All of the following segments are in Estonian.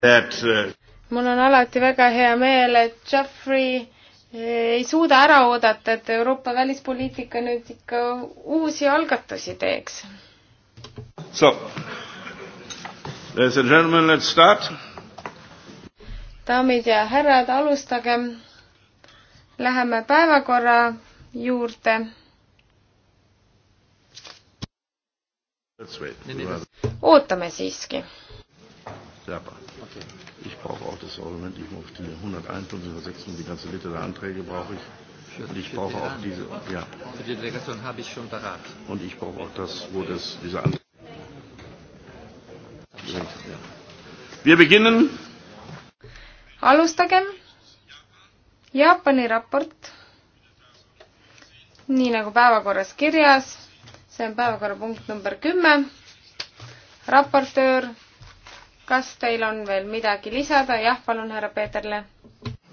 that uh... mul on alati väga hea meel, et Jeffrey eh, ei suuda ära oodata, et Euroopa välispoliitika nüüd ikka uusi algatusi teeks. So, ladies and gentlemen, let's start. daamid ja härrad, alustagem. Läheme päevakorra juurde. ootame siiski Serpa. Okay. Ich brauche auch das Sortiment, ich brauche die 101 und 106 und die ganze Liste der Anträge brauche ich. Und ich brauche auch diese, ja. Für die Delegation habe ich schon parat. Und ich brauche auch das, wo das, diese Anträge. Ja. Wir beginnen. Alustagem. Jaapani raport. Nii nagu päevakorras kirjas, see on päevakorrapunkt number 10. Raportöör kas teil on veel midagi lisada? jah, palun, härra Peeterle.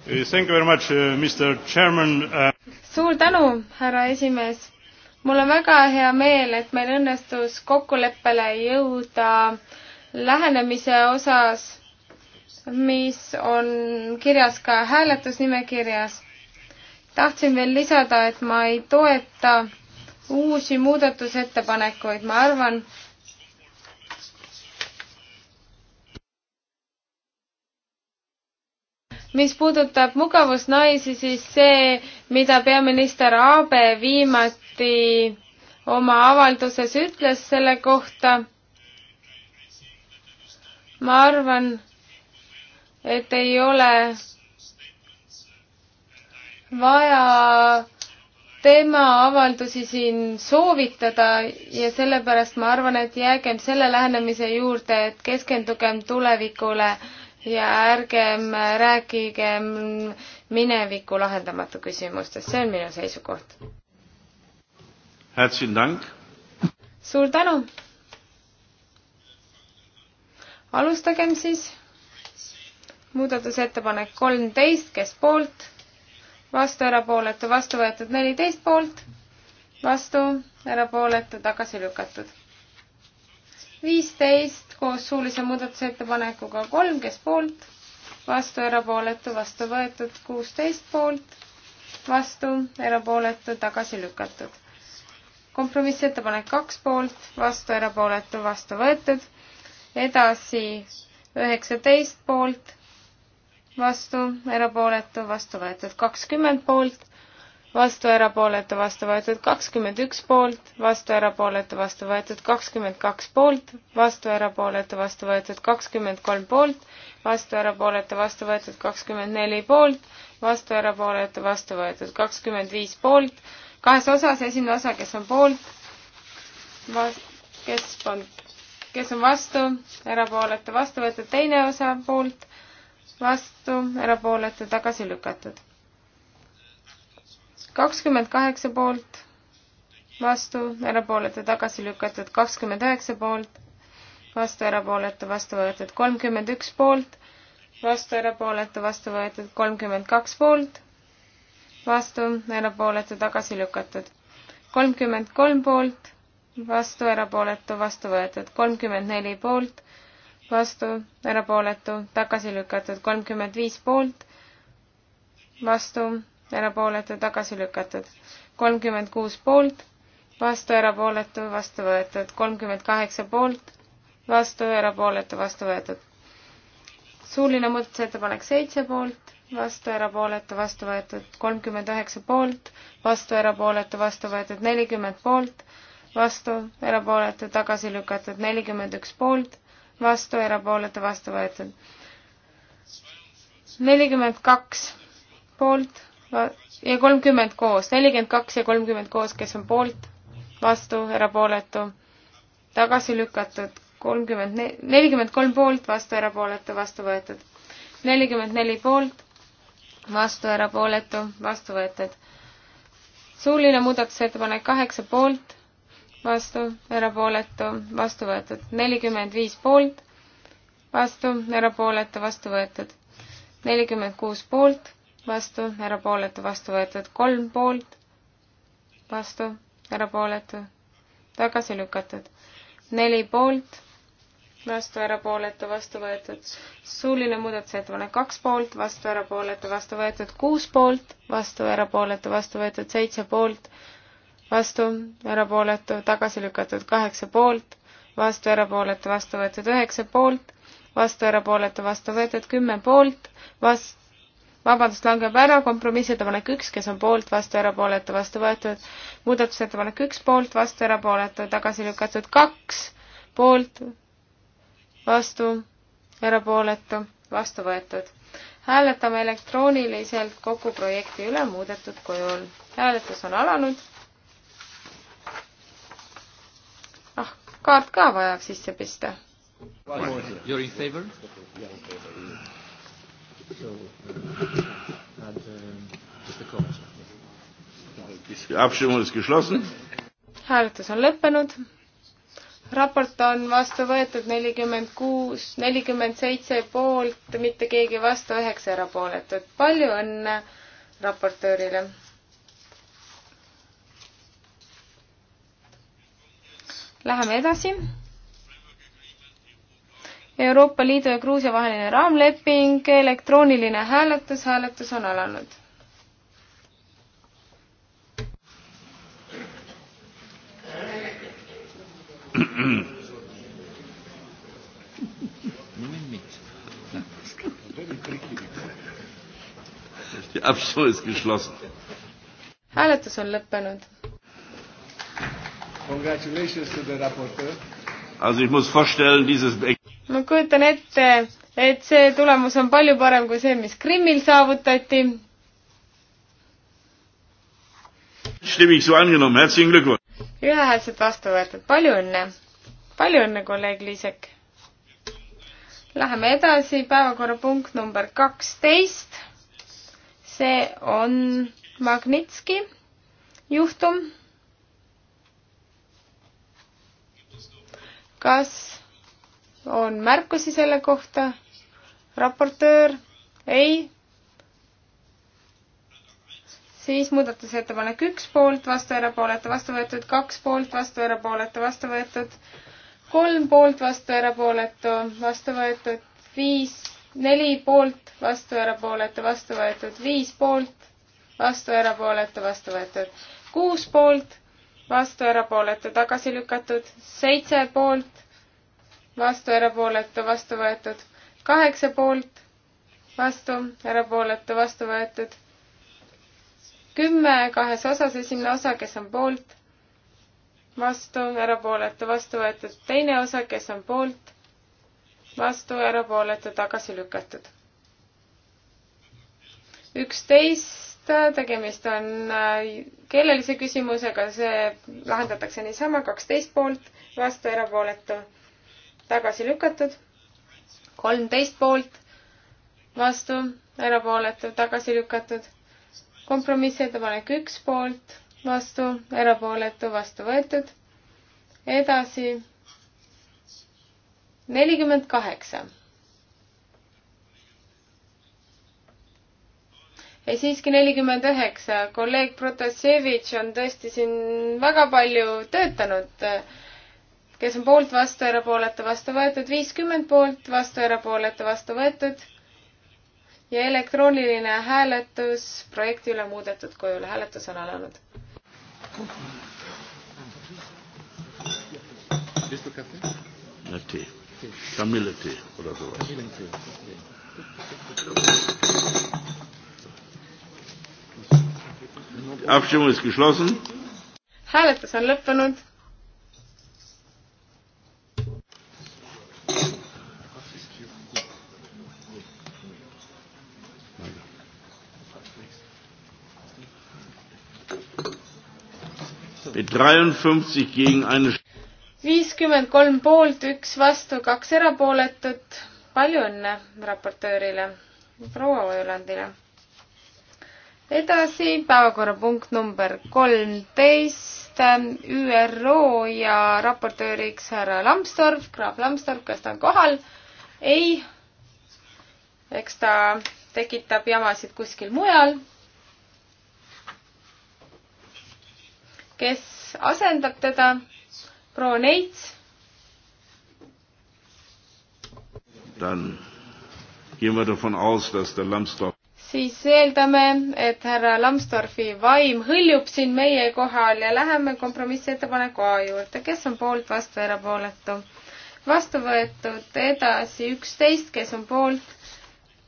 Eh, thank you very much, eh, Mr Chairman uh.... suur tänu, härra esimees. mul on väga hea meel, et meil õnnestus kokkuleppele jõuda lähenemise osas, mis on kirjas ka hääletusnimekirjas. tahtsin veel lisada, et ma ei toeta uusi muudatusettepanekuid, ma arvan, mis puudutab mugavusnaisi, siis see, mida peaminister Aabe viimati oma avalduses ütles selle kohta, ma arvan, et ei ole vaja tema avaldusi siin soovitada ja sellepärast ma arvan, et jäägem selle lähenemise juurde, et keskendugem tulevikule äh, ja ärgem rääkigem mineviku lahendamatu küsimustest, see on minu seisukoht. suur tänu! alustagem siis muudatusettepanek kolmteist, kes poolt, vastu, erapooletu, vastu võetud neliteist poolt, vastu, erapooletu, tagasi lükatud viisteist koos suulise muudatusettepanekuga kolm, kes poolt, vastu, erapooletu, vastu võetud, kuusteist poolt, vastu, erapooletu, tagasi lükatud. kompromissettepanek kaks poolt, vastu, erapooletu, vastu võetud. edasi üheksateist poolt, vastu, erapooletu, vastu võetud, kakskümmend poolt vastu erapooletu, vastu võetud kakskümmend üks poolt, vastu erapooletu, vastu võetud kakskümmend kaks poolt, vastu erapooletu, vastu võetud kakskümmend kolm poolt, vastu erapooletu, vastu võetud kakskümmend neli poolt, vastu erapooletu, vastu võetud kakskümmend viis poolt, kahes osas, esimene osa, kes on poolt, kes on, kes on vastu, erapooletu, vastu võetud teine osa poolt, vastu, erapooletu, tagasi lükatud kakskümmend kaheksa poolt, vastu, erapooletu, tagasi lükatud, kakskümmend üheksa poolt, vastu, erapooletu, vastu võetud, kolmkümmend üks poolt, vastu, erapooletu, vastu võetud, kolmkümmend kaks poolt, vastu, erapooletu, tagasi lükatud, kolmkümmend kolm poolt, vastu, erapooletu, vastu võetud, kolmkümmend neli poolt, vastu, erapooletu, tagasi lükatud, kolmkümmend viis poolt, vastu, erapooletu, tagasi lükatud. kolmkümmend kuus poolt, vastu, erapooletu, vastu võetud. kolmkümmend kaheksa poolt, vastu, erapooletu, vastu võetud. suuline muudatusettepanek seitse poolt, vastu, erapooletu, vastu võetud. kolmkümmend üheksa poolt, vastu, erapooletu, vastu võetud. nelikümmend poolt, vastu, erapooletu, tagasi lükatud. nelikümmend üks poolt, vastu, erapooletu, vastu võetud. nelikümmend kaks poolt, ja kolmkümmend koos, nelikümmend kaks ja kolmkümmend koos, kes on poolt, vastu, erapooletu, tagasi lükatud, kolmkümmend ne-, nelikümmend kolm poolt, vastu, erapooletu, vastu võetud. nelikümmend neli poolt, vastu, erapooletu, vastu võetud. suuline muudatusettepanek kaheksa poolt, vastu, erapooletu, vastu võetud. nelikümmend viis poolt, vastu, erapooletu, vastu võetud. nelikümmend kuus poolt vastu, erapooletu, vastu võetud kolm poolt, vastu, erapooletu, tagasi lükatud. neli poolt, vastu, erapooletu, vastu võetud. suuline muudatusettepanek kaks poolt, vastu, erapooletu, vastu võetud kuus poolt, vastu, erapooletu, vastu võetud seitse poolt, vastu, erapooletu, tagasi lükatud kaheksa poolt, vastu, erapooletu, vastu võetud üheksa poolt, vastu, erapooletu, vastu võetud kümme poolt, vastu, vabandust, langeb ära, kompromissettepanek üks, kes on poolt, vastu, erapooletu, vastu võetud, muudatusettepanek üks, poolt, vastu, erapooletu, tagasi lükatud, kaks, poolt, vastu, erapooletu, vastu võetud. hääletame elektrooniliselt kogu projekti üle muudetud kujul. hääletus on alanud. ah, kaart ka vajab sisse pista. You are in favor? Uh, um, hääletus on lõppenud. raport on vastu võetud nelikümmend kuus, nelikümmend seitse poolt, mitte keegi vastu, üheksa erapooletut. palju õnne raportöörile. Läheme edasi Euroopa Liidu ja Gruusia vaheline raamleping, elektrooniline hääletus, hääletus on alanud. hääletus on lõppenud. Congratulations to the rapporteur. Also ich muss vorstellen, dieses ma kujutan ette, et see tulemus on palju parem kui see, mis Krimmil saavutati. ühehäälselt vastu võetud, palju õnne. palju õnne, kolleeg Liisek. Läheme edasi, päevakorrapunkt number kaksteist. see on Magnitski juhtum. kas on märkusi selle kohta? raportöör? ei? siis muudatusettepanek üks poolt, vastu, erapooletu, vastu võetud, kaks poolt, vastu, erapooletu, vastu võetud, kolm poolt, vastu, erapooletu, vastu võetud, viis, neli poolt, vastu, erapooletu, vastu võetud, viis poolt, vastu, erapooletu, vastu võetud, kuus poolt, vastu, erapooletu, tagasi lükatud, seitse poolt vastu, erapooletu, vastu võetud. kaheksa poolt, vastu, erapooletu, vastu võetud. kümme kahes osas, esimene osa, kes on poolt, vastu, erapooletu, vastu võetud. teine osa, kes on poolt, vastu, erapooletu, tagasi lükatud. üksteist, tegemist on äh, keelelise küsimusega, see lahendatakse niisama, kaksteist poolt, vastu, erapooletu tagasi lükatud, kolmteist poolt, vastu, erapooletu, tagasi lükatud, kompromissettepanek üks poolt, vastu, erapooletu, vastu võetud, edasi nelikümmend kaheksa. ei siiski nelikümmend üheksa, kolleeg Protasevitš on tõesti siin väga palju töötanud äh, kes on poolt, vastu, erapooletu, vastu võetud, viiskümmend poolt, vastu, erapooletu, vastu võetud ja elektrooniline hääletus projekti üle muudetud kujul. hääletus on alanud. Tee. Camille Tee oder sowas. Die Abstimmung ist geschlossen. Hääletus on lõppenud viiskümmend kolm poolt, üks vastu, kaks erapooletut. palju õnne raportöörile, proua Ojulandile. edasi päevakorrapunkt number kolmteist, ÜRO ja raportööriks härra Lambsdorff, graaf Lambsdorff, kas ta on kohal? ei. eks ta tekitab jamasid kuskil mujal kes asendab teda, proua Neits. siis eeldame, et härra Lambsdorfi vaim hõljub siin meie kohal ja läheme kompromissettepaneku A juurde, kes on poolt, vastu, erapooletu. vastu võetud, edasi üksteist, kes on poolt,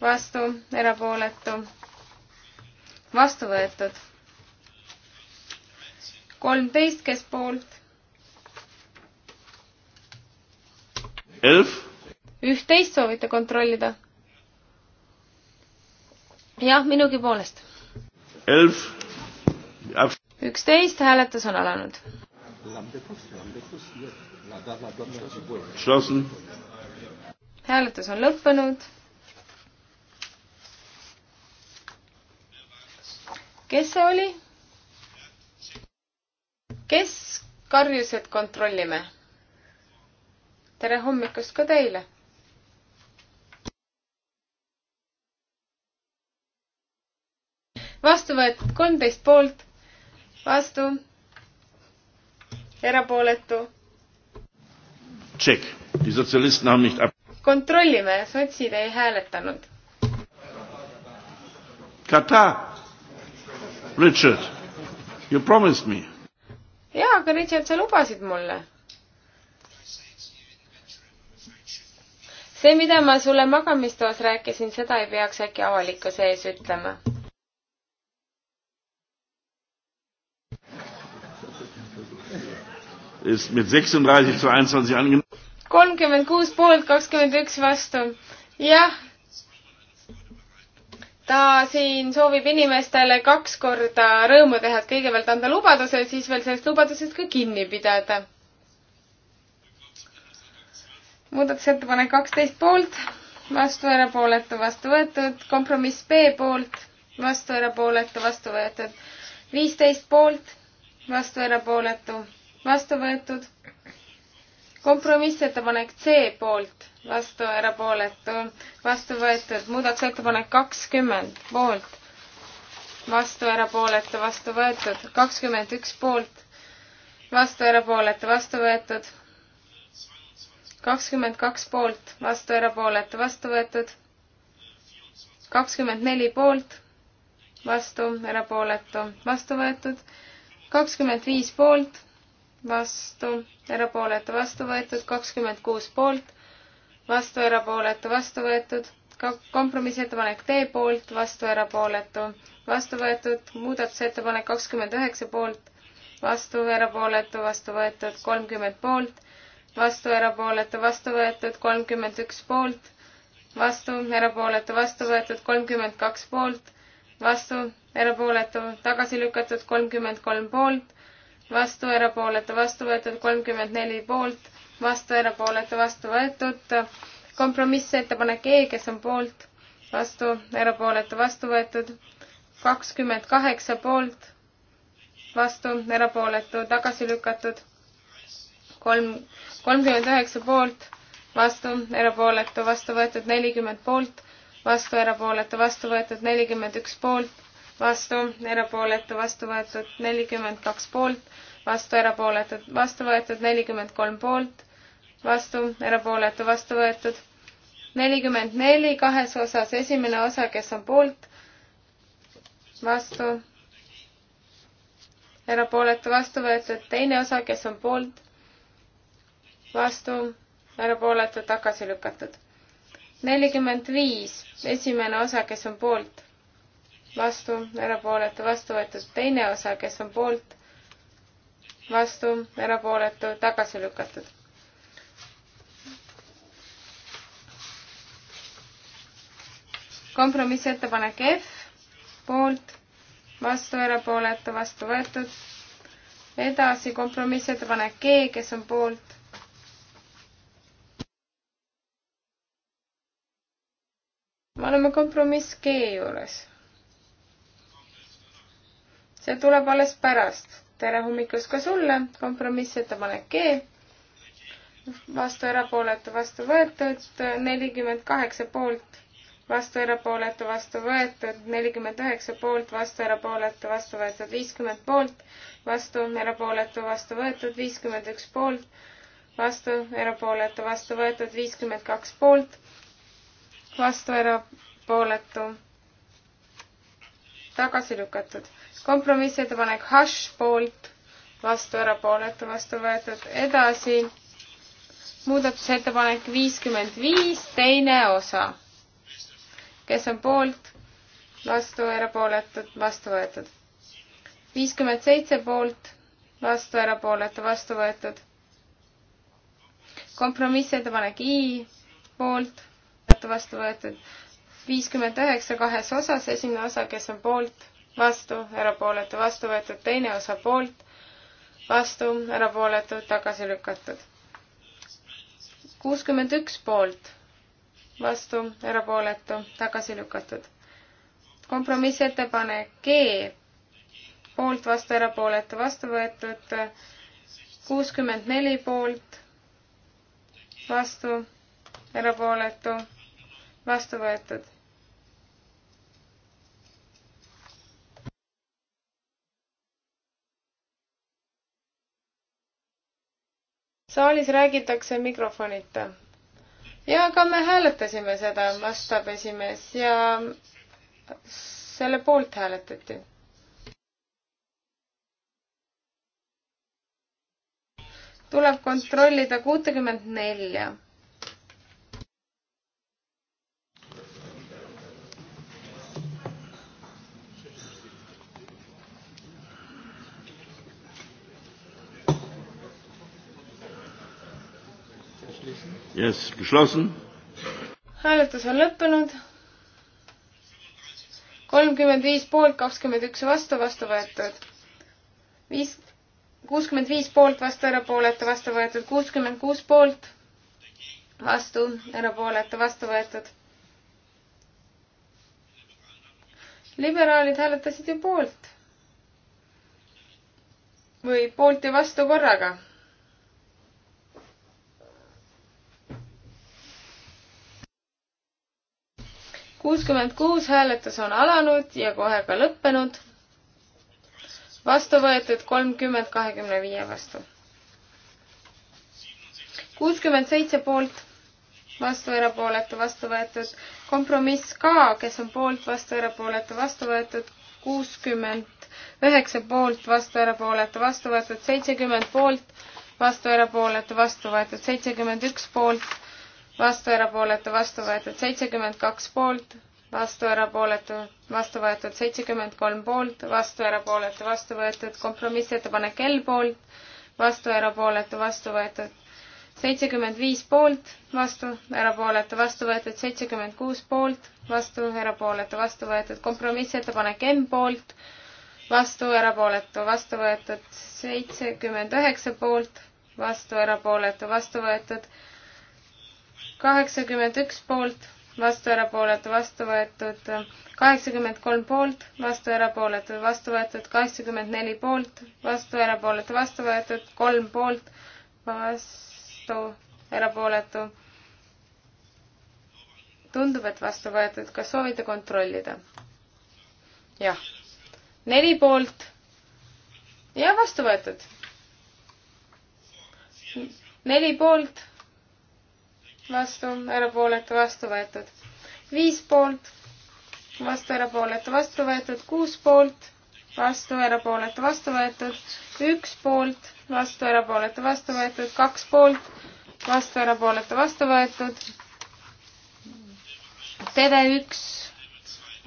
vastu, erapooletu. vastu võetud kolmteist, kes poolt? üht-teist soovite kontrollida? jah, minugi poolest. üksteist hääletus on alanud. hääletus on lõppenud. kes see oli? kes karjus, et kontrollime? tere hommikust ka teile! vastu võetud kolmteist poolt, vastu, erapooletu. kontrollime, sotsid ei hääletanud. Kata, Richard, you promised me jaa, aga Richard, sa lubasid mulle. see, mida ma sulle magamistoas rääkisin, seda ei peaks äkki avalikkuse ees ütlema. kolmkümmend kuus poolt, kakskümmend üks vastu. jah, ta siin soovib inimestele kaks korda rõõmu teha, et kõigepealt anda lubaduse, siis veel sellest lubadusest ka kinni pidada. muudatusettepanek kaksteist poolt, vastu erapooletu, vastu võetud, kompromiss B poolt, vastu erapooletu, vastu võetud, viisteist poolt, vastu erapooletu, vastu võetud kompromissettepanek C poolt, vastu, erapooletu, vastu võetud, muudatusettepanek kakskümmend poolt, vastu, erapooletu, vastu võetud, kakskümmend üks poolt, vastu, erapooletu, vastu võetud, kakskümmend kaks poolt, vastu, erapooletu, vastu võetud, kakskümmend neli poolt, vastu, erapooletu, vastu võetud, kakskümmend viis poolt vastu, erapooletu, vastu võetud, kakskümmend kuus poolt, vastu, erapooletu, vastu võetud, kompromissettepanek D poolt, vastu, erapooletu, vastu võetud, muudatusettepanek kakskümmend üheksa poolt, vastu, erapooletu, vastu võetud, kolmkümmend poolt, vastu, erapooletu, vastu võetud, kolmkümmend üks poolt, vastu, erapooletu, vastu võetud, kolmkümmend kaks poolt, vastu, erapooletu, tagasi lükatud, kolmkümmend kolm poolt vastu, erapooletu, vastu võetud, kolmkümmend neli poolt, vastu, erapooletu, vastu võetud. kompromissettepanek E, kes on poolt, vastu, erapooletu, vastu võetud, kakskümmend kaheksa poolt, vastu, erapooletu, tagasi lükatud, kolm, kolmkümmend üheksa poolt, vastu, erapooletu, vastu võetud, nelikümmend poolt, vastu, erapooletu, vastu võetud, nelikümmend üks poolt vastu, erapooletu, vastu võetud nelikümmend kaks poolt, vastu erapooletud, vastu võetud nelikümmend kolm poolt, vastu erapooletu, vastu võetud nelikümmend neli kahes osas, esimene osa, kes on poolt, vastu, erapooletu, vastu võetud, teine osa, kes on poolt, vastu, erapooletu, tagasi lükatud. nelikümmend viis, esimene osa, kes on poolt vastu, erapooletu, vastu võetud. teine osa, kes on poolt, vastu, erapooletu, tagasi lükatud. kompromissettepanek F, poolt, vastu, erapooletu, vastu võetud. edasi kompromissettepanek G, kes on poolt, me oleme kompromiss G juures see tuleb alles pärast. tere hommikust ka sulle, kompromissettepanek G. vastu erapooletu, vastu võetud, nelikümmend kaheksa poolt, vastu erapooletu, vastu võetud, nelikümmend üheksa poolt, vastu erapooletu, vastu võetud, viiskümmend poolt, vastu erapooletu, vastu võetud, viiskümmend üks poolt, vastu erapooletu, vastu võetud, viiskümmend kaks poolt, vastu erapooletu, tagasi lükatud kompromissettepanek hash poolt, vastu erapooletu, vastu võetud, edasi muudatusettepanek viiskümmend viis, teine osa. kes on poolt, vastu erapooletud, vastu võetud. viiskümmend seitse poolt, vastu erapooletu, vastu võetud. kompromissettepanek I poolt, vastu võetud. viiskümmend üheksa kahes osas, esimene osa, kes on poolt vastu, erapooletu, vastu võetud, teine osa poolt, vastu, erapooletu, tagasi lükatud. kuuskümmend üks poolt, vastu, erapooletu, tagasi lükatud. kompromissettepanek G, poolt, vastu, erapooletu, vastu võetud, kuuskümmend neli poolt, vastu, erapooletu, vastu võetud saalis räägitakse mikrofonita. ja aga me hääletasime seda, vastab esimees ja selle poolt hääletati. tuleb kontrollida kuutekümmet nelja Yes, geschlossen. hääletus on lõppenud. kolmkümmend viis poolt, kakskümmend üks vastu, vastu võetud. viis, kuuskümmend viis poolt, vastu, erapooletu, vastu võetud. kuuskümmend kuus poolt, vastu, erapooletu, vastu võetud. liberaalid hääletasid ju poolt. või poolt ja vastu korraga kuuskümmend kuus hääletus on alanud ja kohe ka lõppenud. vastu võetud kolmkümmend kahekümne viie vastu. kuuskümmend seitse poolt, vastu erapooletu, vastu võetud. kompromiss ka, kes on poolt, vastu erapooletu, vastu võetud. kuuskümmend üheksa poolt, vastu erapooletu, vastu võetud. seitsekümmend poolt, vastu erapooletu, vastu võetud. seitsekümmend üks poolt vastu erapooletu, vastu võetud seitsekümmend kaks poolt, vastu erapooletu, vastu võetud seitsekümmend kolm poolt, vastu erapooletu, vastu võetud kompromissettepanek L poolt, vastu erapooletu, vastu võetud seitsekümmend viis poolt, vastu, erapooletu, vastu võetud seitsekümmend kuus poolt, vastu, erapooletu, vastu võetud, kompromissettepanek M poolt, vastu, erapooletu, vastu võetud seitsekümmend üheksa poolt, vastu, erapooletu, vastu võetud kaheksakümmend üks poolt, vastu erapooletu, vastu võetud kaheksakümmend kolm poolt, vastu erapooletu, vastu võetud kaheksakümmend neli poolt, vastu erapooletu, vastu võetud kolm poolt, vastu erapooletu. tundub, et vastu võetud, kas soovite kontrollida? jah, neli poolt ja vastu võetud. neli poolt vastu, erapooletu, vastu võetud. viis poolt, vastu, erapooletu, vastu võetud, kuus poolt, vastu, erapooletu, vastu võetud, üks poolt, vastu, erapooletu, vastu võetud, kaks poolt, vastu, erapooletu, vastu võetud. TV1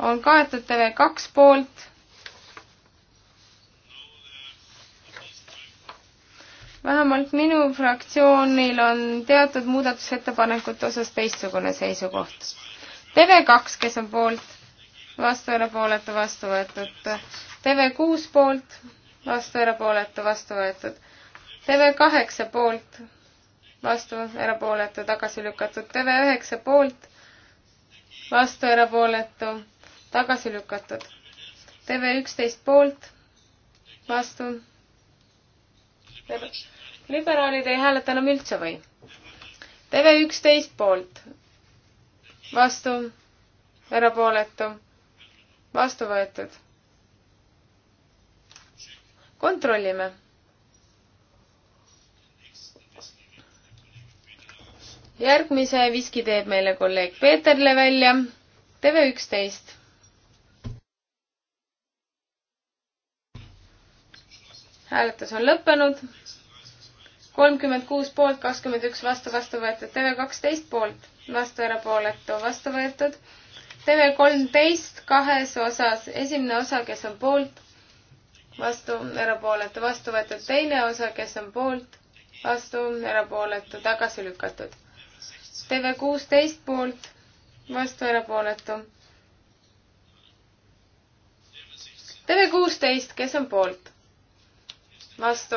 on kaetud TV2 poolt, vähemalt minu fraktsioonil on teatud muudatusettepanekute osas teistsugune seisukoht. TV2, kes on poolt, vastu, erapooletu, vastu võetud. TV6 poolt, vastu, erapooletu, vastu võetud. TV8 poolt, vastu, erapooletu, tagasi lükatud. TV9 poolt, vastu, erapooletu, tagasi lükatud. TV11 poolt, vastu liberaalid ei hääleta enam üldse või? TV üksteist poolt, vastu, erapooletu, vastu võetud. kontrollime. järgmise viski teeb meile kolleeg Peeterle välja, TV üksteist hääletus on lõppenud. kolmkümmend kuus poolt, kakskümmend üks vastu, vastu võetud. TV kaksteist poolt, vastu erapooletu, vastu võetud. TV kolmteist kahes osas, esimene osa, kes on poolt, vastu, erapooletu, vastu võetud. teine osa, kes on poolt, vastu, erapooletu, tagasi lükatud. TV kuusteist poolt, vastu, erapooletu. TV kuusteist, kes on poolt? vastu,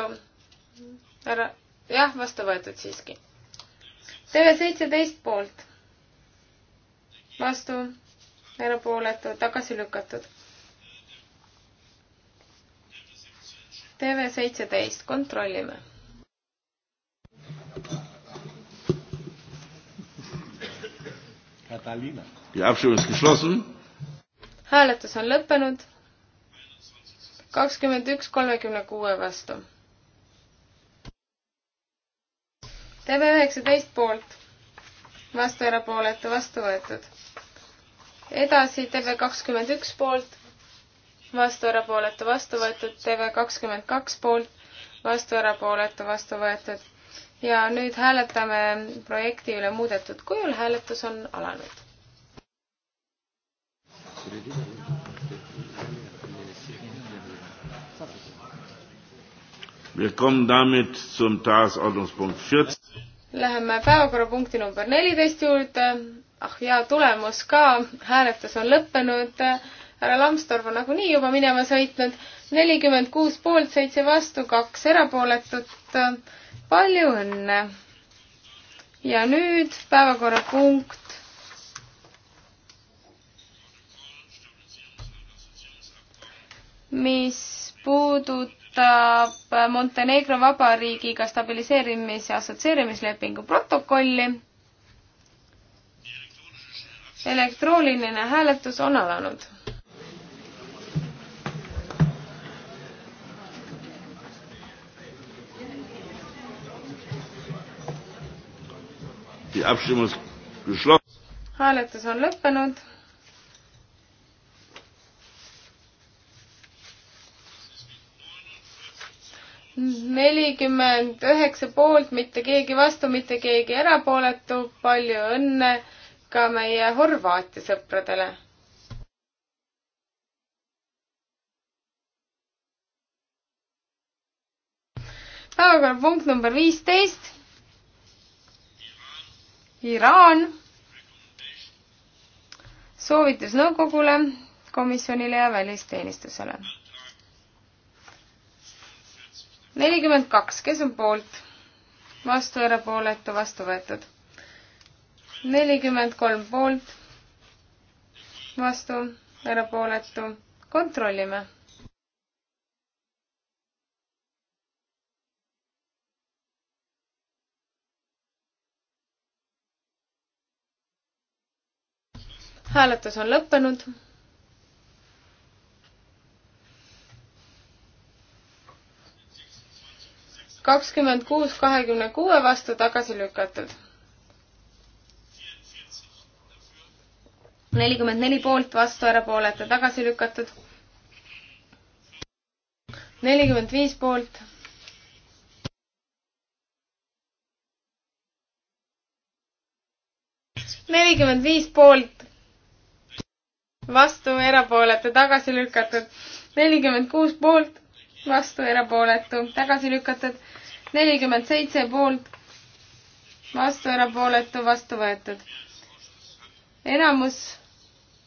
ära, jah, vastu võetud siiski. TV seitseteist poolt, vastu, erapooletu, tagasi lükatud. TV seitseteist, kontrollime Katalina. Die Abstimmung ist geschlossen. Hääletus on lõppenud kakskümmend üks kolmekümne kuue vastu. TV üheksateist poolt, vastu erapooletu, vastu võetud. edasi TV kakskümmend üks poolt, vastu erapooletu, vastu võetud, TV kakskümmend kaks poolt, vastu erapooletu, vastu võetud. ja nüüd hääletame projekti üle muudetud kujul, hääletus on alanud. Wir kommen damit zum Tagesordnungspunkt 14. Läheme päevakorrapunkti number neliteist juurde. ah jaa, tulemus ka, hääletus on lõppenud. härra Lambsdorff on nagunii juba minema sõitnud. nelikümmend kuus poolt, seitse vastu, kaks erapooletut. palju õnne. ja nüüd päevakorrapunkt mis puudutab puudutab Montenegro Vabariigiga stabiliseerimis- ja assotsieerimislepingu protokolli. elektrooniline hääletus on alanud. hääletus on lõppenud nelikümmend üheksa poolt, mitte keegi vastu, mitte keegi erapooletu. palju õnne ka meie Horvaatia sõpradele. päevakorrapunkt number viisteist. Iraan. soovitus nõukogule, komisjonile ja välisteenistusele nelikümmend kaks, kes on poolt? vastu, erapooletu, vastu võetud. nelikümmend kolm poolt, vastu, erapooletu, kontrollime. hääletus on lõppenud kakskümmend kuus kahekümne kuue vastu tagasi lükatud. nelikümmend neli poolt vastu, erapooletu tagasi lükatud. nelikümmend viis poolt nelikümmend viis poolt, vastu erapooletu tagasi lükatud, nelikümmend kuus poolt, vastu, erapooletu, tagasi lükatud. nelikümmend seitse poolt, vastu, erapooletu, vastu võetud. enamus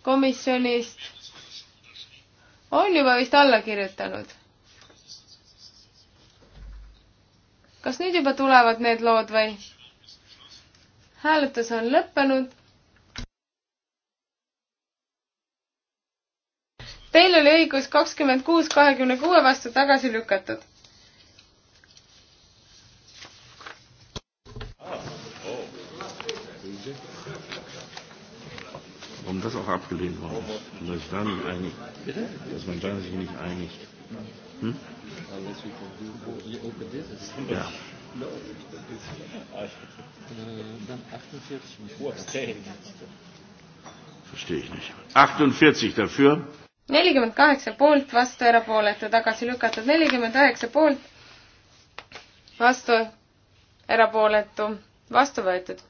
komisjonist on juba vist alla kirjutanud. kas nüüd juba tulevad need lood või? hääletus on lõppenud Teil oli õigus kakskümmend kuus kahekümne kuue vastu tagasi lükatud. Warum das auch abgelehnt worden ist und dass, dann einig, dass man dann sich nicht einigt. Hm? Ja. Dann 48 Verstehe ich nicht. 48 dafür nelikümmend kaheksa poolt, vastu, erapooletu, tagasi lükatud, nelikümmend üheksa poolt, vastu, erapooletu, vastu võetud.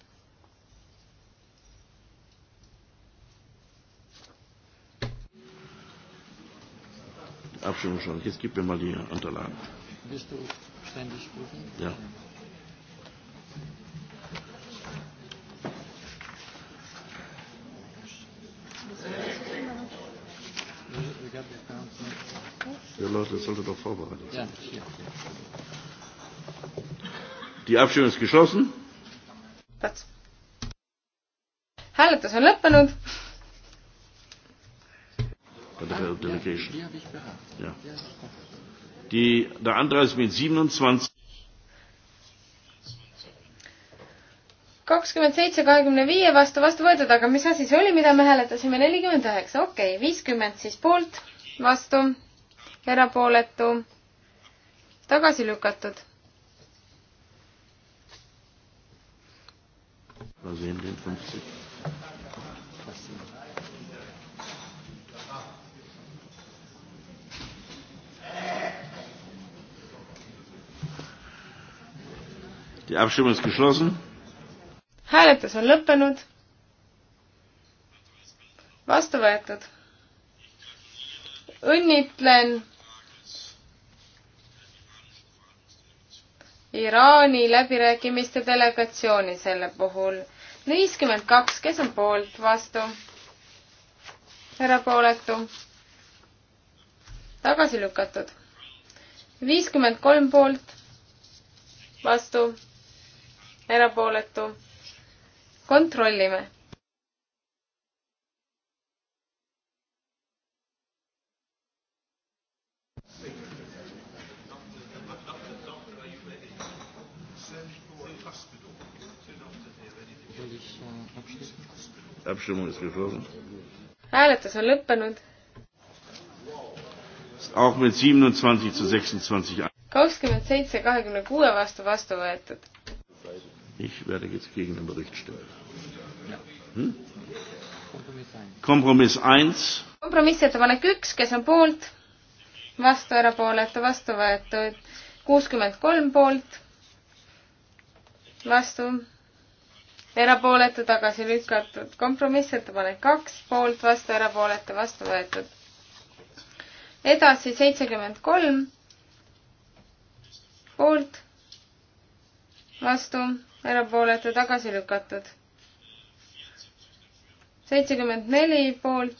Abstimmung schon. Jetzt gib mir mal die Unterlagen. Willst du ständig prüfen? Ja. Ja, Leute, das sollte doch vorbereitet sein. Die Abstimmung ist geschlossen. Plats. hääletus on lõppenud. Delegation. Ja. Die, der Antrag ist mit 27. kakskümmend seitse kahekümne viie vastu vastu võetud, aga mis asi see oli, mida me hääletasime? nelikümmend üheksa, okei okay,, viiskümmend siis poolt, vastu, erapooletu, tagasi lükatud. Mal sehen, den 50. Die Abstimmung ist geschlossen hääletus on lõppenud. vastu võetud. õnnitlen Iraani läbirääkimiste delegatsiooni selle puhul. viiskümmend kaks, kes on poolt, vastu? erapooletu? tagasi lükatud. viiskümmend kolm poolt, vastu, erapooletu kontrollime. hääletus on lõppenud. kakskümmend seitse kahekümne kuue vastu vastu võetud Ich werde jetzt gegen den Bericht stimmen. Hm? kompromiss eins. kompromissettepanek üks, kes on poolt, vastu, erapooletu, vastu võetud, kuuskümmend kolm poolt, vastu, erapooletu, tagasi lükatud, kompromissettepanek kaks, poolt, vastu, erapooletu, vastu võetud. edasi seitsekümmend kolm, poolt, vastu erapooletu tagasi lükatud. seitsekümmend neli poolt,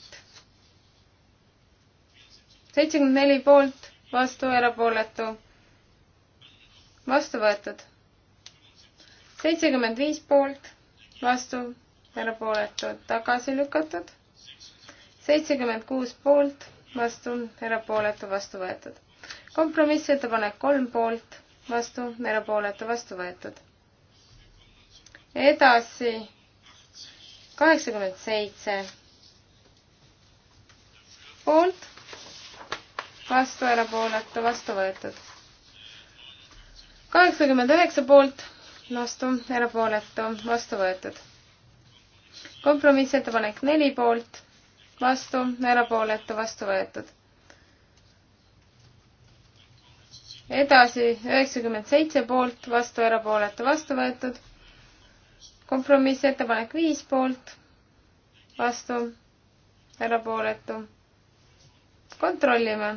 seitsekümmend neli poolt, vastu, erapooletu, vastu võetud. seitsekümmend viis poolt, vastu, erapooletu, tagasi lükatud. seitsekümmend kuus poolt, vastu, erapooletu, vastu võetud. kompromissettepanek kolm poolt, vastu, erapooletu, vastu võetud edasi, kaheksakümmend seitse poolt, vastu, erapooletu, vastu võetud. kaheksakümmend üheksa poolt, vastu, erapooletu, vastu võetud. kompromissettepanek neli poolt, vastu, erapooletu, vastu võetud. edasi üheksakümmend seitse poolt, vastu, erapooletu, vastu võetud kompromissettepanek viis poolt, vastu, erapooletu. kontrollime.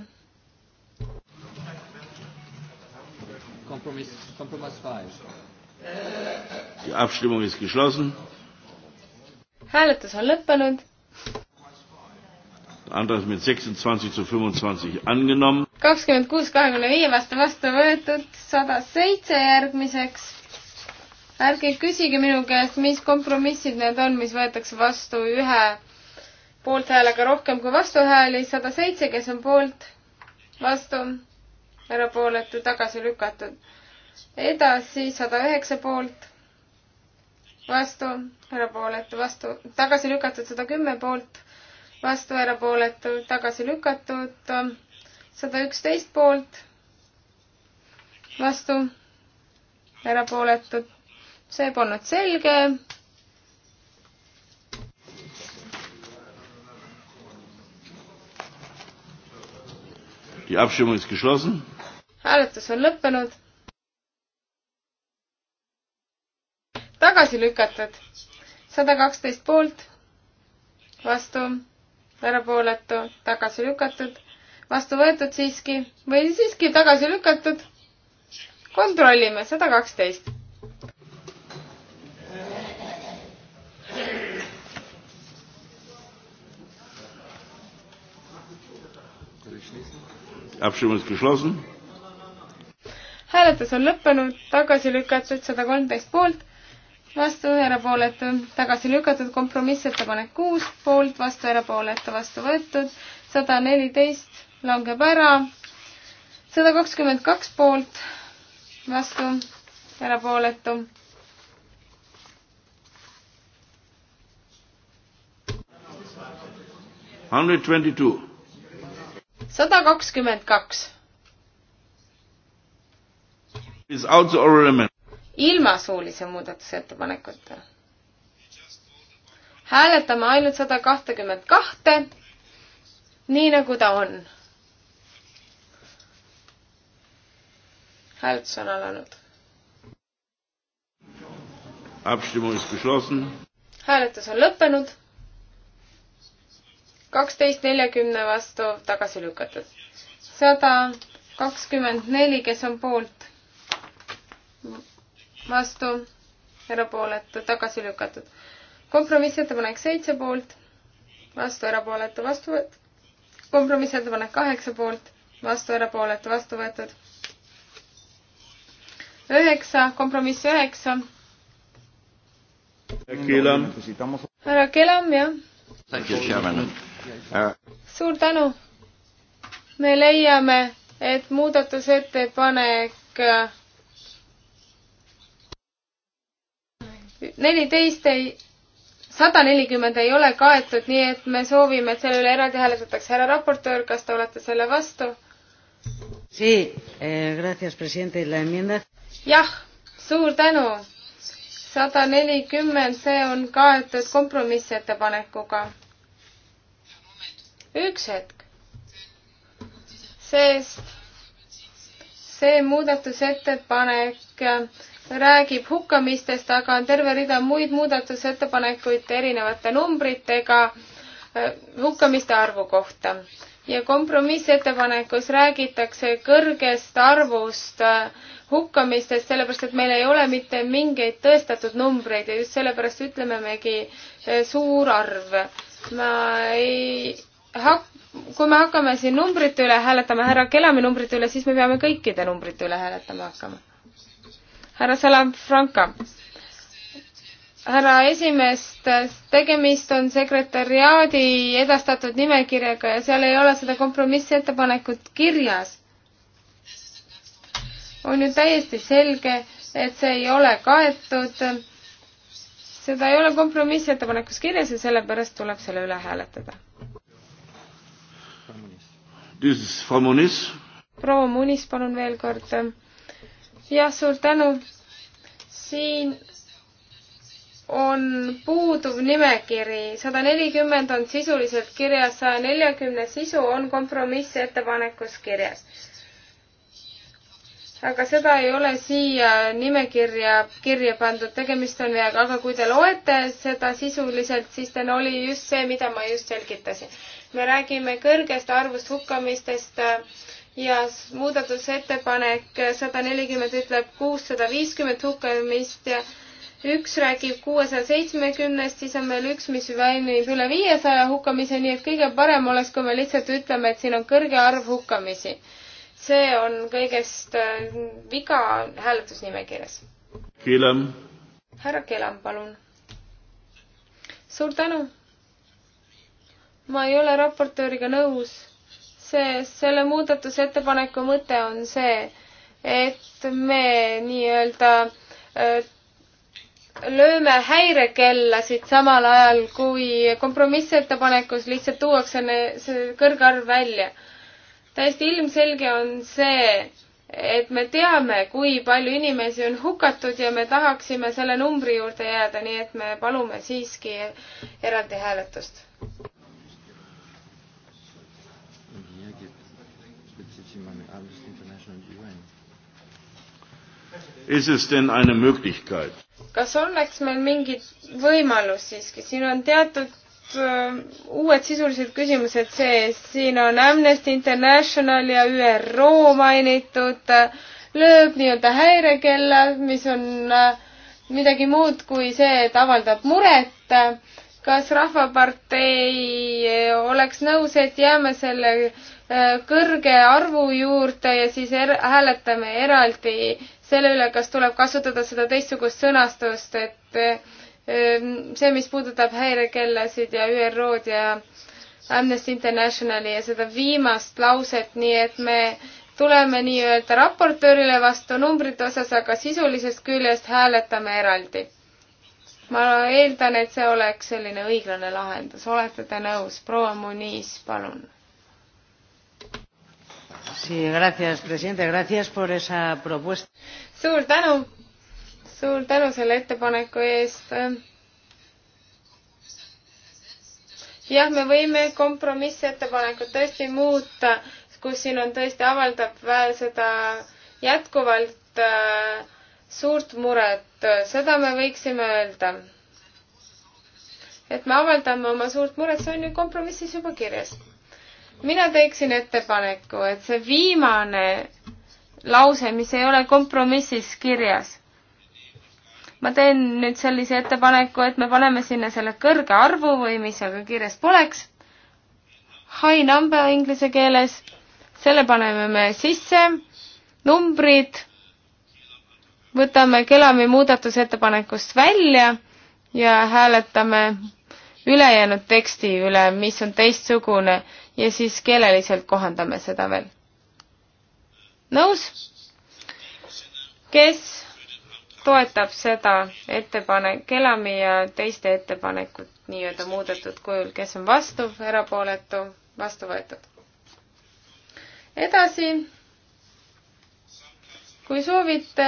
kompromiss, kompromiss viis. Die Abstimmung ist geschlossen. Hääletus on lõppenud. Antrag mit 26 zu 25 angenommen. kakskümmend kuus, kahekümne viie vastu vastu võetud, sada seitse järgmiseks ärge küsige minu käest, mis kompromissid need on, mis võetakse vastu ühe poolthäälega rohkem kui vastuhääli, sada seitse, kes on poolt, vastu, erapooletu, tagasi lükatud. edasi sada üheksa poolt, vastu, erapooletu, vastu, tagasi lükatud, sada kümme poolt, vastu, erapooletu, tagasi lükatud, sada üksteist poolt, vastu, erapooletud see polnud selge. hääletus on lõppenud. tagasi lükatud. sada kaksteist poolt, vastu, erapooletu, tagasi lükatud, vastu võetud siiski või siiski tagasi lükatud. kontrollime, sada kaksteist. hääletus on lõppenud, tagasi lükatud sada kolmteist poolt, vastu erapooletu, tagasi lükatud kompromissettepanek kuus poolt, vastu erapooletu, vastu võetud, sada neliteist langeb ära, sada kakskümmend kaks poolt, vastu erapooletu hundred twenty two sada kakskümmend kaks. ilma suulise muudatusettepanekuta. hääletame ainult sada kahtekümmet kahte, nii nagu ta on. hääletus on alanud. hääletus on lõppenud kaksteist neljakümne vastu tagasi lükatud. sada kakskümmend neli, kes on poolt, vastu, erapooletu, tagasi lükatud. kompromissettepanek seitse poolt, vastu, erapooletu, vastu võetud. kompromissettepanek kaheksa poolt, vastu, erapooletu, vastu võetud. üheksa, kompromiss üheksa. härra Kelam, jah. Thank you, Chairman suur tänu! me leiame, et muudatusettepanek äh, neliteist ei, sada nelikümmend ei ole kaetud, nii et me soovime, et selle üle eraldi hääletatakse. härra raportöör, kas te olete selle vastu? Eh, jah, suur tänu. sada nelikümmend, see on kaetud kompromissettepanekuga üks hetk. sest see muudatusettepanek räägib hukkamistest, aga on terve rida muid muudatusettepanekuid erinevate numbritega äh, hukkamiste arvu kohta. ja kompromissettepanekus räägitakse kõrgest arvust äh, hukkamistest, sellepärast et meil ei ole mitte mingeid tõestatud numbreid ja just sellepärast ütlememegi äh, suur arv. ma ei hak-, kui me hakkame siin numbrite üle hääletama, härra Kelami numbrite üle, siis me peame kõikide numbrite üle hääletama hakkama. härra Salafranca, härra esimeest, tegemist on sekretäriaadi edastatud nimekirjaga ja seal ei ole seda kompromissettepanekut kirjas. on ju täiesti selge, et see ei ole kaetud, seda ei ole kompromissettepanekus kirjas ja sellepärast tuleb selle üle hääletada proua Munis, palun veel kord. jah, suur tänu. siin on puuduv nimekiri, sada nelikümmend on sisuliselt kirjas, saja neljakümne sisu on kompromissettepanekus kirjas. aga seda ei ole siia nimekirja kirja pandud, tegemist on veaga, aga kui te loete seda sisuliselt, siis teil oli just see, mida ma just selgitasin me räägime kõrgest arvust hukkamistest äh, ja muudatusettepanek sada nelikümmend ütleb kuussada viiskümmend hukkamist ja üks räägib kuuesaja seitsmekümnest, siis on meil üks, mis valmib üle viiesaja hukkamise, nii et kõige parem oleks, kui me lihtsalt ütleme, et siin on kõrge arv hukkamisi. see on kõigest äh, viga hääletusnimekirjas. Kelam. härra Kelam, palun. suur tänu ma ei ole raportööriga nõus, sest selle muudatusettepaneku mõte on see, et me nii-öelda äh, lööme häirekellasid samal ajal, kui kompromissettepanekus lihtsalt tuuakse see kõrgarv välja. täiesti ilmselge on see, et me teame, kui palju inimesi on hukatud ja me tahaksime selle numbri juurde jääda, nii et me palume siiski eraldi hääletust Ist es denn eine Möglichkeit? kas oleks meil mingi võimalus siiski, siin on teatud uh, uued sisulised küsimused sees, siin on Amnesty International ja ÜRO mainitud uh,, lööb nii-öelda häirekella, mis on uh, midagi muud kui see, et avaldab muret uh, kas Rahvapartei oleks nõus, et jääme selle kõrge arvu juurde ja siis er hääletame eraldi selle üle, kas tuleb kasutada seda teistsugust sõnastust, et eh, eh, see, mis puudutab häirekellasid ja ÜRO-d ja Amnesty Internationali ja seda viimast lauset, nii et me tuleme nii-öelda raportöörile vastu numbrite osas, aga sisulisest küljest hääletame eraldi. ma eeldan, et see oleks selline õiglane lahendus, olete te nõus? proua Muniz, palun Sí, gracias, presidente, gracias por esa propuesta. suur tänu, suur tänu selle ettepaneku eest. jah, me võime kompromissettepanekut tõesti muuta, kus siin on tõesti avaldab seda jätkuvalt äh, suurt muret, seda me võiksime öelda. et me avaldame oma suurt muret, see on ju kompromissis juba kirjas mina teeksin ettepaneku, et see viimane lause, mis ei ole kompromissis kirjas, ma teen nüüd sellise ettepaneku, et me paneme sinna selle kõrge arvu või mis seal ka kirjas poleks, high number inglise keeles, selle paneme me sisse, numbrid, võtame Kelami muudatusettepanekust välja ja hääletame ülejäänud teksti üle, mis on teistsugune ja siis keeleliselt kohandame seda veel. nõus? kes toetab seda ettepanek, Elami ja teiste ettepanekut nii-öelda muudetud kujul, kes on vastu, erapooletu, vastu võetud? edasi, kui soovite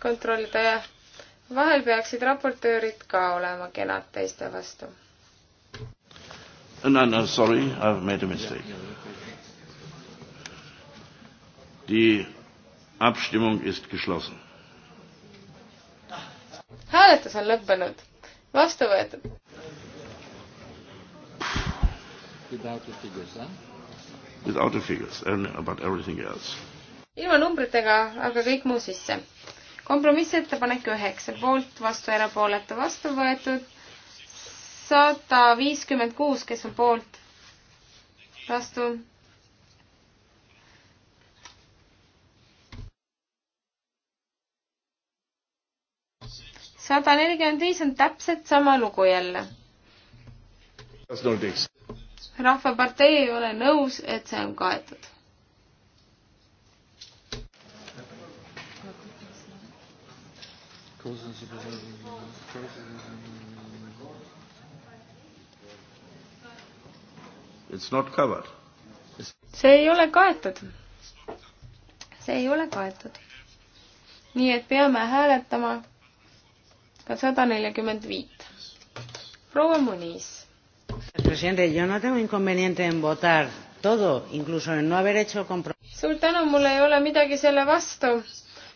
kontrollida, jah, vahel peaksid raportöörid ka olema kenad teiste vastu Uh, no, no, sorry, I've made a mistake. Die Abstimmung ist geschlossen. hääletus on lõppenud, vastu võetud. Without the figures, huh? Without the figures, but everything else. ilma numbritega, aga kõik muu sisse. kompromissettepanek üheksa poolt, vastu erapooletu, vastu võetud sada viiskümmend kuus, kes on poolt, vastu. sada nelikümmend viis on täpselt sama lugu jälle. rahvapartei ei ole nõus, et see on kaetud causes of see ei ole kaetud. see ei ole kaetud. nii et peame hääletama ka sada nelikümmend viit. proua Muniz. presidente, yo no tengo inconveniente en votar todo, incluso en no haber hecho suur tänu, mul ei ole midagi selle vastu.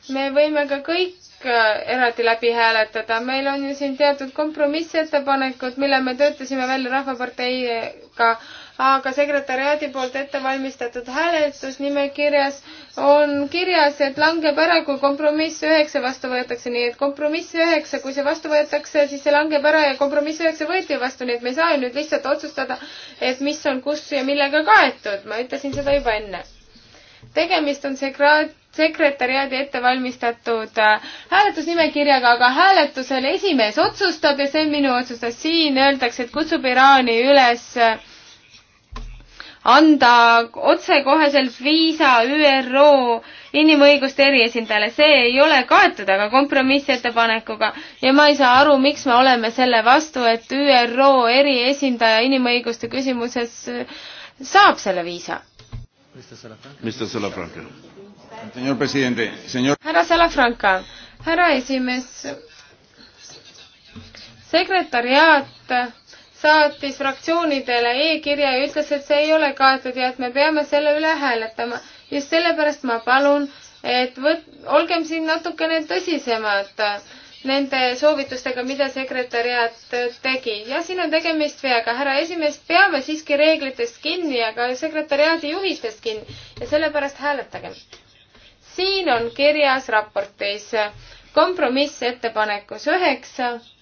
me võime ka kõik äh, eraldi läbi hääletada, meil on ju siin teatud kompromissettepanekud, mille me töötasime välja Rahvaparteiga aga sekretäriaadi poolt ette valmistatud hääletusnimekirjas on kirjas, et langeb ära, kui kompromiss üheksa vastu võetakse, nii et kompromiss üheksa, kui see vastu võetakse, siis see langeb ära ja kompromiss üheksa võeti vastu, nii et me ei saa ju nüüd lihtsalt otsustada, et mis on kus ja millega kaetud, ma ütlesin seda juba enne. tegemist on sekretäriaadi sekretäriaadi ettevalmistatud äh, hääletusnimekirjaga, aga hääletusel esimees otsustab ja see on minu otsus, siin öeldakse, et kutsub Iraani üles äh, anda otsekoheselt viisa ÜRO inimõiguste eriesindajale, see ei ole kaetud aga kompromissettepanekuga ja ma ei saa aru, miks me oleme selle vastu, et ÜRO eriesindaja inimõiguste küsimuses äh, saab selle viisa. härra Salafranca, härra esimees, sekretäriaat saatis fraktsioonidele e-kirja ja ütles, et see ei ole kaetud ja et me peame selle üle hääletama. just sellepärast ma palun, et võt-, olgem siin natukene tõsisemad nende soovitustega, mida sekretäriat tegi. jah, siin on tegemist veaga. härra esimees, peame siiski reeglitest kinni ja ka sekretäriaadi juhistest kinni ja sellepärast hääletagem. siin on kirjas raportis kompromissettepanekus üheksa 9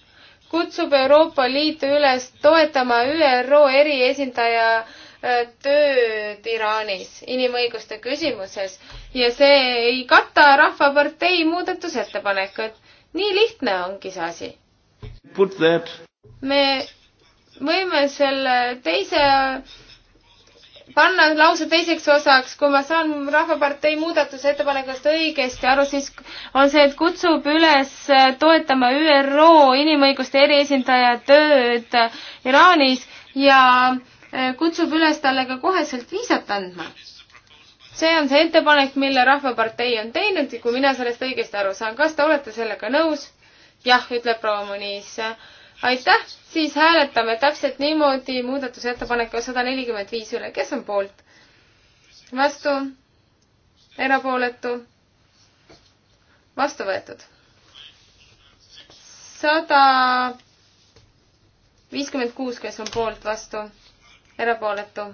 kutsub Euroopa Liitu üles toetama ÜRO eriesindaja äh, tööd Iraanis inimõiguste küsimuses ja see ei kata Rahvapartei muudatusettepanekut. nii lihtne ongi see asi. me võime selle teise panna lause teiseks osaks, kui ma saan Rahvapartei muudatusettepanekust õigesti aru, siis on see, et kutsub üles toetama ÜRO inimõiguste eriesindaja tööd Iraanis ja äh, kutsub üles talle ka koheselt viisat andma. see on see ettepanek, mille Rahvapartei on teinud ja kui mina sellest õigesti aru saan, kas te olete sellega nõus? jah, ütleb proua Muniis aitäh, siis hääletame täpselt niimoodi muudatusettepaneku sada nelikümmend viis üle, kes on poolt? vastu? erapooletu? vastu võetud. sada viiskümmend kuus, kes on poolt, vastu, erapooletu.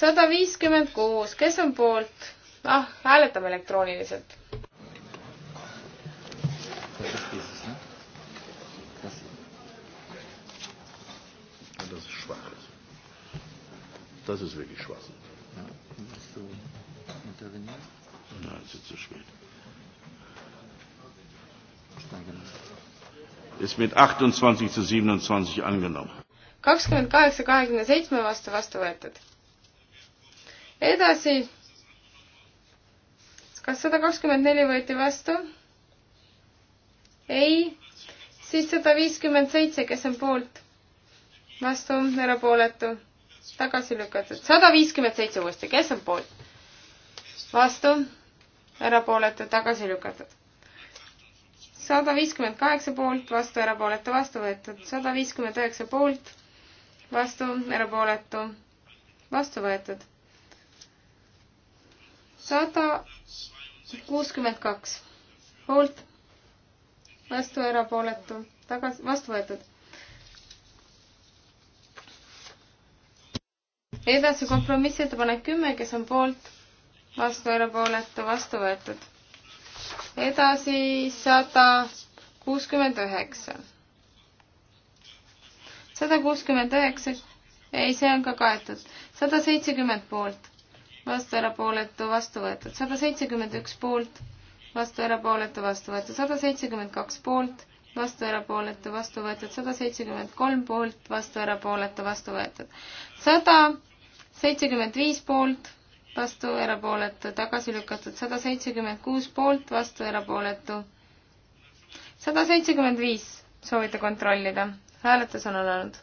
sada viiskümmend kuus, kes on poolt? ah, hääletame elektrooniliselt Das ist wirklich Schwachsinn. Ja. Willst du intervenieren? Nein, es ist zu spät. Ist mit 28 zu 27 angenommen. kakskümmend kaheksa, kahekümne seitsme vastu vastu võetud. edasi. kas sada kakskümmend neli võeti vastu? ei. siis sada viiskümmend seitse, kes on poolt? vastu, erapooletu tagasi lükatud. sada viiskümmend seitse uuesti, kes on poolt? vastu, erapooletu, tagasi lükatud. sada viiskümmend kaheksa poolt, vastu, erapooletu, vastu võetud. sada viiskümmend üheksa poolt, vastu, erapooletu, vastu võetud. sada kuuskümmend kaks poolt, vastu, erapooletu, tagasi, vastu võetud edasi kompromissettepanek kümme, kes on poolt, vastu, erapooletu, vastu võetud. edasi sada kuuskümmend üheksa. sada kuuskümmend üheksa, ei, see on ka kaetud. sada seitsekümmend poolt, vastu, erapooletu, vastu võetud. sada seitsekümmend üks poolt, vastu, erapooletu, vastu võetud. sada seitsekümmend kaks poolt vastu erapooletu, vastu võetud sada seitsekümmend kolm poolt, vastu erapooletu, vastu võetud sada seitsekümmend viis poolt, vastu, erapooletu, tagasi lükatud, sada seitsekümmend kuus poolt, vastu, erapooletu. sada seitsekümmend viis soovite kontrollida, hääletus on alanud.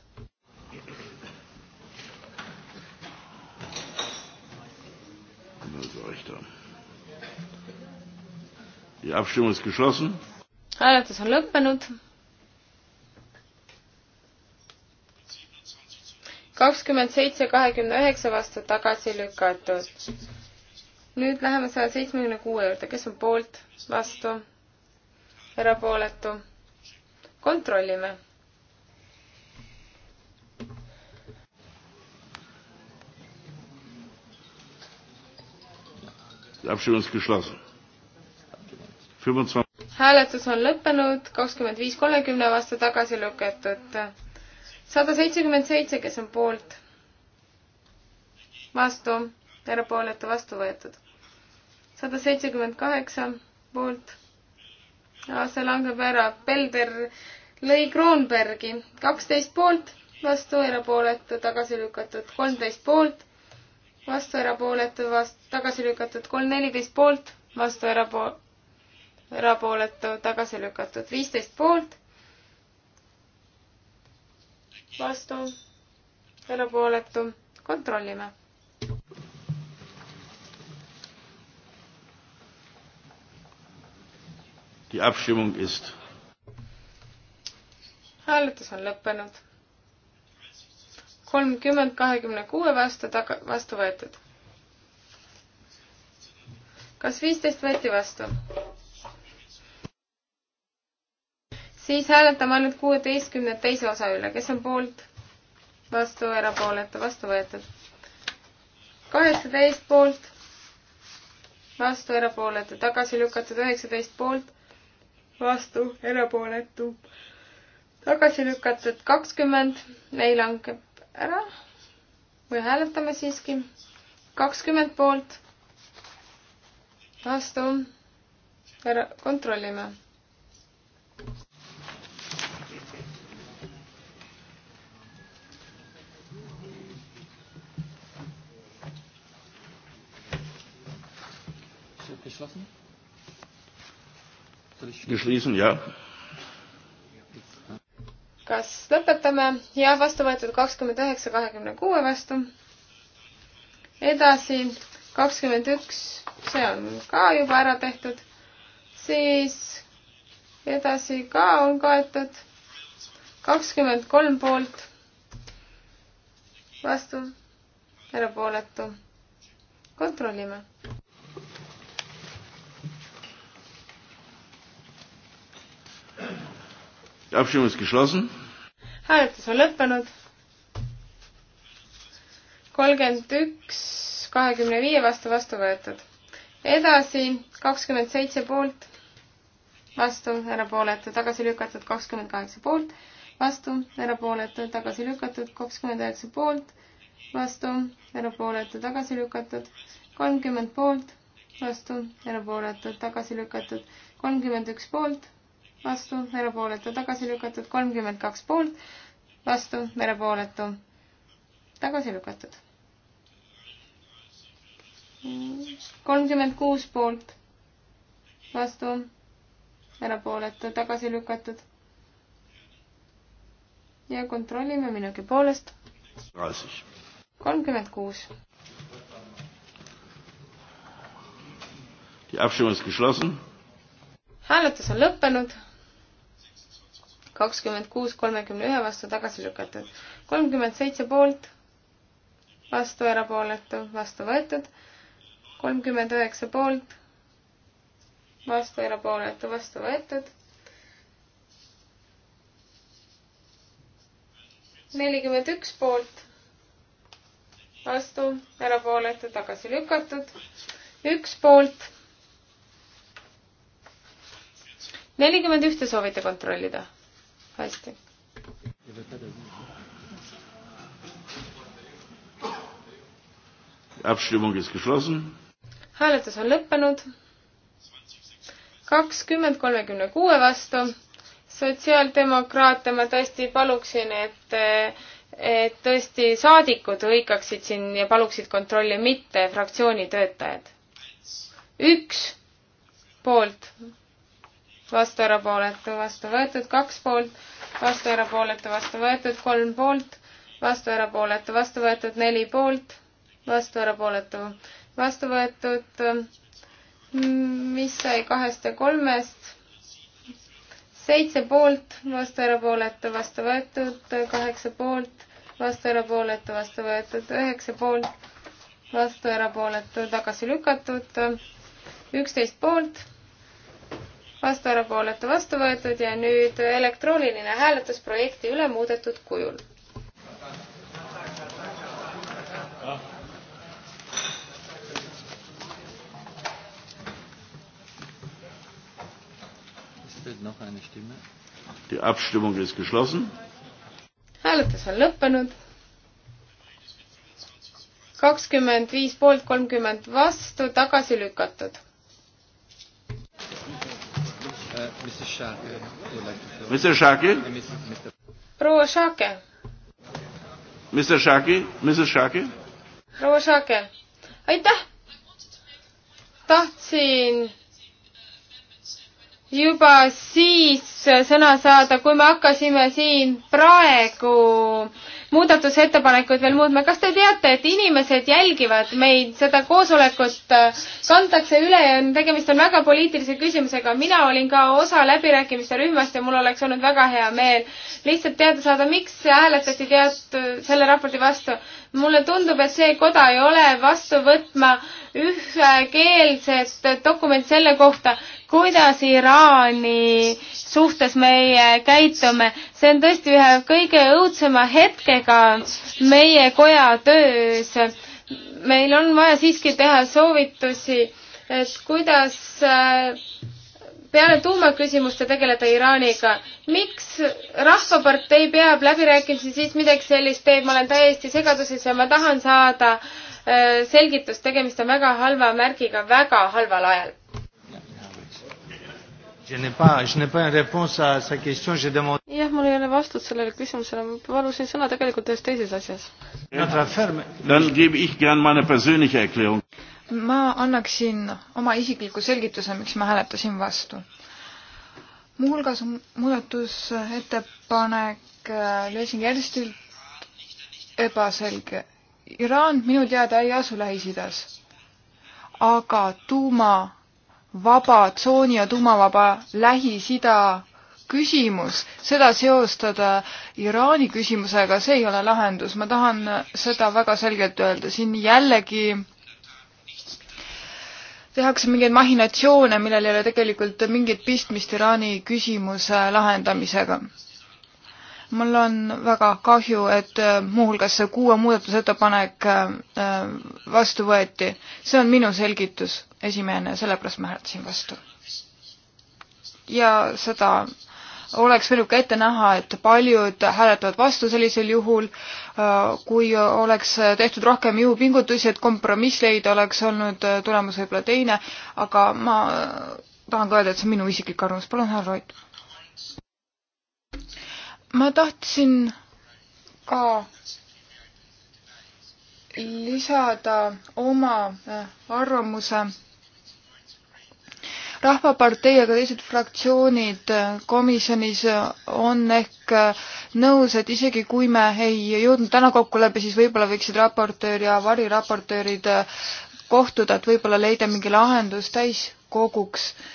Die Abstimmung ist geschlossen. Hääletus on lõppenud kakskümmend seitse kahekümne üheksa vastu tagasi lükatud. nüüd läheme saja seitsmekümne kuue juurde, kes on poolt, vastu, erapooletu. kontrollime. hääletus on lõppenud, kakskümmend viis kolmekümne vastu tagasi lükatud sada seitsekümmend seitse, kes on poolt, vastu, erapooletu, vastu võetud. sada seitsekümmend kaheksa poolt, see langeb ära, Pelder lõi Kroonbergi, kaksteist poolt, vastu, erapooletu, tagasi lükatud, kolmteist poolt, vastu, erapooletu, vastu, tagasi lükatud, kolm, neliteist poolt, vastu, erapool-, erapooletu, tagasi lükatud, viisteist poolt vastu, erapooletu, kontrollime. hääletus on lõppenud. kolmkümmend kahekümne kuue vastu taga, vastu võetud. kas viisteist võeti vastu? siis hääletame ainult kuueteistkümne teise osa üle, kes on poolt, vastu, erapooletu, vastu võetud. kaheksateist poolt, vastu, erapooletu, tagasi lükatud, üheksateist poolt, vastu, erapooletu, tagasi lükatud, kakskümmend, ei langeb ära või hääletame siiski, kakskümmend poolt, vastu, ära, kontrollime geschlossen? Geschlossen, jah. kas lõpetame? ja vastu võetud kakskümmend üheksa, kahekümne kuue vastu. edasi kakskümmend üks, see on ka juba ära tehtud. siis edasi ka on kaetud. kakskümmend kolm poolt, vastu, erapooletu. kontrollime hääletus on lõppenud. kolmkümmend üks, kahekümne viie vastu vastu võetud. edasi kakskümmend seitse poolt, vastu, erapooletu, tagasi lükatud kakskümmend kaheksa poolt, vastu, erapooletu, tagasi lükatud kakskümmend üheksa poolt, vastu, erapooletu, tagasi lükatud kolmkümmend poolt, vastu, erapooletu, tagasi lükatud kolmkümmend üks poolt vastu, erapooletu, tagasi lükatud, kolmkümmend kaks poolt, vastu, erapooletu, tagasi lükatud. kolmkümmend kuus poolt, vastu, erapooletu, tagasi lükatud. ja kontrollime minugi poolest. kolmkümmend kuus. Die Abstimmung ist geschlossen. Hääletus on lõppenud kakskümmend kuus kolmekümne ühe vastu tagasi lükatud. kolmkümmend seitse poolt, vastu erapooletu, vastu võetud. kolmkümmend üheksa poolt, vastu erapooletu, vastu võetud. nelikümmend üks poolt, vastu erapooletu, tagasi lükatud. üks poolt nelikümmend ühte soovite kontrollida? hästi. hääletus on lõppenud. kakskümmend kolmekümne kuue vastu. sotsiaaldemokraate ma tõesti paluksin, et, et tõesti saadikud hõikaksid siin ja paluksid kontrolli, mitte fraktsiooni töötajad. üks poolt vastu erapooletu, vastu võetud, kaks poolt, vastu erapooletu, vastu võetud, kolm poolt, vastu erapooletu, vastu võetud, neli poolt, vastu erapooletu, vastu võetud, mis sai kahest ja kolmest, seitse poolt, vastu erapooletu, vastu võetud, kaheksa poolt, vastu erapooletu, vastu võetud, üheksa poolt, vastu erapooletu, tagasi lükkatud, üksteist poolt vastu, erapooletu, vastu võetud ja nüüd elektrooniline hääletus projekti üle muudetud kujul. Die Abstimmung ist geschlossen. hääletus on lõppenud. kakskümmend viis poolt, kolmkümmend vastu, tagasi lükatud Mr Shaki? proua Shake. Mr Shaki, Mrs Shaki? proua Shake, aitäh! tahtsin juba siis sõna saada, kui me hakkasime siin praegu äh, muudatusettepanekuid veel muutma. kas te teate, et inimesed jälgivad meid, seda koosolekut äh, kantakse üle ja tegemist on väga poliitilise küsimusega. mina olin ka osa läbirääkimiste rühmast ja mul oleks olnud väga hea meel lihtsalt teada saada, miks hääletati tead selle raporti vastu. mulle tundub, et see koda ei ole vastu võtma ühekeelset dokumenti selle kohta, kuidas Iraani suhtes meie käitume see on tõesti ühe kõige õudsema hetkega meie koja töös. meil on vaja siiski teha soovitusi, et kuidas äh, peale tuumaküsimuste tegeleda Iraaniga. miks Rahvapartei peab läbirääkimisi siis midagi sellist teeb, ma olen täiesti segaduses ja ma tahan saada äh, selgitust, tegemist on väga halva märgiga väga halval ajal jah, mul ei ole vastust sellele küsimusele, ma palusin sõna tegelikult ühes teises asjas. ma annaksin oma isikliku selgituse, miks ma hääletasin vastu. muuhulgas on muudatusettepanek äh, Lösing Erstilt ebaselge. Iraan minu teada ei asu Lähis-Idas, aga tuuma vaba tsooni ja tuumavaba Lähis-Ida küsimus, seda seostada Iraani küsimusega, see ei ole lahendus, ma tahan seda väga selgelt öelda, siin jällegi tehakse mingeid mahinatsioone, millel ei ole tegelikult mingit pistmist Iraani küsimuse lahendamisega mul on väga kahju, et äh, muuhulgas see kuue muudatusettepanek äh, äh, vastu võeti. see on minu selgitus esimehena ja sellepärast ma hääletasin vastu. ja seda oleks võinud ka ette näha, et paljud hääletavad vastu sellisel juhul, kui oleks tehtud rohkem jõupingutusi, et kompromiss leida, oleks olnud tulemus võib-olla teine, aga ma tahan ka öelda, et see on minu isiklik arvamus. palun, härra Roit ma tahtsin ka lisada oma äh, arvamuse. rahvapartei ja ka teised fraktsioonid äh, komisjonis äh, on ehk nõus, et isegi kui me ei jõudnud täna kokkuleppe, siis võib-olla võiksid raportöör ja variraportöörid kohtuda, et võib-olla leida mingi lahendus täiskoguks äh,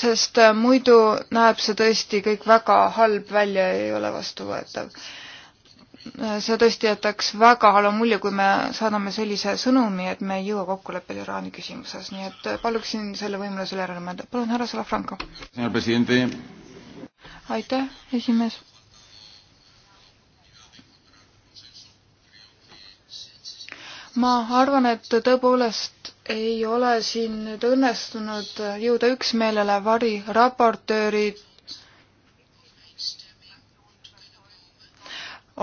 sest äh, muidu näeb see tõesti kõik väga halb välja ja ei ole vastuvõetav. Äh, see tõesti jätaks väga halva mulje, kui me saadame sellise sõnumi, et me ei jõua kokkuleppele Iraani küsimuses, nii et äh, paluksin selle võimaluse üle ära mõelda. palun, härra Salafranco. aitäh, esimees. ma arvan, et tõepoolest ei ole siin nüüd õnnestunud jõuda üksmeelele, variraportöörid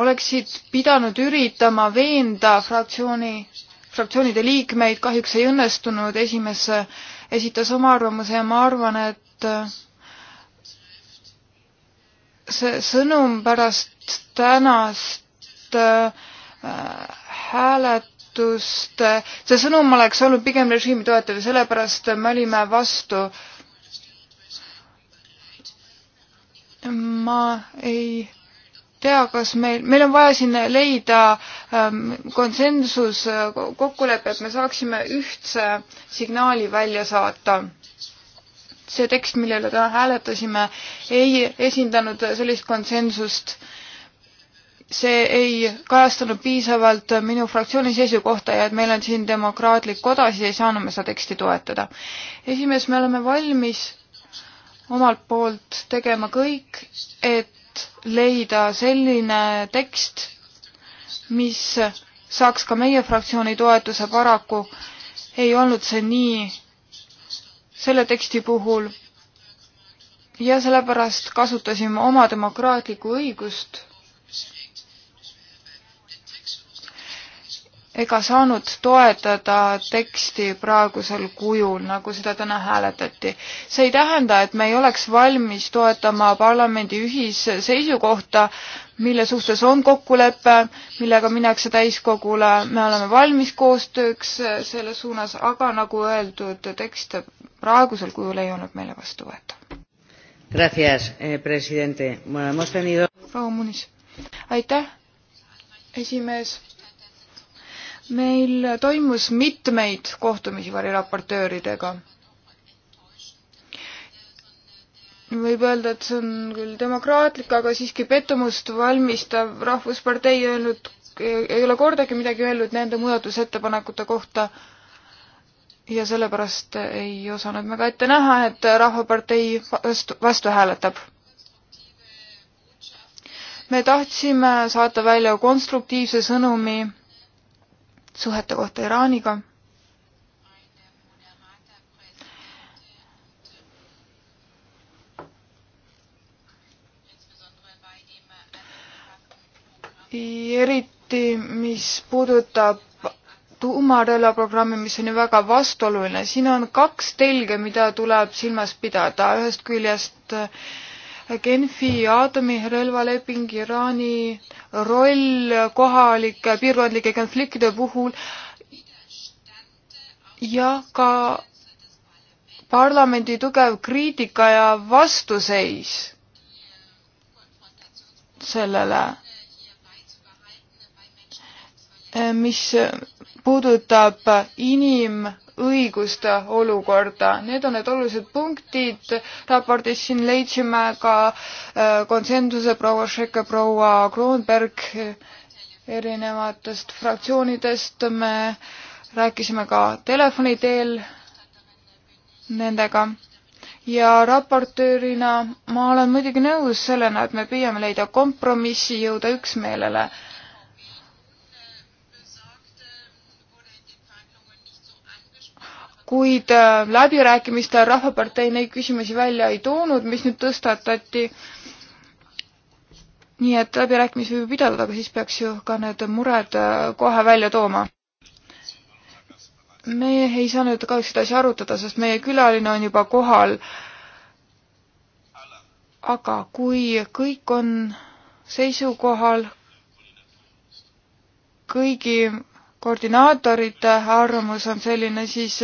oleksid pidanud üritama veenda fraktsiooni, fraktsioonide liikmeid, kahjuks ei õnnestunud, esimees esitas oma arvamuse ja ma arvan, et see sõnum pärast tänast hääletust äh, hääled toetust, see sõnum oleks olnud pigem režiimi toetav ja sellepärast me olime vastu. ma ei tea, kas meil, meil on vaja siin leida ähm, konsensus, kokkulepe, et me saaksime ühtse signaali välja saata see tekst, mille üle täna hääletasime, ei esindanud sellist konsensust äh, see ei kajastanud piisavalt minu fraktsiooni seisukohta ja et meil on siin demokraatlik koda, siis ei saanud me seda teksti toetada. esimees, me oleme valmis omalt poolt tegema kõik, et leida selline tekst, mis saaks ka meie fraktsiooni toetuse, paraku ei olnud see nii selle teksti puhul ja sellepärast kasutasime oma demokraatlikku õigust ega saanud toetada teksti praegusel kujul, nagu seda täna hääletati. see ei tähenda, et me ei oleks valmis toetama parlamendi ühisseisukohta, mille suhtes on kokkulepe, millega minnakse täiskogule, me oleme valmis koostööks selles suunas, aga nagu öeldud, tekst praegusel kujul ei olnud meile vastuvõetav. Eh, proua Munis, aitäh, esimees meil toimus mitmeid kohtumisi variraportööridega. võib öelda, et see on küll demokraatlik, aga siiski pettumust valmistav Rahvuspartei öelnud, ei ole kordagi midagi öelnud nende muudatusettepanekute kohta ja sellepärast ei osanud me ka ette näha, et Rahvapartei vastu, vastu hääletab. me tahtsime saata välja konstruktiivse sõnumi suhete kohta Iraaniga. eriti, mis puudutab tuumarelvaprogrammi, mis on ju väga vastuoluline, siin on kaks telge, mida tuleb silmas pidada, ühest küljest äh, Genfi aatomirelvaleping, Iraani roll kohalike piirkondlike konfliktide puhul ja ka parlamendi tugev kriitika ja vastuseis sellele, mis puudutab inim- õiguste olukorda. Need on need olulised punktid raportis, siin leidsime ka äh, konsensuse proua Šeke, proua Kroonberg erinevatest fraktsioonidest, me rääkisime ka telefoni teel nendega ja raportöörina ma olen muidugi nõus sellena, et me püüame leida kompromissi, jõuda üksmeelele kuid äh, läbirääkimistel Rahvapartei neid küsimusi välja ei toonud, mis nüüd tõstatati. nii et läbirääkimisi võib ju pidada, aga siis peaks ju ka need mured äh, kohe välja tooma. me ei saa nüüd kahjuks seda asja arutada, sest meie külaline on juba kohal. aga kui kõik on seisukohal, kõigi koordinaatorite arvamus on selline, siis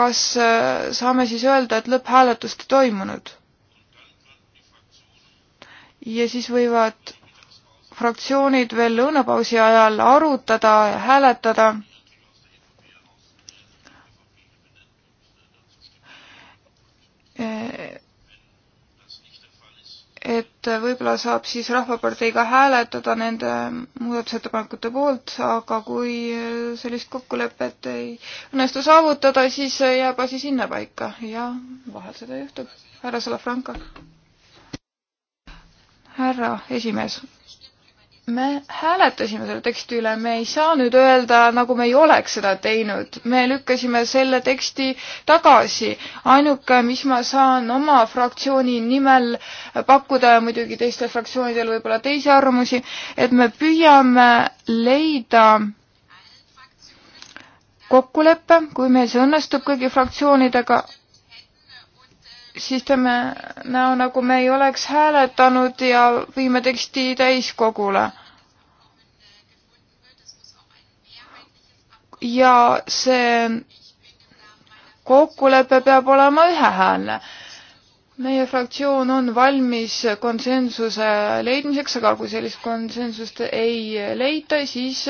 kas äh, saame siis öelda, et lõpphääletust ei toimunud? ja siis võivad fraktsioonid veel lõunapausi ajal arutada ja hääletada et võib-olla saab siis Rahvaparteiga hääletada nende muudatusettepanekute poolt, aga kui sellist kokkulepet ei õnnestu saavutada, siis jääb asi sinnapaika ja vahel seda juhtub. härra Salafranca. härra esimees, me hääletasime selle teksti üle, me ei saa nüüd öelda, nagu me ei oleks seda teinud. me lükkasime selle teksti tagasi. ainuke, mis ma saan oma fraktsiooni nimel pakkuda ja muidugi teistel fraktsioonidel võib-olla teisi arvamusi, et me püüame leida kokkuleppe, kui meil see õnnestub kõigi fraktsioonidega, siis teeme näo, nagu me ei oleks hääletanud ja viime teksti täiskogule. ja see kokkulepe peab olema ühehäälne meie fraktsioon on valmis konsensuse leidmiseks, aga kui sellist konsensust ei leita, siis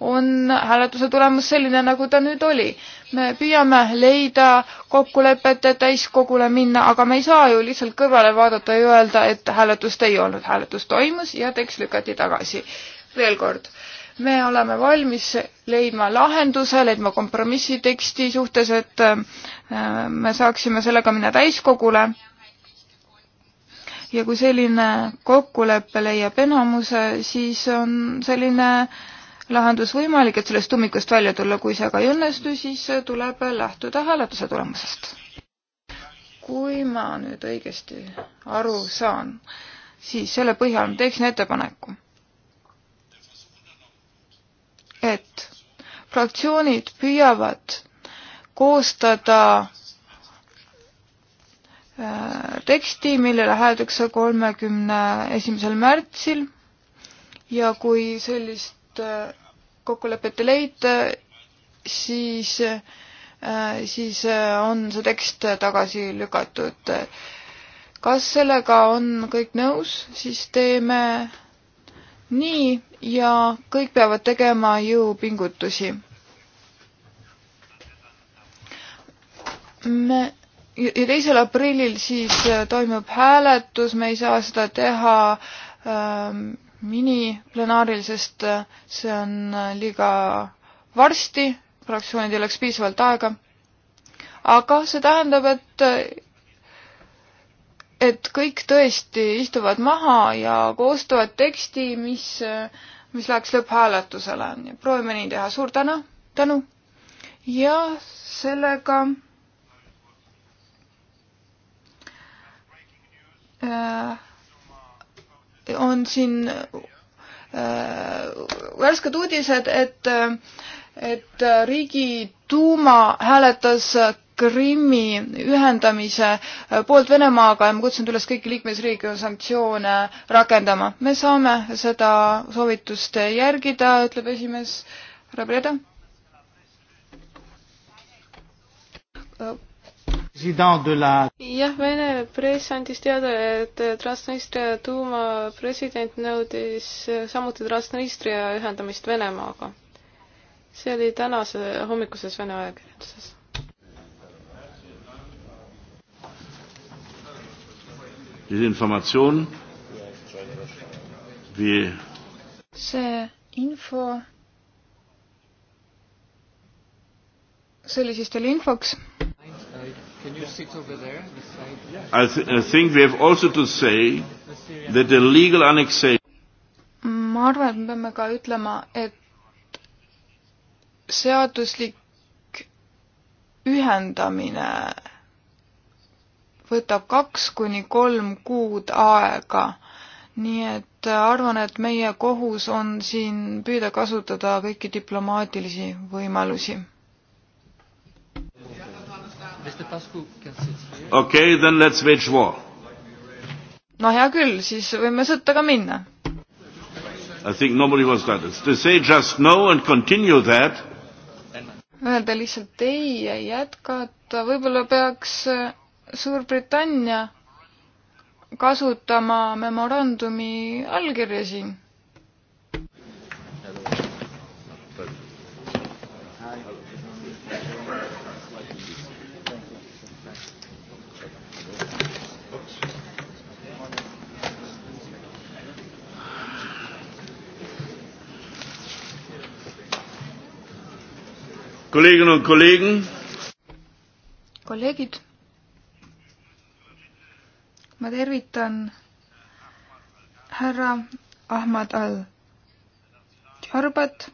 on hääletuse tulemus selline, nagu ta nüüd oli. me püüame leida kokkulepet, et täiskogule minna, aga me ei saa ju lihtsalt kõrvale vaadata ja öelda, et hääletust ei olnud. hääletus toimus ja tekst lükati tagasi. veel kord me oleme valmis leidma lahenduse, leidma kompromissi teksti suhtes, et äh, me saaksime sellega minna täiskogule ja kui selline kokkulepe leiab enamuse, siis on selline lahendus võimalik, et sellest tummikust välja tulla, kui see aga ei õnnestu, siis tuleb lähtuda hääletuse tulemusest. kui ma nüüd õigesti aru saan, siis selle põhjal ma teeksin ettepaneku, et fraktsioonid püüavad koostada Äh, teksti, millele hääletakse kolmekümne esimesel märtsil ja kui sellist äh, kokkulepet ei leita, siis, äh, siis on see tekst tagasi lükatud. kas sellega on kõik nõus, siis teeme nii ja kõik peavad tegema jõupingutusi. me ja teisel aprillil siis äh, toimub hääletus, me ei saa seda teha ähm, miniplenaaril, sest äh, see on äh, liiga varsti, fraktsioonidel oleks piisavalt aega. aga see tähendab, et et kõik tõesti istuvad maha ja koostavad teksti, mis, mis läheks lõpphääletusele. proovime nii teha. suur tänu, tänu ja sellega Äh, on siin äh, värsked uudised, et, et Riigiduuma hääletas Krimmi ühendamise poolt Venemaaga ja ma kutsun üles kõiki liikmesriike sanktsioone rakendama. me saame seda soovitust järgida, ütleb esimees härra Breda jah, Vene press andis teada, et Transnistria tuuma president nõudis samuti Transnistria ühendamist Venemaaga. see oli tänase hommikuses Vene ajakirjanduses. see info, see oli siis teile infoks Can you sit over there? The side? I, th I think we have also to say that the legal annexation ma arvan, et me peame ka ütlema, et seaduslik ühendamine võtab kaks kuni kolm kuud aega. nii et arvan, et meie kohus on siin püüda kasutada kõiki diplomaatilisi võimalusi. Mr Pascu can sit here. okei okay,, then let's wage war. no hea küll, siis võime sõtta ka minna. I think nobody was that. To say just no and continue that. Öelda lihtsalt ei ja jätkata, võib-olla peaks eh, Suurbritannia kasutama memorandumi allkirja siin Kolleginnen und Kollegen. kolleegid, ma tervitan härra Ahmad al-Harbat,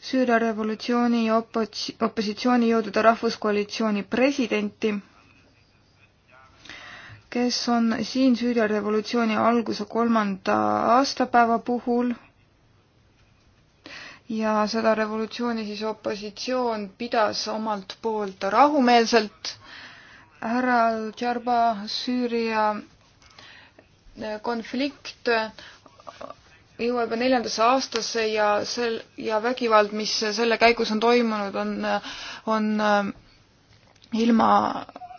Süüria revolutsiooni ja opos-, opositsioonijõudude rahvuskoalitsiooni presidenti, kes on siin Süüria revolutsiooni alguse kolmanda aastapäeva puhul ja seda revolutsiooni siis opositsioon pidas omalt poolt rahumeelselt. härra Al-Jarba Süüria äh, konflikt äh, jõuab juba neljandasse aastasse ja sel- ja vägivald, mis selle käigus on toimunud, on, on äh, ilma,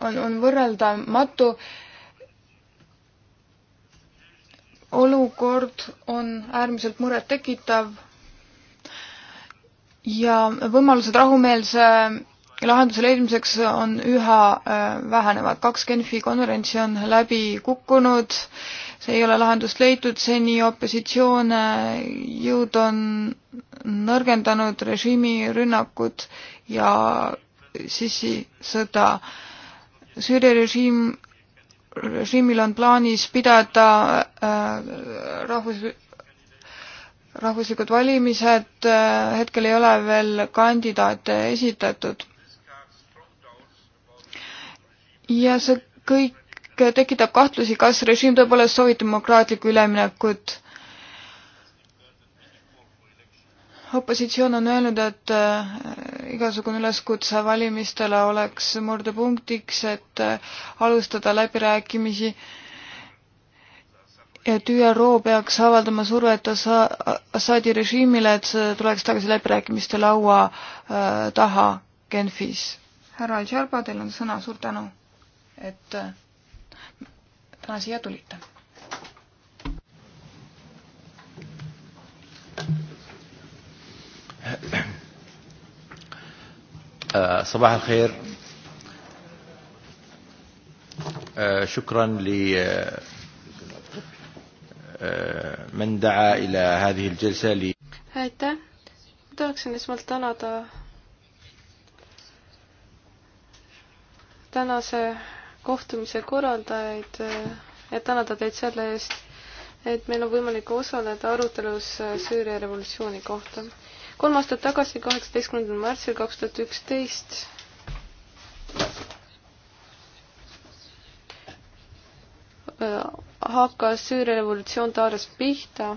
on, on võrreldamatu. olukord on äärmiselt murettekitav ja võimalused rahumeelse lahenduse leidmiseks on üha äh, vähenevad. kaks Genfi konverentsi on läbi kukkunud, see ei ole lahendust leitud, seni opositsioone jõud on nõrgendanud režiimi rünnakud ja sissisõda. Süüria režiim, režiimil on plaanis pidada äh, rahvus, rahvuslikud valimised, äh, hetkel ei ole veel kandidaate esitatud. ja see kõik tekitab kahtlusi, kas režiim tõepoolest soovib demokraatlikku üleminekut. opositsioon on öelnud, et äh, igasugune üleskutse valimistele oleks murdepunktiks, et äh, alustada läbirääkimisi äh, et ÜRO peaks avaldama survet Assa-, Assaadi režiimile, et see tuleks tagasi läbirääkimiste laua äh, taha Genfis. härra Al-Sharba, teil on sõna, suur tänu, et äh, täna siia tulite. صباح الخير شكرا ل من دعا إلى هذه الجلسة لي aitäh, ma tahaksin esmalt tänada tänase kohtumise korraldajaid, et äh, tänada teid selle eest, et meil on võimalik osaleda arutelus äh, Süüria revolutsiooni kohta. kolm aastat tagasi, kaheksateistkümnendal märtsil kaks tuhat üksteist äh, hakkas Süüria revolutsioon Taares pihta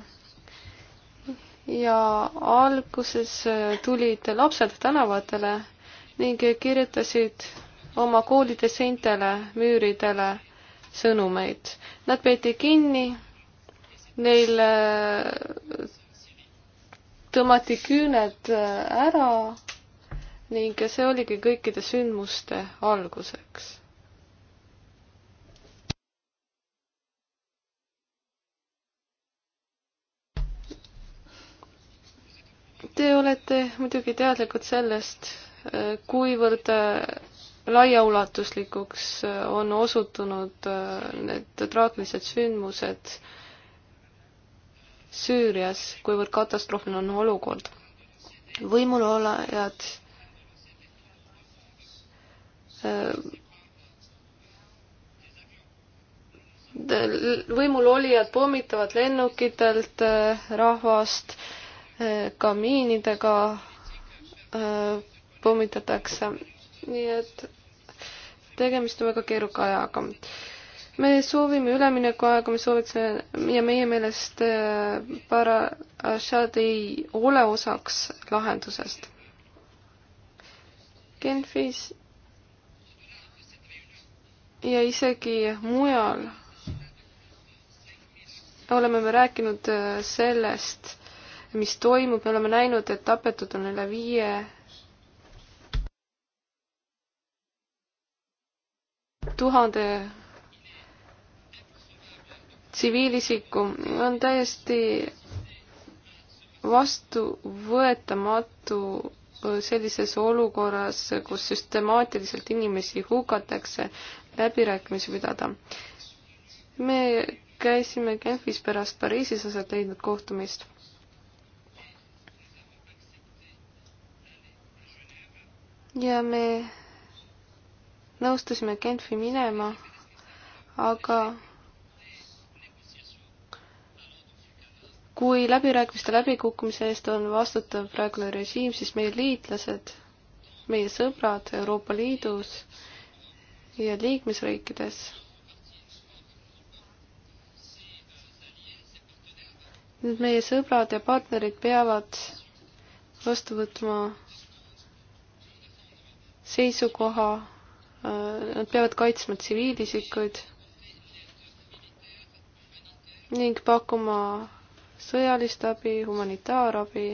ja alguses äh, tulid lapsed tänavatele ning kirjutasid oma koolide seintele, müüridele sõnumeid. Nad peeti kinni, neil äh, tõmmati küüned äh, ära ning see oligi kõikide sündmuste alguseks. Te olete muidugi teadlikud sellest, kuivõrd laiaulatuslikuks on osutunud äh, need traagilised sündmused Süürias, kuivõrd katastroofiline on olukord. võimulolejad äh, võimul olijad pommitavad lennukitelt äh, rahvast, kamiinidega äh, pommitatakse. nii et tegemist on väga keeruka ajaga. me soovime üleminekuaega, me sooviksime ja meie meelest Barashad äh, ei ole osaks lahendusest. Genfis ja isegi mujal oleme me rääkinud äh, sellest, mis toimub, me oleme näinud, et tapetud on üle viie tuhande tsiviilisiku on täiesti vastuvõetamatu sellises olukorras, kus süstemaatiliselt inimesi hukatakse, läbirääkimisi pidada. me käisime Genfis pärast Pariisis aset leidnud kohtumist ja me nõustusime Genfi minema, aga kui läbirääkimiste läbikukkumise eest on vastutav praegune režiim, siis meie liitlased, meie sõbrad Euroopa Liidus ja liikmesriikides Need meie sõbrad ja partnerid peavad vastu võtma seisukoha, äh, nad peavad kaitsma tsiviilisikuid ning pakkuma sõjalist abi, humanitaarabi.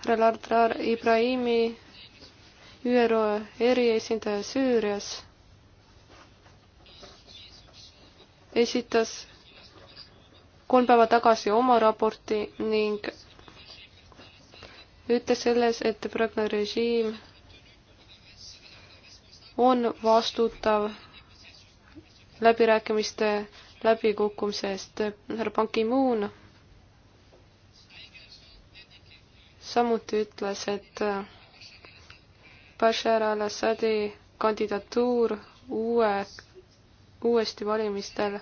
härra Lardar Ibrahimi, ÜRO eriesindaja Süürias, esitas kolm päeva tagasi oma raporti ning ütles selles, et praegune režiim on vastutav läbirääkimiste läbikukkumise eest. härra Ban Ki-moon samuti ütles, et Bashar al-Assadi kandidatuur uue, uuesti valimistel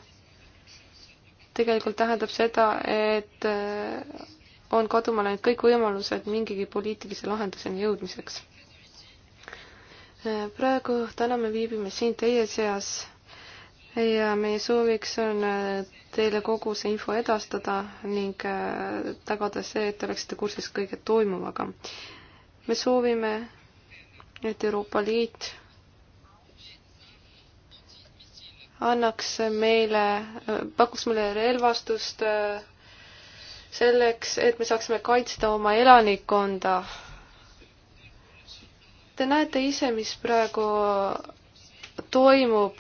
tegelikult tähendab seda, et on kaduma läinud kõik võimalused mingigi poliitilise lahenduseni jõudmiseks. praegu täna me viibime siin teie seas ja meie sooviks on äh, teile kogu see info edastada ning äh, tagada see, et te oleksite kursis kõige toimuvaga. me soovime, et Euroopa Liit annaks meile, äh, pakuks meile relvastust äh, selleks, et me saaksime kaitsta oma elanikkonda. Te näete ise, mis praegu toimub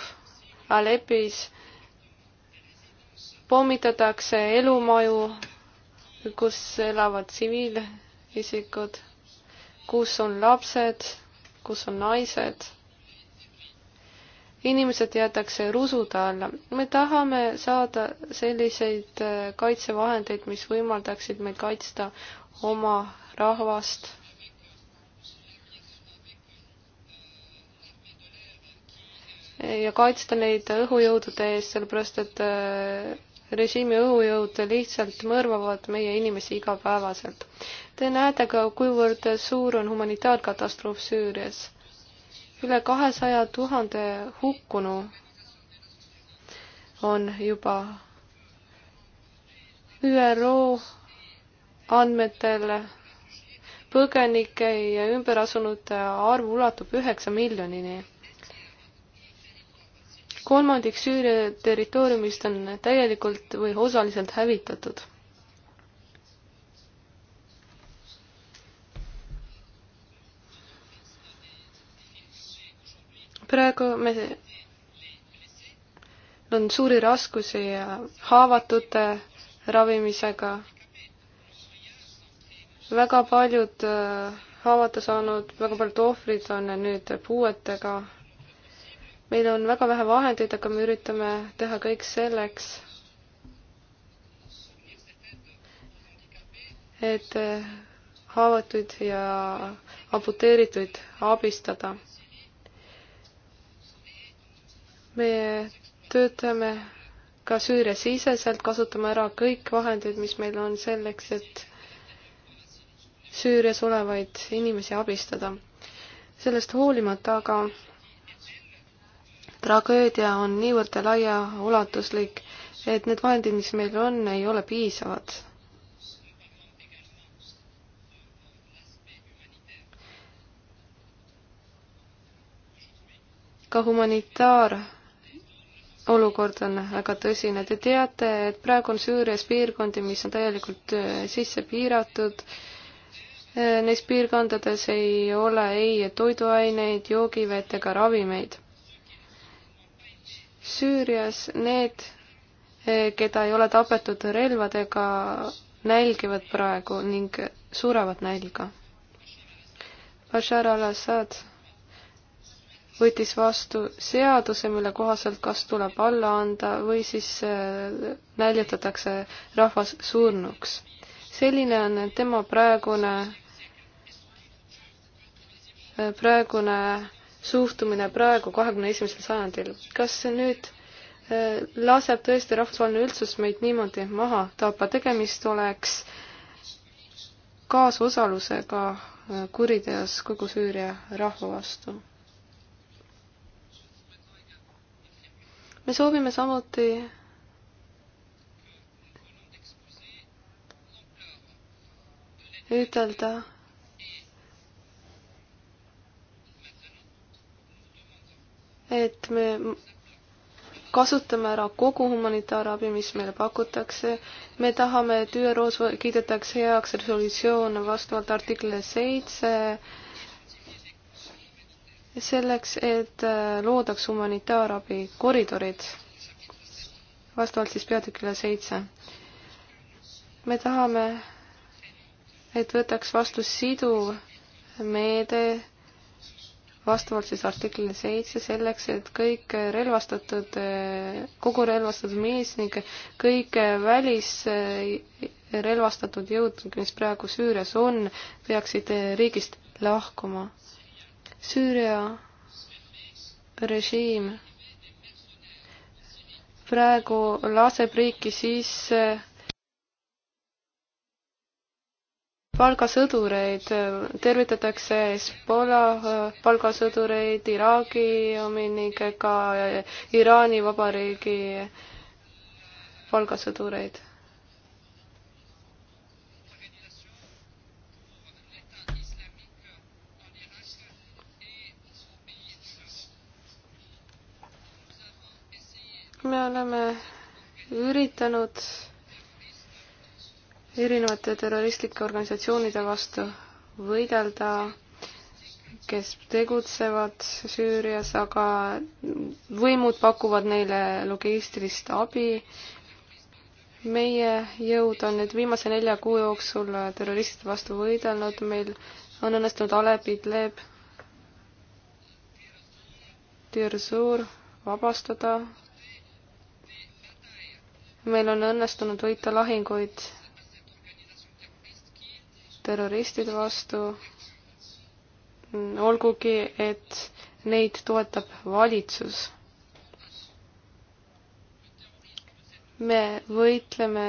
Alepis. pommitatakse elumaju, kus elavad tsiviilisikud, kus on lapsed, kus on naised inimesed jäetakse rusude alla. me tahame saada selliseid äh, kaitsevahendeid, mis võimaldaksid meil kaitsta oma rahvast. ja kaitsta neid õhujõudude eest, sellepärast et äh, režiimi õhujõud lihtsalt mõrvavad meie inimesi igapäevaselt. Te näete ka, kuivõrd suur on humanitaarkatastroof Süürias üle kahesaja tuhande hukkunu on juba ÜRO andmetel põgenike ja ümberasunute arv ulatub üheksa miljonini. kolmandik Süüria territooriumist on täielikult või osaliselt hävitatud praegu me, on suuri raskusi haavatute ravimisega. väga paljud äh, haavata saanud, väga paljud ohvrid on nüüd puuetega. meil on väga vähe vahendeid, aga me üritame teha kõik selleks, et äh, haavatuid ja amputeerituid abistada me töötame ka Süürias iseselt, kasutame ära kõik vahendid, mis meil on selleks, et Süürias olevaid inimesi abistada. sellest hoolimata aga tragöödia on niivõrd laiaulatuslik, et need vahendid, mis meil on, ei ole piisavad. ka humanitaar olukord on väga tõsine. Te teate, et praegu on Süürias piirkondi, mis on täielikult äh, sisse piiratud. Äh, neis piirkondades ei ole ei toiduaineid, joogivett ega ravimeid. Süürias need, äh, keda ei ole tapetud relvadega, nälgivad praegu ning surevad nälga. Bashar al-Assad võttis vastu seaduse, mille kohaselt kas tuleb alla anda või siis äh, näljatatakse rahvas surnuks. selline on tema praegune, äh, praegune suhtumine praegu, kahekümne esimesel sajandil. kas nüüd äh, laseb tõesti rahvusvaheline üldsus meid niimoodi maha tappa, tegemist oleks kaasosalusega kuriteos kogu Süüria rahva vastu. me soovime samuti ütelda, et me kasutame ära kogu humanitaarabi, mis meile pakutakse. me tahame, et ÜRO-s kiidetakse heaks resolutsioon vastavalt artiklile seitse selleks, et äh, loodaks humanitaarabi koridorid vastavalt siis peatükile seitse. me tahame, et võtaks vastu siduv meede vastavalt siis artiklile seitse selleks, et kõik relvastatud, äh, kogu relvastatud mees ning kõik välisrelvastatud äh, jõud, mis praegu Süürias on, peaksid riigist lahkuma Süüria režiim praegu laseb riiki sisse palgasõdureid, tervitatakse Hezbollah palgasõdureid, Iraagi omi ning ka Iraani Vabariigi palgasõdureid me oleme üritanud erinevate terroristlike organisatsioonide vastu võidelda, kes tegutsevad Süürias, aga võimud pakuvad neile logistilist abi. meie jõud on nüüd viimase nelja kuu jooksul terroristide vastu võidelnud, meil on õnnestunud Alep Idleb, Tirzur vabastada meil on õnnestunud võita lahinguid terroristide vastu, olgugi et neid toetab valitsus. me võitleme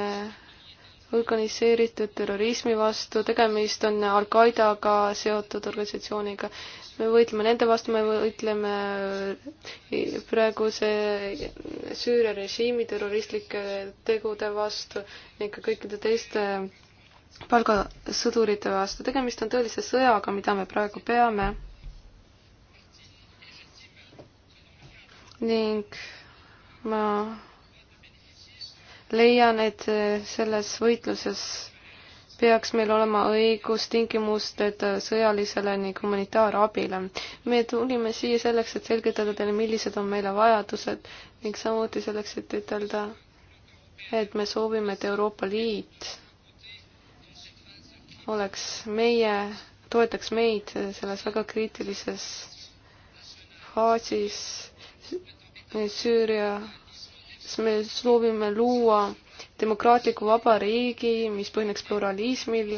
organiseeritud terrorismi vastu, tegemist on Al-Qaedaga seotud organisatsiooniga me võitleme nende vastu, me võitleme praeguse Süüria režiimi terroristlike tegude vastu ikka kõikide teiste palgasõdurite vastu. tegemist on tõelise sõjaga, mida me praegu peame. ning ma leian, et selles võitluses peaks meil olema õigus tingimusteta sõjalisele ning humanitaarabile. me tulime siia selleks, et selgitada teile, millised on meile vajadused ning samuti selleks, et ütelda, et me soovime, et Euroopa Liit oleks meie, toetaks meid selles väga kriitilises faasis Süürias me soovime luua demokraatliku vaba riigi, mis põhineks pluralismil,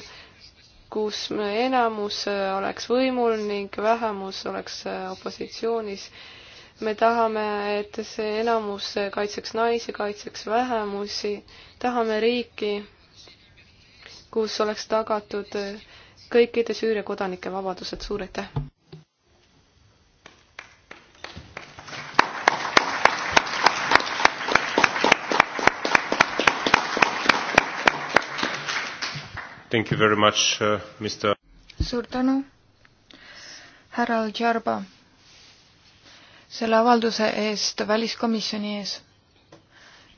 kus enamus äh, oleks võimul ning vähemus oleks äh, opositsioonis. me tahame, et see enamus äh, kaitseks naisi, kaitseks vähemusi, tahame riiki, kus oleks tagatud kõikide Süüria kodanike vabadused, suur aitäh! Thank you very much, uh, Mr. suur tänu, härra Al-Jarba, selle avalduse eest väliskomisjoni ees.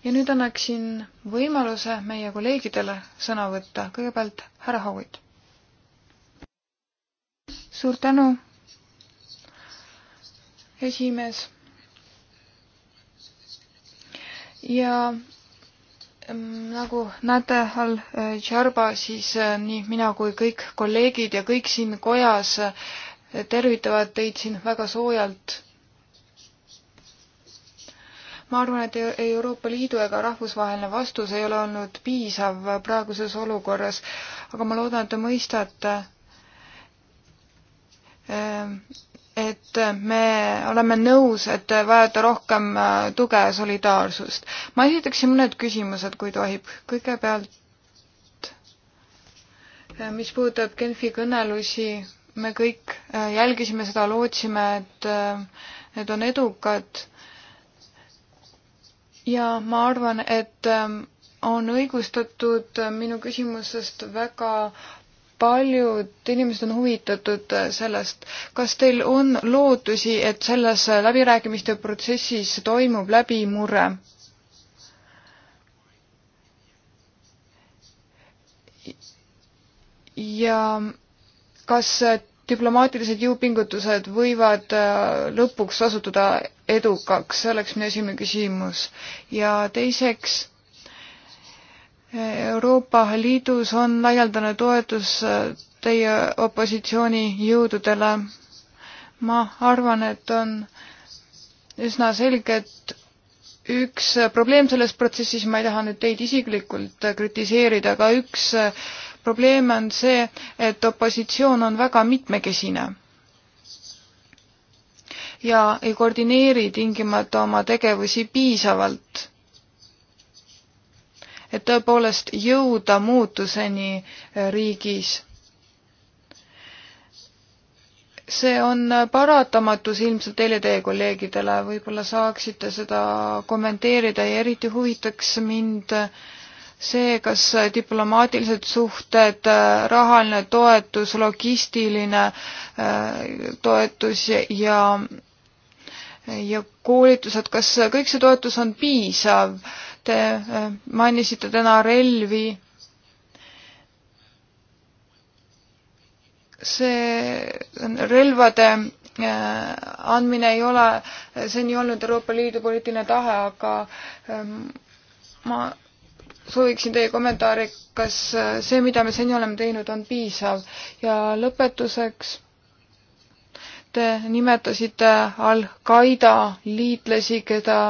ja nüüd annaksin võimaluse meie kolleegidele sõna võtta. kõigepealt härra Howitt. suur tänu, esimees. ja nagu näete, Al-Jarba, äh, siis äh, nii mina kui kõik kolleegid ja kõik siin kojas äh, tervitavad teid siin väga soojalt. ma arvan, et e-, Euroopa Liidu ega rahvusvaheline vastus ei ole olnud piisav praeguses olukorras, aga ma loodan, et te mõistate et me oleme nõus, et vajate rohkem äh, tuge ja solidaarsust. ma esitaksin mõned küsimused, kui tohib. kõigepealt, äh, mis puudutab Genfi kõnelusi, me kõik äh, jälgisime seda, lootsime, et need on edukad. ja ma arvan, et on õigustatud minu küsimusest väga paljud inimesed on huvitatud äh, sellest, kas teil on lootusi, et selles äh, läbirääkimiste protsessis toimub läbimurre? ja kas äh, diplomaatilised jõupingutused võivad lõpuks osutuda edukaks, see oleks minu esimene küsimus. ja teiseks Euroopa Liidus on laialdane toetus äh, teie opositsioonijõududele. ma arvan, et on üsna selge, et üks probleem selles protsessis, ma ei taha nüüd teid isiklikult kritiseerida, aga üks äh, probleem on see, et opositsioon on väga mitmekesine ja ei koordineeri tingimata oma tegevusi piisavalt et tõepoolest jõuda muutuseni äh, riigis. see on äh, paratamatus ilmselt teile, teie kolleegidele, võib-olla saaksite seda kommenteerida ja eriti huvitaks mind äh, see, kas diplomaatilised suhted, rahaline toetus, logistiline toetus ja ja koolitused, kas kõik see toetus on piisav Te äh, mainisite täna relvi. see relvade äh, andmine ei ole seni olnud Euroopa Liidu poliitiline tahe, aga ähm, ma sooviksin teie kommentaari, kas äh, see, mida me seni oleme teinud, on piisav ja lõpetuseks te nimetasite Al-Qaeda liitlasi, keda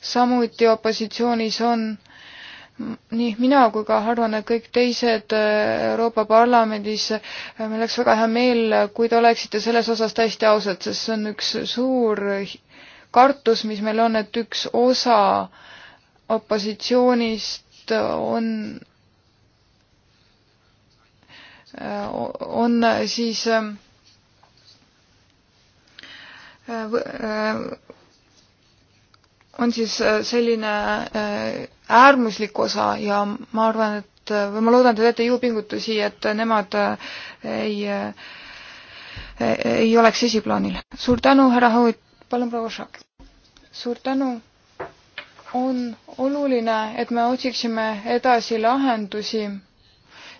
samuti opositsioonis on. nii mina kui ka arvan, et kõik teised äh, Euroopa Parlamendis, äh, meil oleks väga hea meel, kui te oleksite selles osas täiesti ausad, sest see on üks suur kartus, mis meil on, et üks osa opositsioonist on äh, on siis on siis äh, selline äh, äärmuslik osa ja ma arvan, et äh, või ma loodan, te teete jõupingutusi, et nemad ei, ei oleks esiplaanil. suur tänu, härra Haud, palun proua Šak. suur tänu. on oluline, et me otsiksime edasi lahendusi,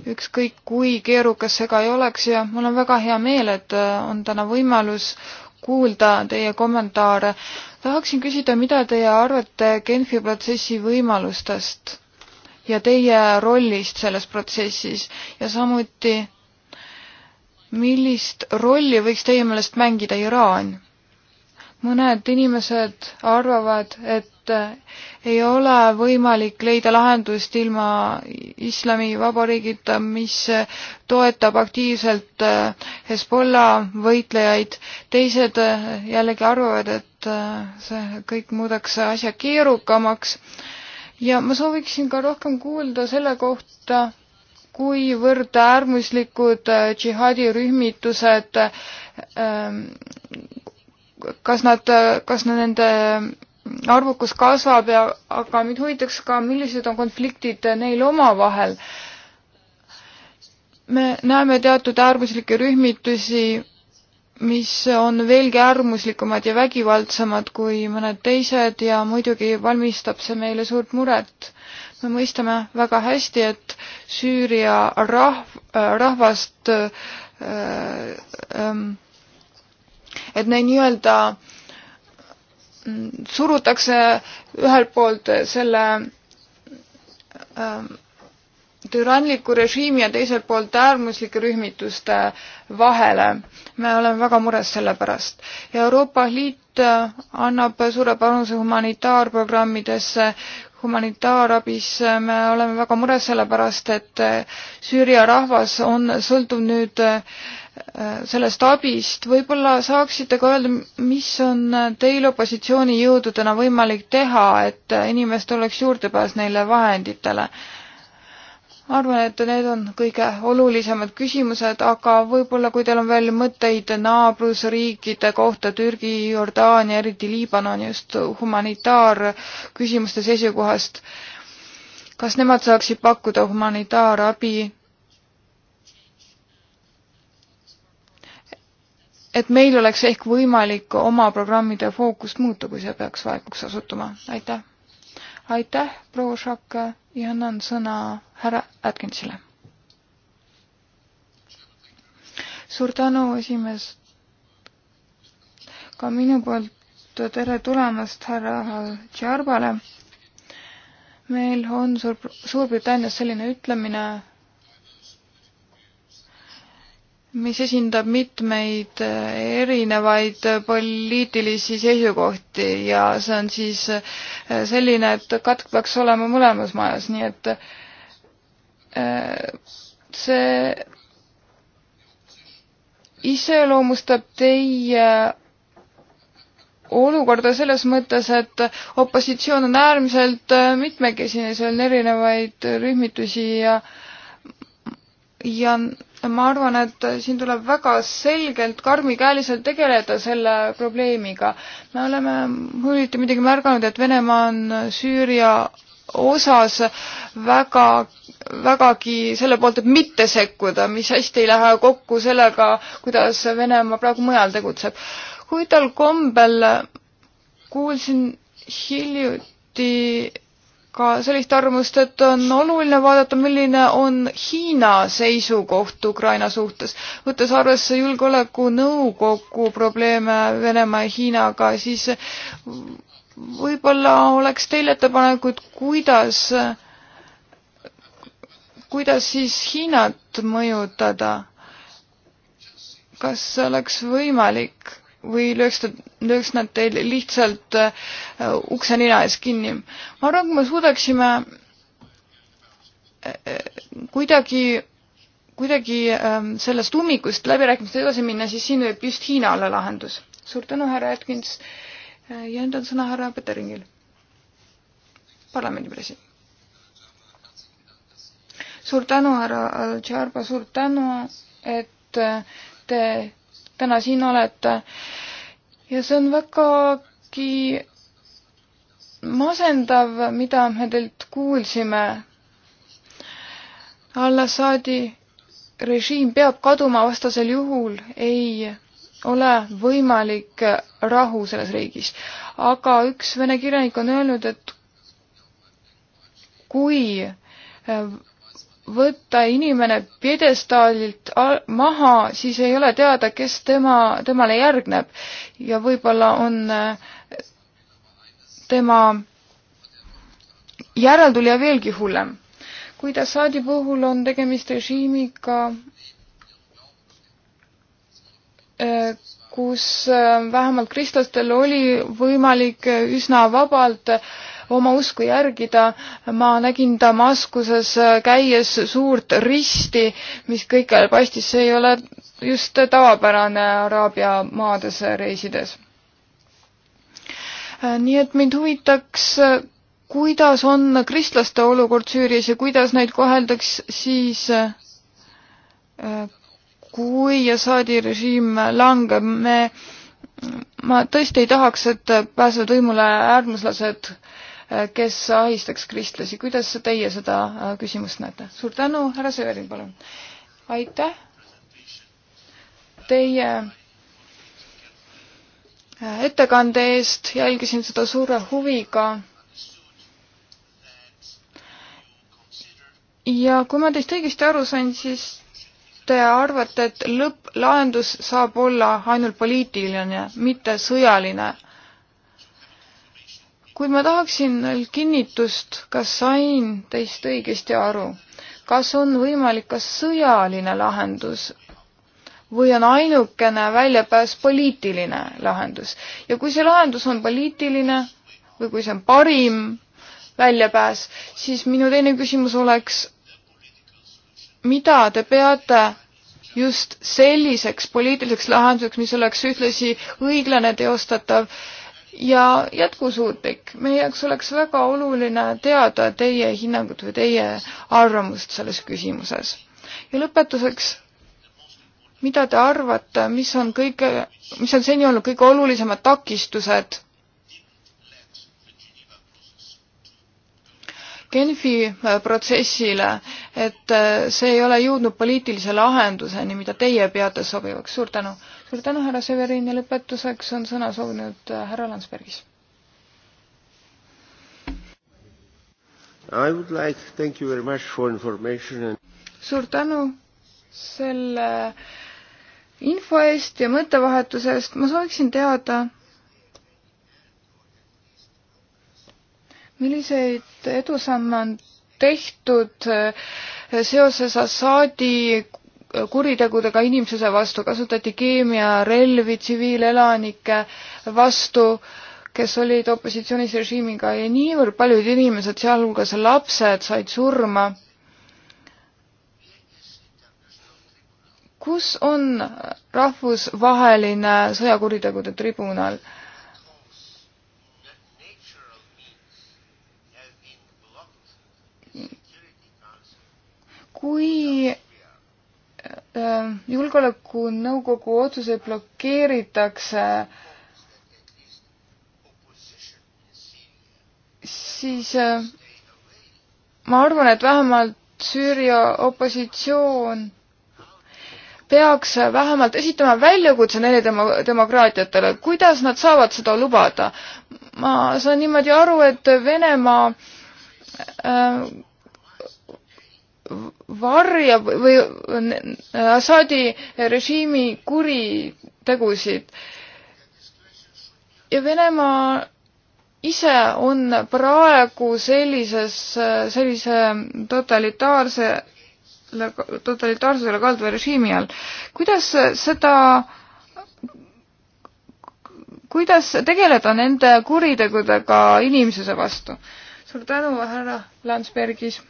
ükskõik kui keerukas see ka ei oleks ja mul on väga hea meel, et on täna võimalus kuulda teie kommentaare tahaksin küsida, mida teie arvate Genfi protsessi võimalustest ja teie rollist selles protsessis ja samuti, millist rolli võiks teie meelest mängida Iraan? mõned inimesed arvavad, et ei ole võimalik leida lahendust ilma islamivabariigita, mis toetab aktiivselt Hezbollah võitlejaid. teised jällegi arvavad, et et äh, see kõik muudaks asja keerukamaks. ja ma sooviksin ka rohkem kuulda selle kohta, kuivõrd äärmuslikud äh, džihadirühmitused, ähm, kas nad, äh, kas nende arvukus kasvab ja, aga mind huvitaks ka, millised on konfliktid neil omavahel. me näeme teatud äärmuslikke rühmitusi, mis on veelgi äärmuslikumad ja vägivaldsemad kui mõned teised ja muidugi valmistab see meile suurt muret. me mõistame väga hästi, et Süüria rahv-, äh, rahvast äh, ähm, et neid nii-öelda mm, surutakse ühelt poolt selle ähm, türanliku režiimi ja teiselt poolt äärmuslike rühmituste vahele. me oleme väga mures selle pärast. ja Euroopa Liit äh, annab suure panuse humanitaarprogrammidesse, humanitaarabisse, äh, me oleme väga mures selle pärast, et äh, Süüria rahvas on, sõltub nüüd sellest abist, võib-olla saaksite ka öelda, mis on teil opositsioonijõududena võimalik teha, et inimestel oleks juurdepääs neile vahenditele arvan, et need on kõige olulisemad küsimused, aga võib-olla kui teil on veel mõtteid naabrusriikide kohta, Türgi, Jordaania, eriti Liibanon just humanitaarküsimuste seisukohast, kas nemad saaksid pakkuda humanitaarabi et meil oleks ehk võimalik oma programmide fookust muuta, kui see peaks vajalikuks osutuma. aitäh! aitäh, proua Šake ja annan sõna härra Atkinsile. suur tänu, esimees. ka minu poolt tere tulemast härra Tšarbale. meil on Suur-Suurbritannias selline ütlemine mis esindab mitmeid eh, erinevaid eh, poliitilisi seisukohti ja see on siis eh, selline, et katk peaks olema mõlemas majas, nii et see iseloomustab teie olukorda selles mõttes, et opositsioon on äärmiselt mitmekesine, seal on erinevaid rühmitusi ja ja ma arvan, et siin tuleb väga selgelt karmikäeliselt tegeleda selle probleemiga. me oleme hiljuti muidugi märganud, et Venemaa on Süüria osas väga, vägagi selle poolt, et mitte sekkuda, mis hästi ei lähe kokku sellega, kuidas Venemaa praegu mujal tegutseb. huvitaval kombel kuulsin hiljuti ka sellist arvamust, et on oluline vaadata, milline on Hiina seisukoht Ukraina suhtes. võttes arvesse Julgeolekunõukogu probleeme Venemaa ja Hiinaga, siis võib-olla oleks teil ettepanekuid, kuidas, kuidas siis Hiinat mõjutada? kas oleks võimalik või lööks ta, lööks nad teil lihtsalt äh, ukse nina ees kinni. ma arvan, kui me suudaksime äh, äh, kuidagi, kuidagi ähm, sellest ummikust läbirääkimistele edasi minna, siis siin võib just Hiina olla lahendus. suur tänu, härra Atkins ja nüüd on sõna härra Peteringil, parlamendi president. suur tänu, härra Al-Jarba, suur tänu, et te täna siin olete. ja see on vägagi masendav, mida me teilt kuulsime. Al-Assadi režiim peab kaduma, vastasel juhul ei ole võimalik rahu selles riigis. aga üks vene kirjanik on öelnud, et kui võtta inimene pjedestaalilt maha, siis ei ole teada, kes tema, temale järgneb ja võib-olla on äh, tema järeltulija veelgi hullem. kuid Assaadi puhul on tegemist režiimiga, äh, kus äh, vähemalt kristlastel oli võimalik üsna vabalt oma usku järgida. ma nägin Damaskuses käies suurt risti, mis kõikjal paistis, see ei ole just tavapärane Araabia maades reisides. nii et mind huvitaks kuidas on kristlaste olukord Süürias ja kuidas neid koheldaks siis, kui Assaadi režiim langeb, me, ma tõesti ei tahaks, et pääsevad võimule äärmuslased, Äh, kes ahistaks kristlasi. kuidas teie seda äh, küsimust näete? suur tänu, härra Sõerin, palun. aitäh. Teie äh, ettekande eest jälgisin seda suure huviga. ja kui ma teist õigesti aru sain, siis te arvate, et lõpplahendus saab olla ainult poliitiline, mitte sõjaline kuid ma tahaksin kinnitust, kas sain teist õigesti aru. kas on võimalik ka sõjaline lahendus või on ainukene väljapääs poliitiline lahendus. ja kui see lahendus on poliitiline või kui see on parim väljapääs, siis minu teine küsimus oleks, mida te peate just selliseks poliitiliseks lahenduseks, mis oleks ühtlasi õiglane, teostatav äh, ja jätkusuutlik. meie jaoks oleks väga oluline teada teie hinnangut või teie arvamust selles küsimuses. ja lõpetuseks, mida te arvate, mis on kõige, mis on seni olnud kõige olulisemad takistused Genfi äh, protsessile, et äh, see ei ole jõudnud poliitilise lahenduseni, mida teie peate sobivaks. suur tänu! suur tänu, härra Severin ja lõpetuseks on sõna soovinud äh, härra Landsbergis. I would like thank you very much for information and suur tänu selle info eest ja mõttevahetuse eest, ma sooviksin teada, milliseid edusamme on tehtud äh, seoses Assaadi kuritegudega inimsuse vastu, kasutati keemiarelvi tsiviilelanike vastu, kes olid opositsioonis režiimiga ja niivõrd paljud inimesed, sealhulgas lapsed, said surma. kus on rahvusvaheline sõjakuritegude tribunal? kui Äh, julgeolekunõukogu otsuseid blokeeritakse, siis äh, ma arvan, et vähemalt Süüria opositsioon peaks vähemalt esitama väljakutse neile demo-, demokraatiatele, kuidas nad saavad seda lubada. ma saan niimoodi aru, et Venemaa äh, varjab või äh, Assadi režiimi kuritegusid. ja Venemaa ise on praegu sellises, äh, sellise totalitaarse, totalitaarsusele kalduva režiimi all. kuidas seda, kuidas tegeleda nende kuritegudega inimsuse vastu? suur tänu, härra Landsbergis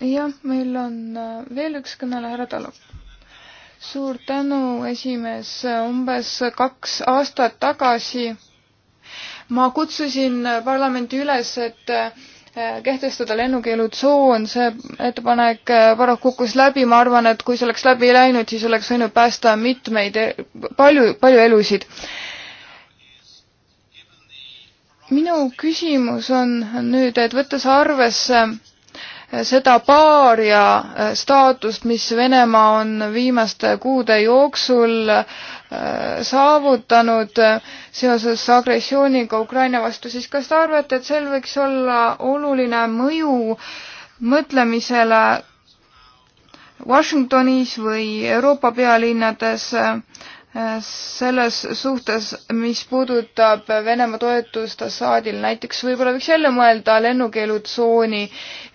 jah, meil on äh, veel üks kõneleja, härra Talu. suur tänu, esimees. umbes kaks aastat tagasi ma kutsusin parlamenti üles, et äh, kehtestada lennukeelutsoon, see ettepanek äh, paraku kukkus läbi, ma arvan, et kui see oleks läbi läinud, siis oleks võinud päästa mitmeid, e-, palju, palju elusid minu küsimus on nüüd, et võttes arvesse seda paaria äh, staatust, mis Venemaa on viimaste kuude jooksul äh, saavutanud äh, seoses agressiooniga Ukraina vastu, siis kas te arvate, et sel võiks olla oluline mõju mõtlemisele Washingtonis või Euroopa pealinnades äh, selles suhtes, mis puudutab Venemaa toetust Assadil, näiteks võib-olla võiks jälle mõelda lennukeelutsooni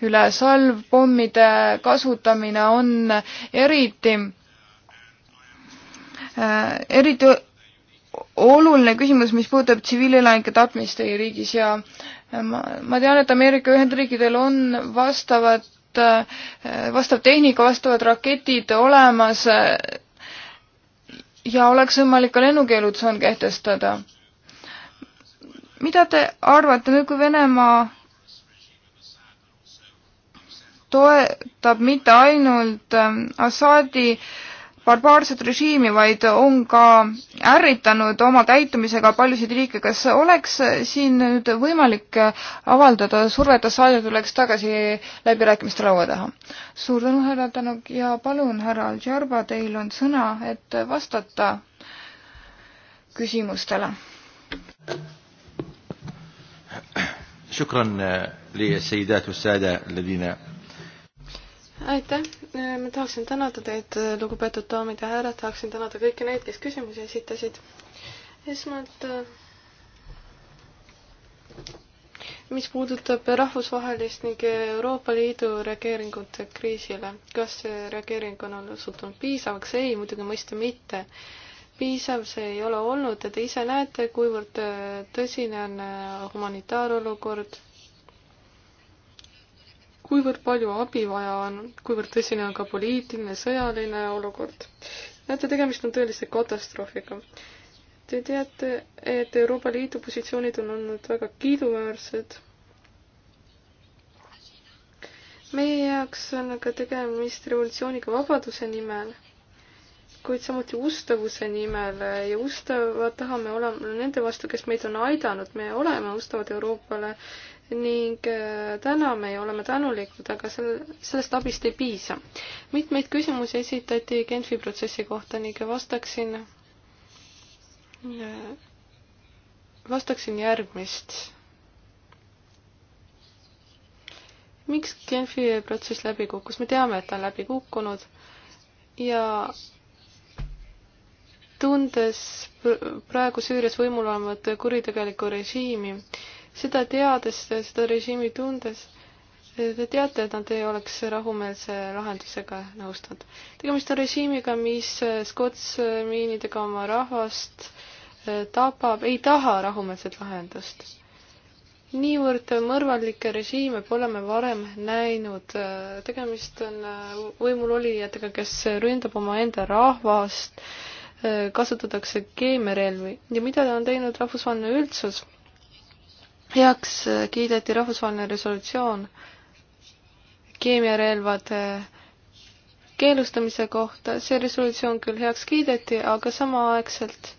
üle, salvpommide kasutamine on eriti, äh, eriti oluline küsimus, mis puudutab tsiviilelanike tapmist teie riigis ja ma, ma tean, et Ameerika Ühendriikidel on vastavad, äh, vastav tehnika, vastavad raketid olemas ja oleks võimalik ka lennukeelutsoon kehtestada. mida te arvate nüüd, kui Venemaa toetab mitte ainult ähm, Assadi äh, barbaarset režiimi, vaid on ka ärritanud oma käitumisega paljusid riike. kas oleks siin nüüd võimalik avaldada survet Assange tuleks tagasi läbirääkimiste laua taha? suur tänu, härra Tanuk ja palun, härra Al-Jarba, teil on sõna, et vastata küsimustele. شكرا للسيدات والسادة الذين aitäh, ma tahaksin tänada teid, lugupeetud daamid ja härrad, tahaksin tänada kõiki neid, kes küsimusi esitasid. esmalt, äh, mis puudutab rahvusvahelist ning Euroopa Liidu reageeringut kriisile, kas see reageering on osutunud piisavaks? ei, muidugi mõista mitte. piisav see ei ole olnud ja te ise näete, kuivõrd äh, tõsine on äh, humanitaarolukord kuivõrd palju abi vaja on, kuivõrd tõsine on ka poliitiline, sõjaline olukord. näete, tegemist on tõelise katastroofiga. Te teate, et Euroopa Liidu positsioonid on olnud väga kiiduväärsed. meie jaoks on aga tegemist revolutsiooniga vabaduse nimel, kuid samuti ustavuse nimel ja ustavad tahame olema nende vastu, kes meid on aidanud, me oleme ustavad Euroopale ning äh, täna me oleme tänulikud, aga selle, sellest abist ei piisa. mitmeid küsimusi esitati Genfi protsessi kohta ning vastaksin, äh, vastaksin järgmist. miks Genfi protsess läbi kukkus, me teame, et ta on läbi kukkunud ja tundes praegu Süürias võimul olevat kuritegelikku režiimi, seda teades, seda režiimi tundes, te teate, et nad ei oleks rahumeelse lahendusega nõustunud. tegemist on režiimiga, mis skotsmiinidega oma rahvast eh, tapab, ei taha rahumeelset lahendust. niivõrd mõrvallikke režiime pole me varem näinud. tegemist on eh, võimulolijatega, kes ründab omaenda rahvast, eh, kasutatakse keemiarelvi ja mida on teinud rahvusvaheline üldsus heaks kiideti rahvusvaheline resolutsioon keemiarelvade keelustamise kohta, see resolutsioon küll heaks kiideti, aga samaaegselt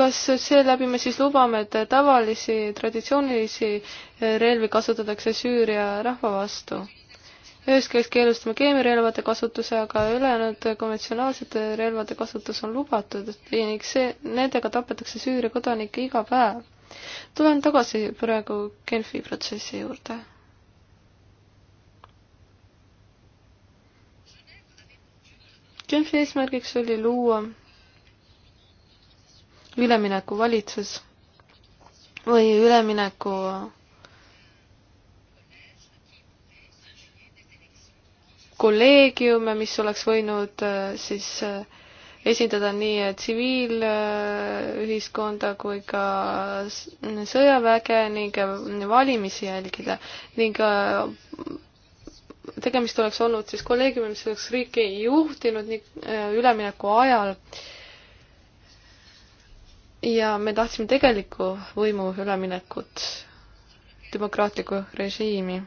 kas seeläbi me siis lubame, et tavalisi traditsioonilisi relvi kasutatakse Süüria rahva vastu? ühest küljest keelustame keemiarelvade kasutuse, aga ülejäänud konventsionaalsete relvade kasutus on lubatud ning see, nendega tapetakse Süüria kodanikke iga päev. tulen tagasi praegu Genfi protsessi juurde. Genfi eesmärgiks oli luua üleminekuvalitsus või ülemineku kolleegiume, mis oleks võinud äh, siis äh, esindada nii äh, tsiviilühiskonda kui ka sõjaväge ning valimisi jälgida ning tegemist oleks olnud siis kolleegiumi, mis oleks riiki juhtinud nii ülemineku ajal. ja me tahtsime tegelikku võimu üleminekut, demokraatlikku režiimi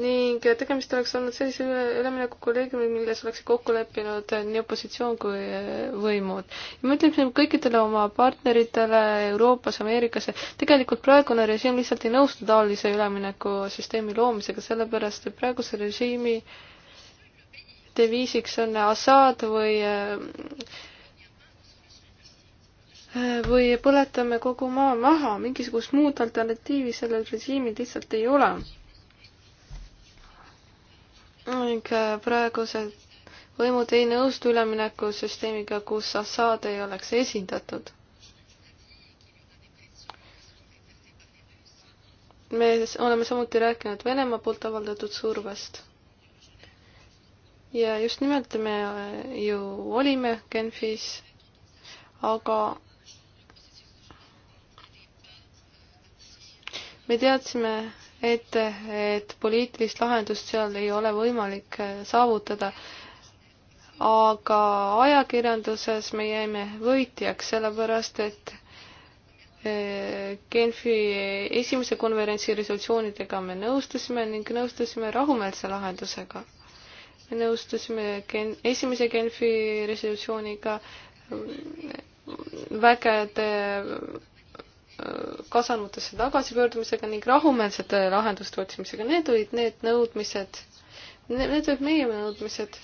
ning tegemist oleks olnud sellise ülemineku kolleegiumi, milles oleksid kokku leppinud nii opositsioon kui eh, võimud. ja ma ütlen kõikidele oma partneritele Euroopas, Ameerikas, et tegelikult praegune režiim lihtsalt ei nõustu taolise üleminekusüsteemi loomisega, sellepärast et praeguse režiimi deviisiks on Assad või eh, eh, või põletame kogu maa maha, mingisugust muud alternatiivi sellel režiimil lihtsalt ei ole ning äh, praegused võimud ei nõustu üleminekusüsteemiga, kus Assad ei oleks esindatud. me oleme samuti rääkinud Venemaa poolt avaldatud survest. ja just nimelt me äh, ju olime Genfis, aga me teadsime et, et poliitilist lahendust seal ei ole võimalik äh, saavutada. aga ajakirjanduses me jäime võitjaks, sellepärast et äh, Genfi esimese konverentsi resolutsioonidega me nõustusime ning nõustusime rahumeelse lahendusega. me nõustusime gen-, esimese Genfi resolutsiooniga äh, vägede kasarmutesse tagasipöördumisega ning rahumeelsete lahenduste otsimisega, need olid need nõudmised, need olid meie nõudmised.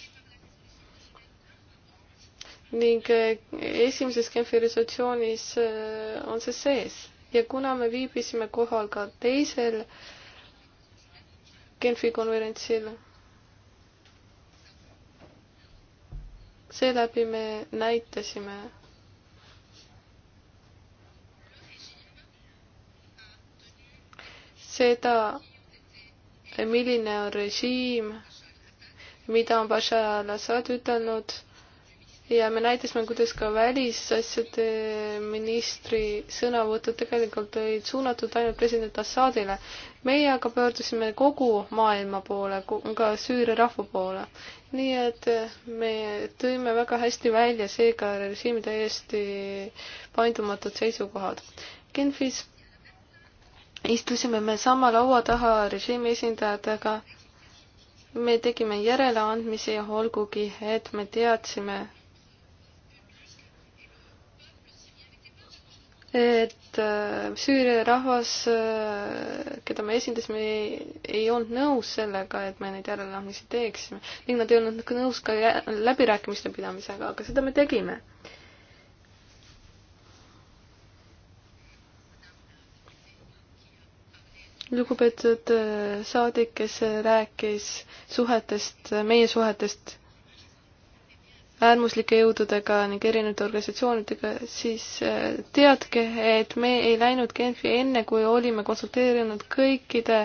ning eh, esimeses Genfi resolutsioonis eh, on see sees ja kuna me viibisime kohal ka teisel Genfi konverentsil, seeläbi me näitasime seda, milline on režiim, mida on Bashar al-Assad ütelnud ja me näitasime, kuidas ka välisasjade ministri sõnavõtud tegelikult olid suunatud ainult president Assadile. meie aga pöördusime kogu maailma poole, ka Süüria rahva poole. nii et me tõime väga hästi välja seega režiimi täiesti paindumatud seisukohad. Genfis istusime me sama laua taha režiimi esindajatega. me tegime järeleandmisi, olgugi et me teadsime, et äh, Süüria rahvas, äh, keda me esindasime, ei, ei olnud nõus sellega, et me neid järeleandmisi teeksime ning nad ei olnud nõus ka läbirääkimiste pidamisega, aga seda me tegime. lugupeetud äh, saadik, kes rääkis suhetest, meie suhetest äärmuslike jõududega ning erinevate organisatsioonidega, siis äh, teadke, et me ei läinud Genfi enne, kui olime konsulteerinud kõikide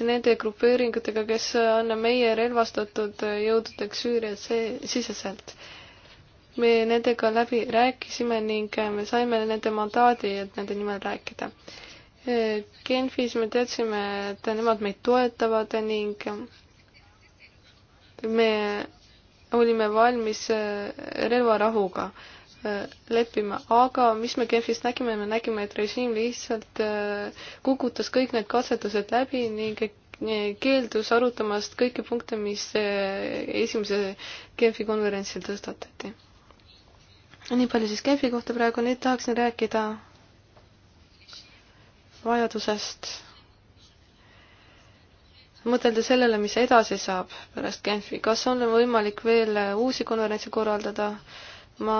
nende grupeeringutega, kes on meie relvastatud jõududeks Süüria siseselt. me nendega läbi rääkisime ning äh, me saime nende mandaadi, et nende nimel rääkida Genfis me teadsime, et nemad meid toetavad ning me olime valmis äh, relvarahuga äh, leppima, aga mis me Genfis nägime, me nägime, et režiim lihtsalt äh, kukutas kõik need katsetused läbi ning keeldus arutamast kõiki punkte, mis esimese Genfi konverentsil tõstatati. nii palju siis Genfi kohta praegu, nüüd tahaksin rääkida vajadusest mõtelda sellele, mis edasi saab pärast Genfi, kas on võimalik veel uusi konverentse korraldada, ma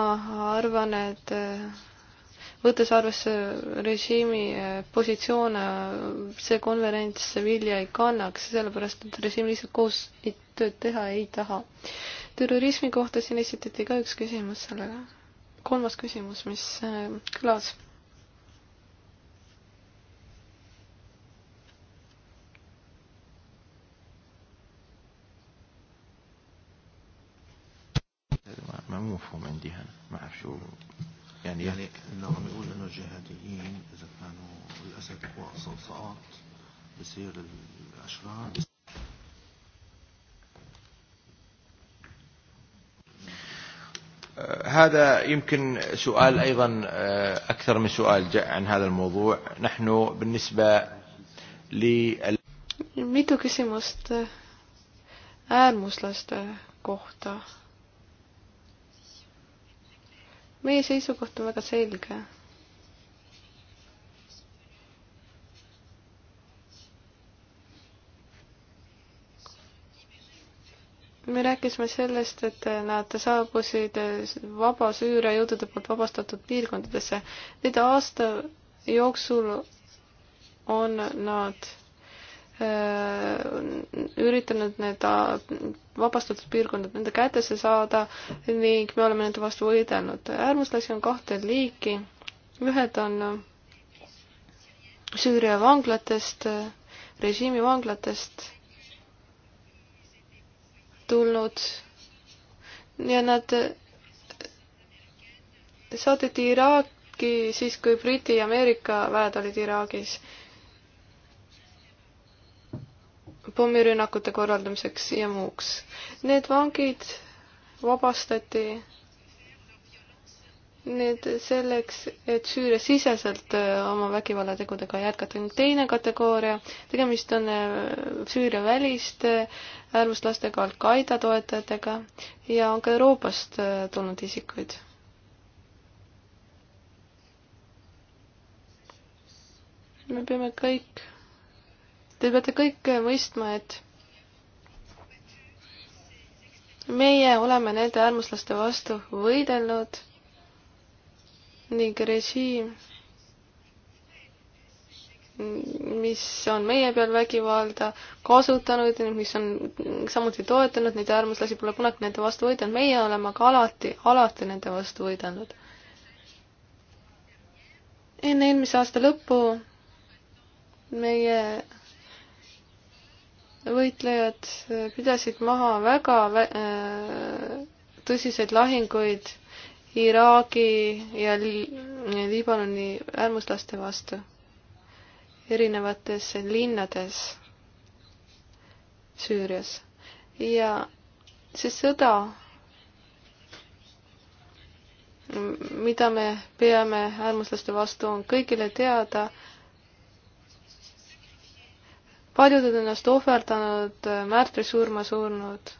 arvan, et äh, võttes arvesse režiimi äh, positsioone, äh, see konverents vilja ei kannaks, sellepärast et režiim lihtsalt koos tööd teha ei taha. terrorismi kohta siin esitati ka üks küsimus sellega, kolmas küsimus, mis kõlas äh, ما مو مفهوم عندي هنا ما اعرف شو يعني يعني انهم يقول انه الجهاديين اذا كانوا الاسد هو صلصات بصير الاشرار هذا يمكن سؤال أيضا أكثر من سؤال جاء عن هذا الموضوع نحن بالنسبة لل mitu küsimust äärmuslaste kohta meie seisukoht on väga selge. me rääkisime sellest, et nad saabusid vaba Süüria jõudude poolt vabastatud piirkondadesse. Nende aasta jooksul on nad Äh, üritanud need äh, vabastatud piirkondad nende kätesse saada ning me oleme nende vastu võidelnud. äärmuslasi on kahte liiki, ühed on äh, Süüria vanglatest, režiimi vanglatest tulnud ja nad saadeti Iraaki siis, kui Briti ja Ameerika väed olid Iraagis pommirünnakute korraldamiseks ja muuks. Need vangid vabastati nüüd selleks, et Süüria-siseselt äh, oma vägivallategudega jätkata ning teine kategooria, tegemist on äh, Süüria väliste äh, äärmuslastega, Al-Qaeda toetajatega ja on ka Euroopast tulnud isikuid. me peame kõik Te peate kõik mõistma, et meie oleme nende äärmuslaste vastu võidelnud ning režiim, mis on meie peal vägivalda kasutanud ning mis on samuti toetanud neid äärmuslasi, pole kunagi nende vastu võidelnud, meie oleme aga alati, alati nende vastu võidelnud. enne eelmise aasta lõppu meie võitlejad äh, pidasid maha väga vä äh, tõsiseid lahinguid Iraagi ja Liibanoni äärmuslaste vastu erinevates linnades Süürias ja see sõda, mida me peame äärmuslaste vastu, on kõigile teada paljud on ennast ohverdanud, märtrisurma surnud.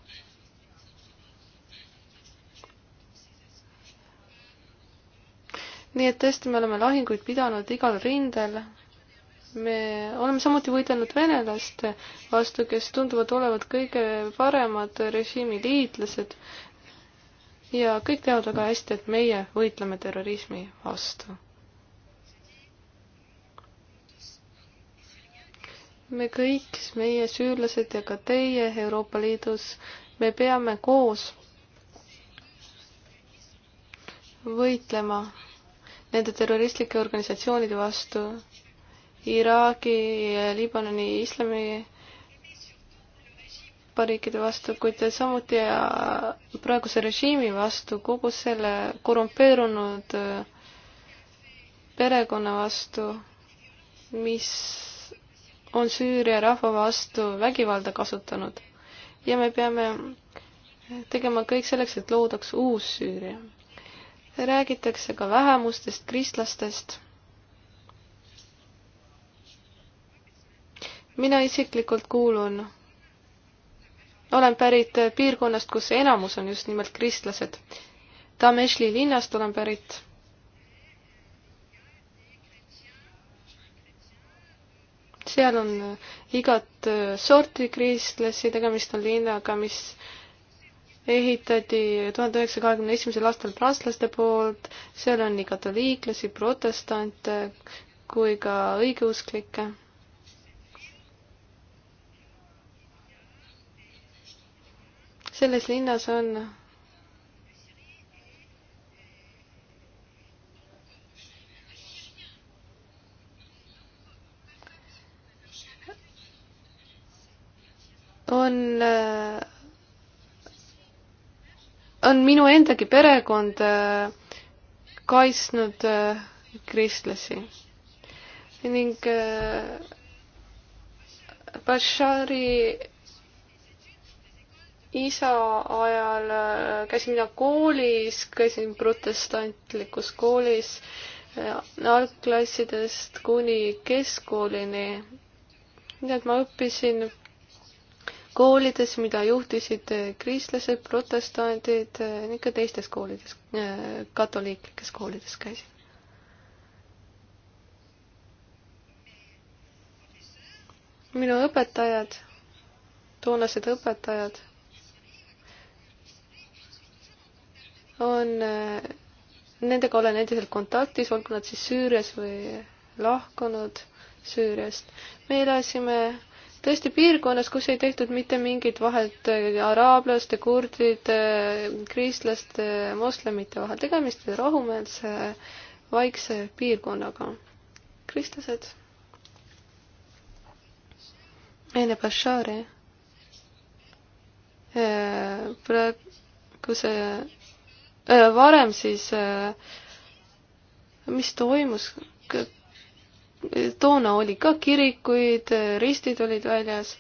nii et tõesti, me oleme lahinguid pidanud igal rindel. me oleme samuti võidelnud venelaste vastu, kes tunduvad olevat kõige paremad režiimi liitlased. ja kõik teavad väga hästi, et meie võitleme terrorismi vastu me kõik, meie süürlased ja ka teie Euroopa Liidus, me peame koos võitlema nende terroristlike organisatsioonide vastu Iraagi ja Liibanoni islamipariikide vastu, kuid samuti äh, praeguse režiimi vastu, kogu selle korrumpeerunud äh, perekonna vastu, mis on Süüria rahva vastu vägivalda kasutanud ja me peame tegema kõik selleks, et loodaks uus Süüria. räägitakse ka vähemustest, kristlastest. mina isiklikult kuulun, olen pärit piirkonnast, kus enamus on just nimelt kristlased. Tamešli linnast olen pärit seal on äh, igat äh, sorti kristlasi, tegemist on linnaga, mis ehitati tuhande üheksasaja kahekümne esimesel aastal prantslaste poolt, seal on nii katoliiklasi, protestante kui ka õigeusklikke. selles linnas on on, äh, on minu endagi perekond äh, kaitsnud äh, kristlasi ning Bashari isa ajal käisin mina koolis, käisin protestantlikus koolis algklassidest kuni keskkoolini. nii et ma õppisin koolides, mida juhtisid kristlased, protestandid ning eh, ka teistes koolides, eh, katoliiklikes koolides käisin. minu õpetajad, toonased õpetajad on, eh, nendega olen endiselt kontaktis, olgu nad siis Süürias või lahkunud Süüriast. me elasime tõesti piirkonnas, kus ei tehtud mitte mingit vahet äh, araablaste, kurdide, kristlaste, moslemite vahel, tegemist oli rahumeelse vaikse piirkonnaga. kristlased. enne Bashari äh, praeguse, äh, varem siis, mis toimus, toona oli ka kirikuid, ristid olid väljas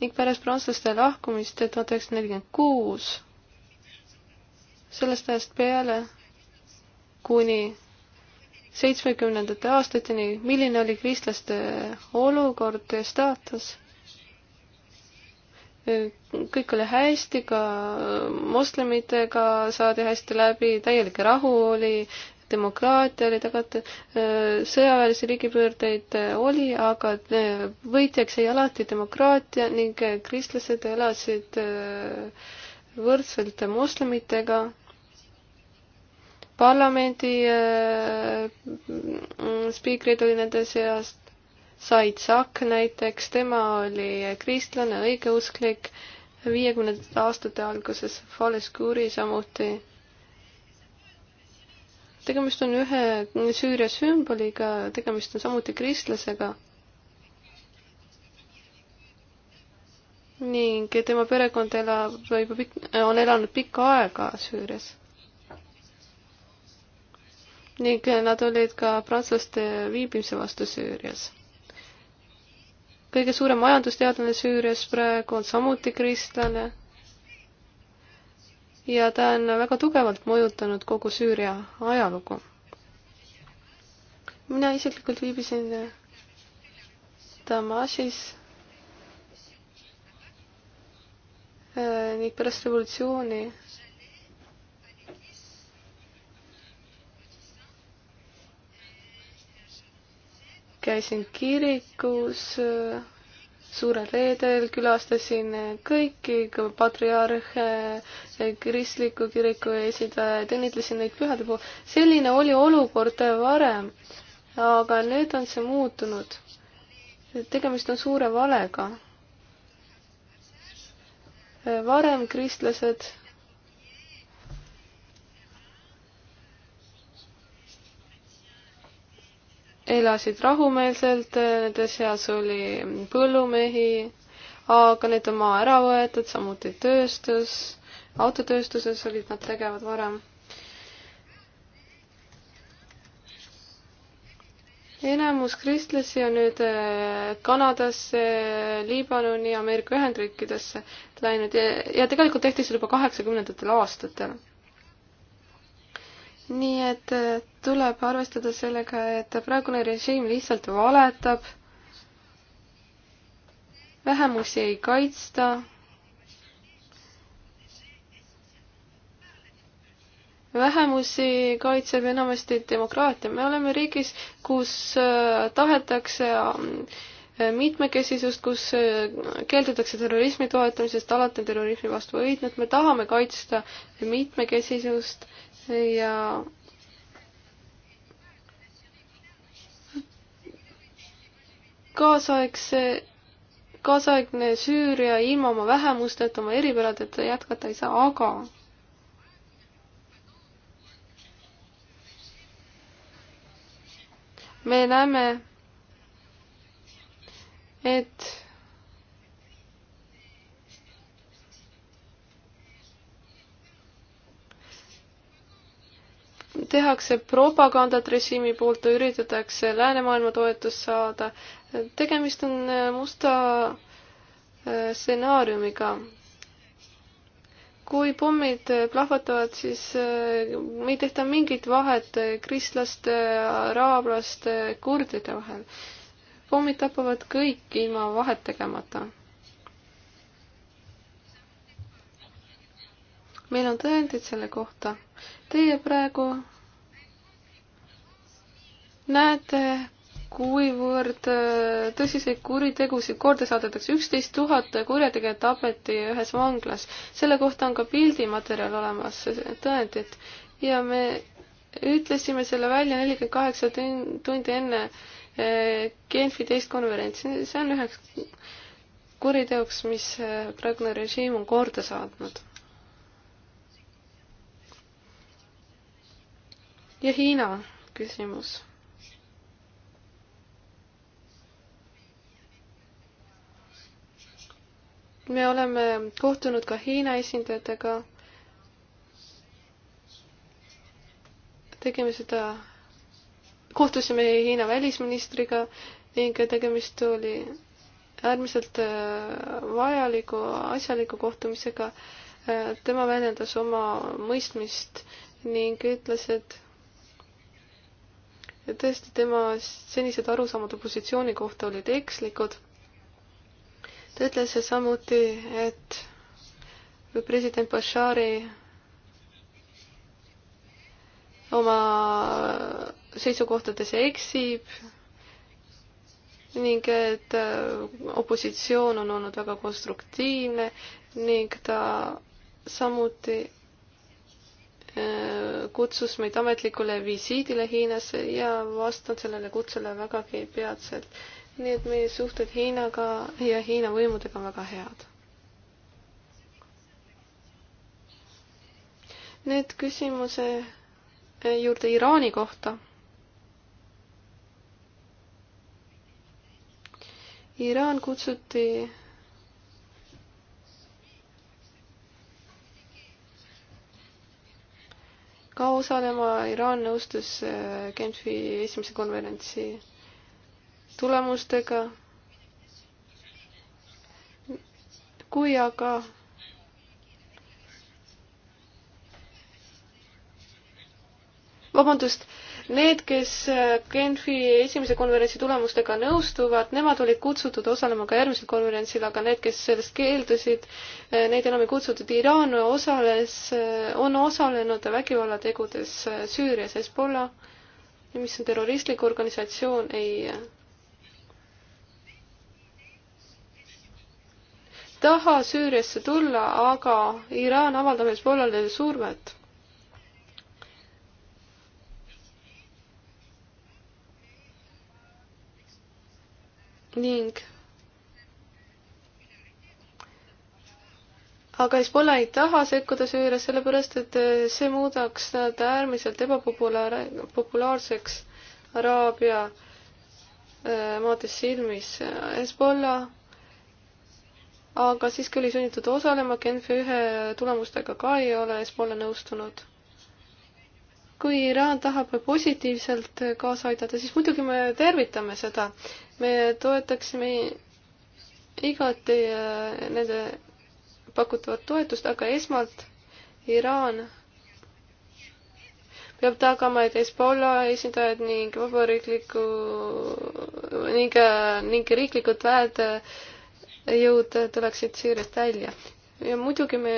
ning pärast prantslaste lahkumist tuhat üheksasada nelikümmend kuus, sellest ajast peale kuni seitsmekümnendate aastateni, milline oli kristlaste olukord ja staatus kõik oli hästi, ka moslemitega saadi hästi läbi, täielik rahu oli, demokraatia oli tagatud, äh, sõjaväelisi riigipöördeid äh, oli, aga äh, võitjaks jäi alati demokraatia ning kristlased elasid võrdselt moslemitega. parlamendi mm, spiikreid oli nende seas, Said Sakk näiteks, tema oli kristlane, õigeusklik, viiekümnendate aastate alguses, Fales Kuri samuti tegemist on ühe Süüria sümboliga, tegemist on samuti kristlasega. ning tema perekond elab juba pikk, on elanud pikka aega Süürias. ning nad olid ka prantslaste viibimise vastu Süürias. kõige suurem majandusteadlane Süürias praegu on samuti kristlane ja ta on väga tugevalt mõjutanud kogu Süüria ajalugu. mina isiklikult viibisin Damasis äh, ning pärast revolutsiooni käisin kirikus äh, suurel reedel külastasin kõiki patriarhe, kristliku kiriku esindajaid, õnnitlesin neid pühade puhul. selline oli olukord varem, aga nüüd on see muutunud. tegemist on suure valega. varem kristlased elasid rahumeelselt, nende seas oli põllumehi, aga need on maa ära võetud, samuti tööstus, autotööstuses olid nad tegevad varem. enamus kristlasi on nüüd eh, Kanadasse, Liibanoni, Ameerika Ühendriikidesse läinud ja, ja tegelikult tehti seda juba kaheksakümnendatel aastatel nii et äh, tuleb arvestada sellega, et praegune režiim lihtsalt valetab, vähemusi ei kaitsta, vähemusi kaitseb enamasti demokraatia. me oleme riigis, kus äh, tahetakse äh, mitmekesisust, kus keeldutakse terrorismi toetamisest, alati on terrorismi vastu võidnud, me tahame kaitsta mitmekesisust ja kaasaegse, kaasaegne Süüria ilma oma vähemusteta, oma eripäradeta jätkata ei saa, aga me näeme, et tehakse propagandat režiimi poolt, üritatakse läänemaailma toetust saada. tegemist on äh, musta äh, stsenaariumiga. kui pommid äh, plahvatavad, siis ei tehta mingit vahet kristlaste, araablaste, kurdide vahel. pommid tapavad kõiki ilma vahet tegemata meil on tõendid selle kohta. Teie praegu näete, kuivõrd äh, tõsiseid kuritegusid korda saadetakse. üksteist tuhat kurjategijat tapeti ühes vanglas. selle kohta on ka pildimaterjal olemas, tõendid. ja me ütlesime selle välja nelikümmend kaheksa tundi enne äh, Genfi teist konverentsi. see on üheks kuriteoks, mis äh, praegune režiim on korda saatnud. ja Hiina küsimus me oleme kohtunud ka Hiina esindajatega. tegime seda, kohtusime Hiina välisministriga ning tegemist oli äärmiselt äh, vajaliku, asjaliku kohtumisega. Äh, tema väljendas oma mõistmist ning ütles, et tõesti tema senised arusaamad opositsiooni kohta olid ekslikud ta ütles samuti, et president Bashari oma seisukohtades eksib ning et opositsioon on olnud väga konstruktiivne ning ta samuti äh, kutsus meid ametlikule visiidile Hiinasse ja vastan sellele kutsele vägagi peatselt nii et meie suhted Hiinaga ja Hiina võimudega on väga head. nüüd küsimuse eh, juurde Iraani kohta. Iraan kutsuti ka osalema, Iraan nõustus eh, Genfi esimese konverentsi tulemustega. kui aga vabandust, need, kes Genfi esimese konverentsi tulemustega nõustuvad, nemad olid kutsutud osalema ka järgmisel konverentsil, aga need, kes sellest keeldusid, neid enam ei kutsutud. Iraan osales, on osalenud vägivallategudes Süürias, Hezbollah, mis on terroristlik organisatsioon, ei taha Süüriasse tulla, aga Iraan avaldab Hezbollale survet. ning aga Hezbollah ei taha sekkuda Süürias, sellepärast et eh, see muudaks nad äärmiselt ebapopulaar-, populaarseks Araabia eh, maades silmis. Eh, Hezbollah aga siiski oli sunnitud osalema, Genfi ühe tulemustega ka ei ole Hezbollah nõustunud. kui Iraan tahab positiivselt kaasa aidata, siis muidugi me tervitame seda. me toetaksime igati äh, nende pakutavat toetust, aga esmalt Iraan peab tagama, et Hezbollah esindajad ning vabariikliku ning, äh, ning riiklikud väed äh, jõud tuleksid Süüriast välja. ja muidugi me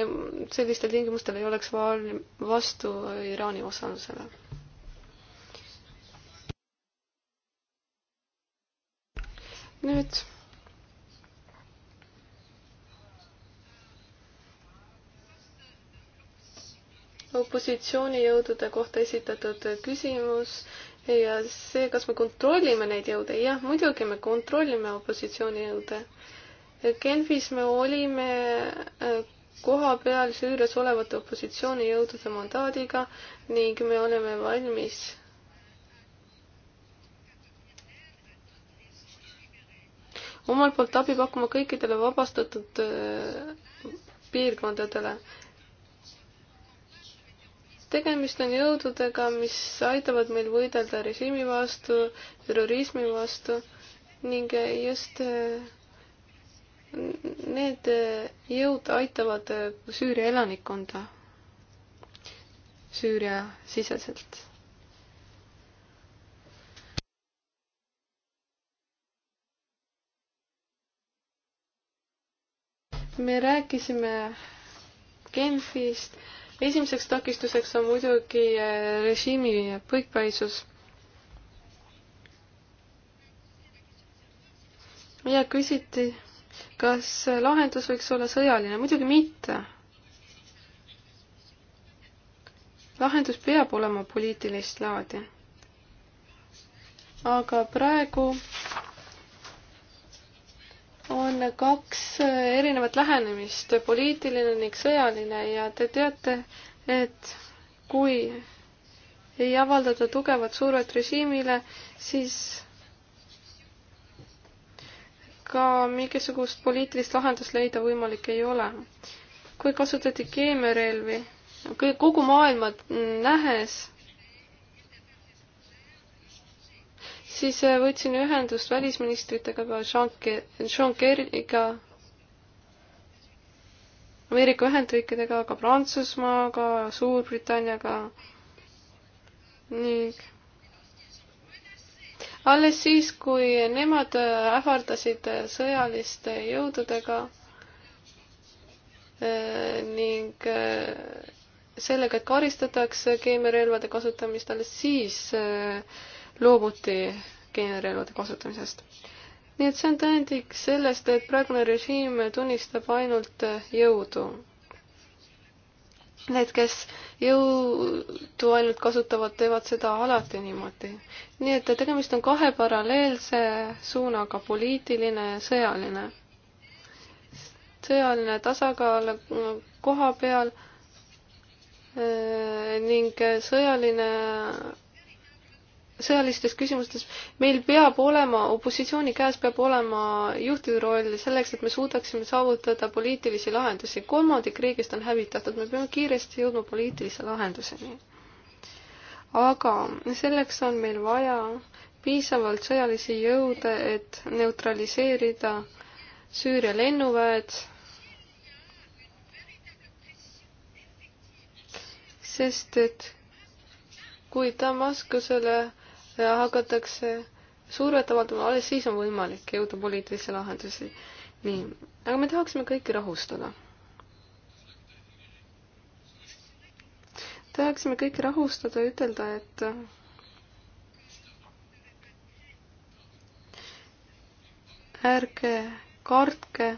sellistel tingimustel ei oleks val-, vastu Iraani osalusele. nüüd opositsioonijõudude kohta esitatud küsimus ja see, kas me kontrollime neid jõude, jah, muidugi me kontrollime opositsioonijõude äh, Genfis me olime äh, koha peal Süürias olevate opositsioonijõudude mandaadiga ning me oleme valmis omalt poolt abi pakkuma kõikidele vabastatud äh, piirkondadele. tegemist on jõududega, mis aitavad meil võidelda režiimi vastu, terrorismi vastu ning äh, just Need äh, jõud aitavad äh, Süüria elanikkonda Süüria siseselt. me rääkisime Genfist. esimeseks takistuseks on muidugi äh, režiimi põikpaisus ja küsiti kas lahendus võiks olla sõjaline? muidugi mitte. lahendus peab olema poliitilist laadi. aga praegu on kaks erinevat lähenemist, poliitiline ning sõjaline ja te teate, et kui ei avaldada tugevat survet režiimile, siis ka mingisugust poliitilist lahendust leida võimalik ei ole. kui kasutati keemiarelvi, kogu maailma nähes, siis võtsin ühendust välisministritega ka Jean Kerriga, Ameerika Ühendriikidega, ka Prantsusmaaga, Suurbritanniaga ning alles siis, kui nemad äh, ähvardasid äh, sõjaliste jõududega äh, ning sellega, et karistatakse keemiarelvade kasutamist, alles siis loobuti keemiarelvade kasutamisest. nii et see on tõendiks sellest, et praegune režiim tunnistab ainult jõudu. Need, kes jõudu ainult kasutavad, teevad seda alati niimoodi. nii et tegemist on kahe paralleelse suunaga, poliitiline ja sõjaline. sõjaline tasakaal koha peal eh, ning sõjaline sõjalistes küsimustes, meil peab olema, opositsiooni käes peab olema juhtiv roll selleks, et me suudaksime saavutada poliitilisi lahendusi. kolmandik riigist on hävitatud, me peame kiiresti jõudma poliitilise lahenduseni. aga selleks on meil vaja piisavalt sõjalisi jõude, et neutraliseerida Süüria lennuväed, sest et kui Damaskusele hakatakse survet avaldama, alles siis on võimalik jõuda poliitilise lahendusi. nii, aga me tahaksime kõiki rahustada. tahaksime kõiki rahustada ja ütelda, et ärge kartke,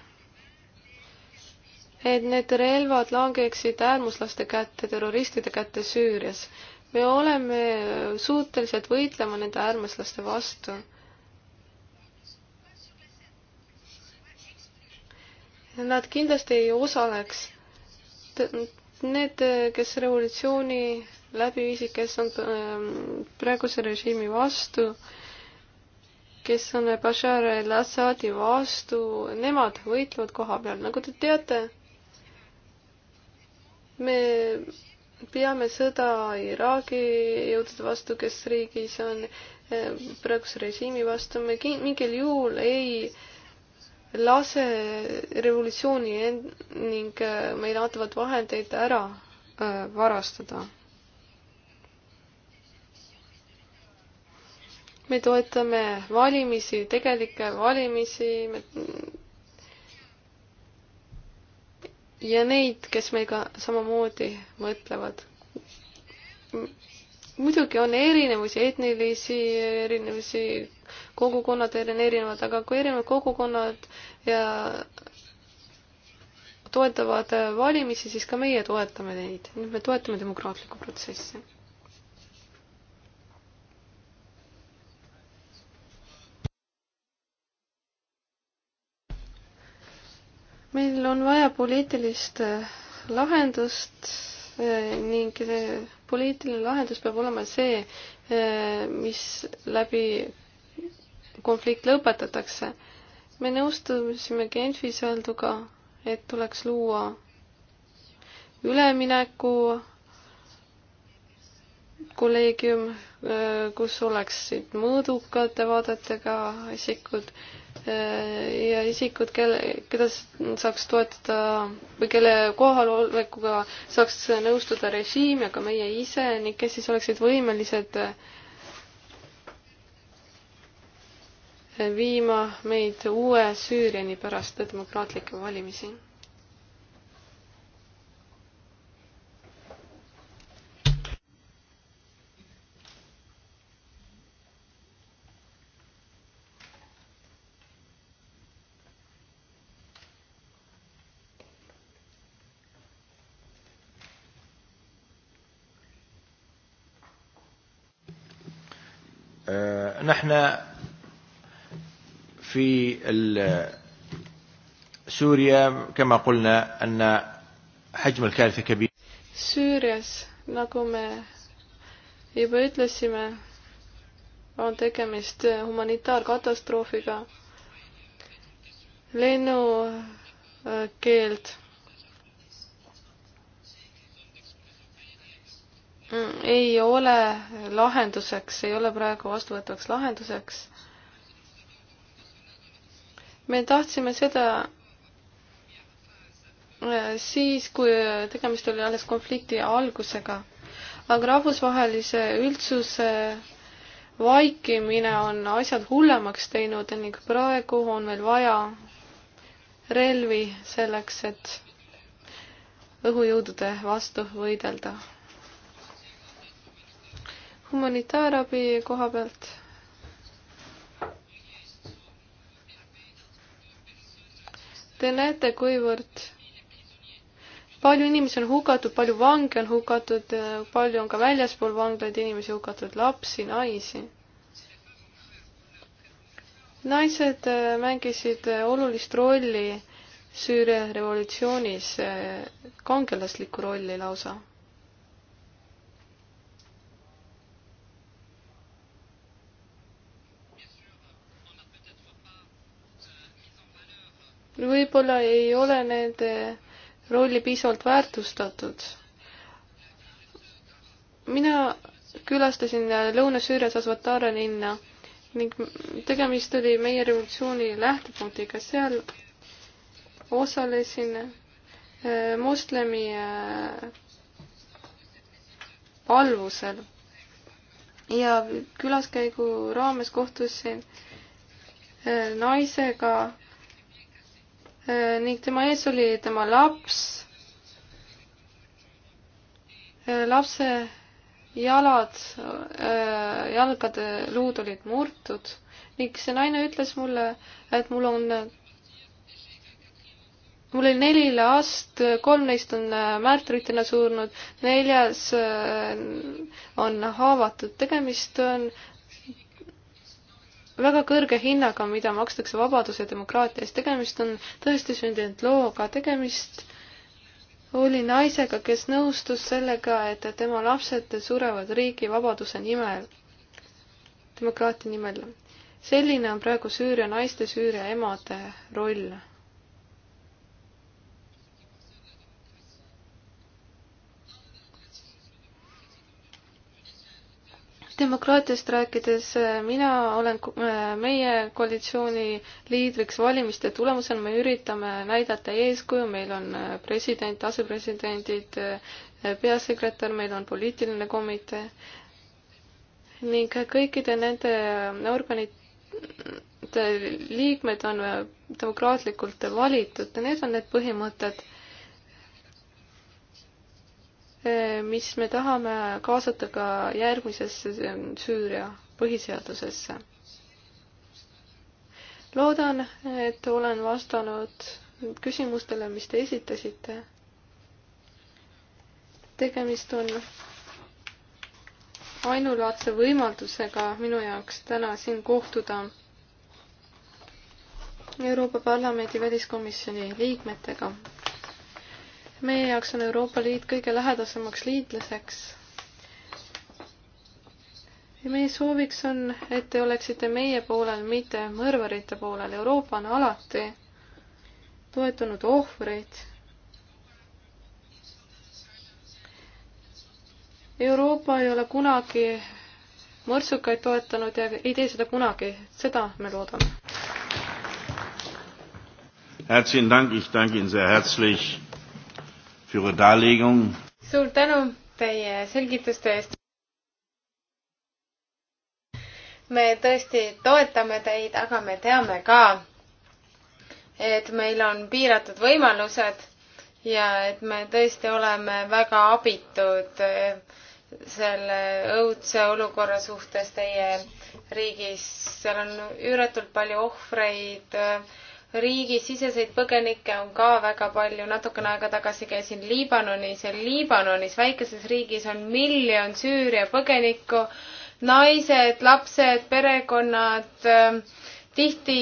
et need relvad langeksid äärmuslaste kätte, terroristide kätte Süürias me oleme suutelised võitlema nende äärmuslaste vastu. Nad kindlasti ei osaleks. Need, kes revolutsiooni läbi viisid, kes on ähm, praeguse režiimi vastu, kes on Bashar al-Assadi vastu, nemad võitlevad koha peal, nagu te teate, me peame sõda Iraagi jõudude vastu, kes riigis on eh, praeguse režiimi vastu, me mingil juhul ei lase revolutsiooni ning eh, meile antavad vahendeid ära eh, varastada. me toetame valimisi, tegelikke valimisi, me ja neid, kes meiega samamoodi mõtlevad. muidugi on erinevusi, etnilisi erinevusi, kogukonnad on erinevad, aga kui erinevad kogukonnad ja toetavad valimisi, siis ka meie toetame neid. nüüd me toetame demokraatlikku protsessi meil on vaja poliitilist eh, lahendust eh, ning eh, poliitiline lahendus peab olema see, mis läbi konflikt lõpetatakse. me nõustusime Genfis öelduga, et tuleks luua ülemineku kolleegium, kus oleksid mõõdukate vaadetega isikud ja isikud, kelle, keda saaks toetada või kelle kohalolekuga saaks nõustuda režiim ja ka meie ise ning kes siis oleksid võimelised viima meid uue Süüriani pärast demokraatlikke valimisi نحن في سوريا كما قلنا أن حجم الكارثة كبير Süürias, nagu me juba ütlesime, on tegemist humanitaarkatastroofiga. lennukeeld ei ole lahenduseks, ei ole praegu vastuvõetavaks lahenduseks. me tahtsime seda äh, siis, kui tegemist oli alles konflikti algusega, aga rahvusvahelise üldsuse vaikimine on asjad hullemaks teinud ning praegu on meil vaja relvi selleks, et õhujõudude vastu võidelda humanitaarabi koha pealt. Te näete, kuivõrd palju inimesi on hukatud, palju vange on hukatud, palju on ka väljaspool vanglaid inimesi hukatud, lapsi, naisi. naised äh, mängisid äh, olulist rolli Süüria revolutsioonis, äh, kangelaslikku rolli lausa võib-olla ei ole nende rolli piisavalt väärtustatud. mina külastasin Lõuna-Süürias Asvatara linna ning tegemist oli meie revolutsiooni lähtepunktiga, seal osalesin äh, moslemi äh, palvusel ja külaskäigu raames kohtusin äh, naisega, Äh, ning tema ees oli tema laps. Äh, lapse jalad, äh, jalgade luud olid murtud ning see naine ütles mulle, et mul on, mul oli neli last, kolm neist on märtritena surnud, neljas on haavatud. tegemist on väga kõrge hinnaga, mida makstakse vabaduse ja demokraatia eest. tegemist on tõesti sündinud looga, tegemist oli naisega, kes nõustus sellega, et tema lapsed surevad riigi vabaduse nimel, demokraatia nimel. selline on praegu Süüria naiste, Süüria emade roll demokraatiast rääkides, äh, mina olen äh, meie koalitsiooni liidriks valimiste tulemusel, me üritame näidata eeskuju, meil on äh, president, asepresidendid, peasekretär, meil on poliitiline komitee ning kõikide nende organite liikmed on demokraatlikult valitud ja need on need põhimõtted Äh, mis me tahame kaasata ka järgmisesse Süüria põhiseadusesse. loodan, et olen vastanud küsimustele, mis te esitasite. tegemist on ainulaadse võimaldusega minu jaoks täna siin kohtuda Euroopa Parlamendi väliskomisjoni liikmetega meie jaoks on Euroopa Liit kõige lähedasemaks liitlaseks. ja meie sooviks on, et te oleksite meie poolel, mitte mõrvarite poolel. Euroopa on alati toetanud ohvreid Euroopa ei ole kunagi mõrtsukaid toetanud ja ei tee seda kunagi, seda me loodame suur tänu teie selgituste eest. me tõesti toetame teid, aga me teame ka, et meil on piiratud võimalused ja et me tõesti oleme väga abitud eh, selle õudse olukorra suhtes teie riigis. seal on üüratult palju ohvreid eh, riigisiseseid põgenikke on ka väga palju, natukene aega tagasi käisin Liibanonis ja Liibanonis, väikeses riigis on miljon Süüria põgenikku, naised, lapsed, perekonnad, ähm, tihti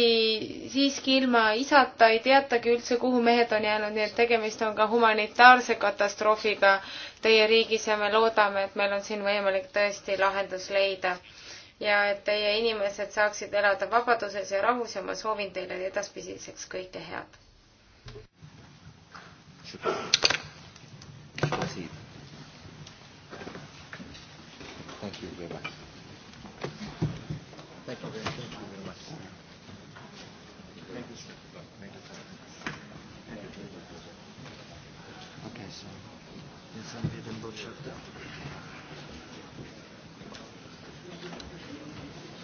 siiski ilma isata ei teatagi üldse, kuhu mehed on jäänud, nii et tegemist on ka humanitaarse katastroofiga teie riigis ja me loodame, et meil on siin võimalik tõesti lahendus leida ja et teie inimesed saaksid elada vabaduses ja rahus ja ma soovin teile edaspidiseks kõike head. Thank you very much. Thank you very, thank you very much. Thank you. Thank you. Thank you. Okay, so. Jetzt haben wir den Botschafter.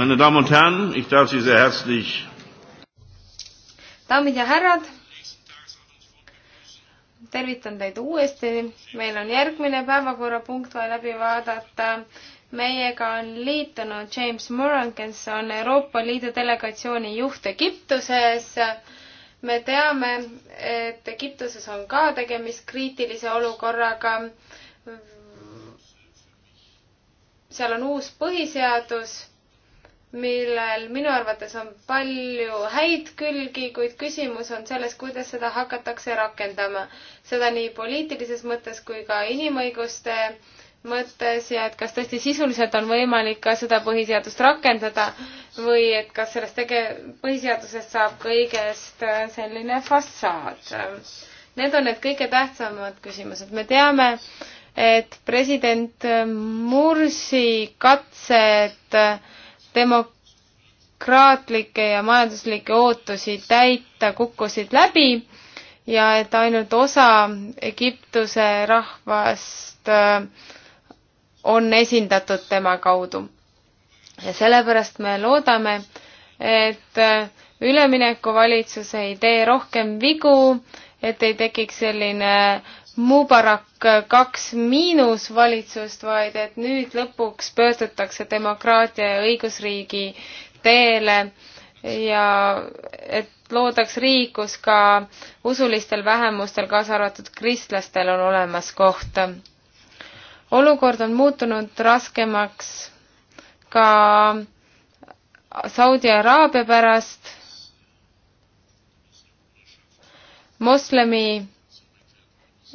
Meine Damen und Herren, ich darf Sie sehr herzlich. daamid ja härrad, tervitan teid uuesti. meil on järgmine päevakorrapunkt vaja läbi vaadata. meiega on liitunud James Moran, kes on Euroopa Liidu delegatsiooni juht Egiptuses. me teame, et Egiptuses on ka tegemist kriitilise olukorraga seal on uus põhiseadus millel minu arvates on palju häid külgi, kuid küsimus on selles, kuidas seda hakatakse rakendama. seda nii poliitilises mõttes kui ka inimõiguste mõttes ja et kas tõesti sisuliselt on võimalik ka seda põhiseadust rakendada või et kas sellest tege-, põhiseadusest saab kõigest äh, selline fassaad. Need on need kõige tähtsamad küsimused. me teame, et president Mursi katsed äh, demokraatlikke ja majanduslikke ootusi täita, kukkusid läbi ja et ainult osa Egiptuse rahvast äh, on esindatud tema kaudu. ja sellepärast me loodame, et äh, üleminekuvalitsus ei tee rohkem vigu, et ei tekiks selline Mubarak kaks miinusvalitsust, vaid et nüüd lõpuks pöördutakse demokraatia ja õigusriigi teele ja et loodaks riik, kus ka usulistel vähemustel, kaasa arvatud kristlastel, on olemas koht. olukord on muutunud raskemaks ka Saudi Araabia pärast moslemi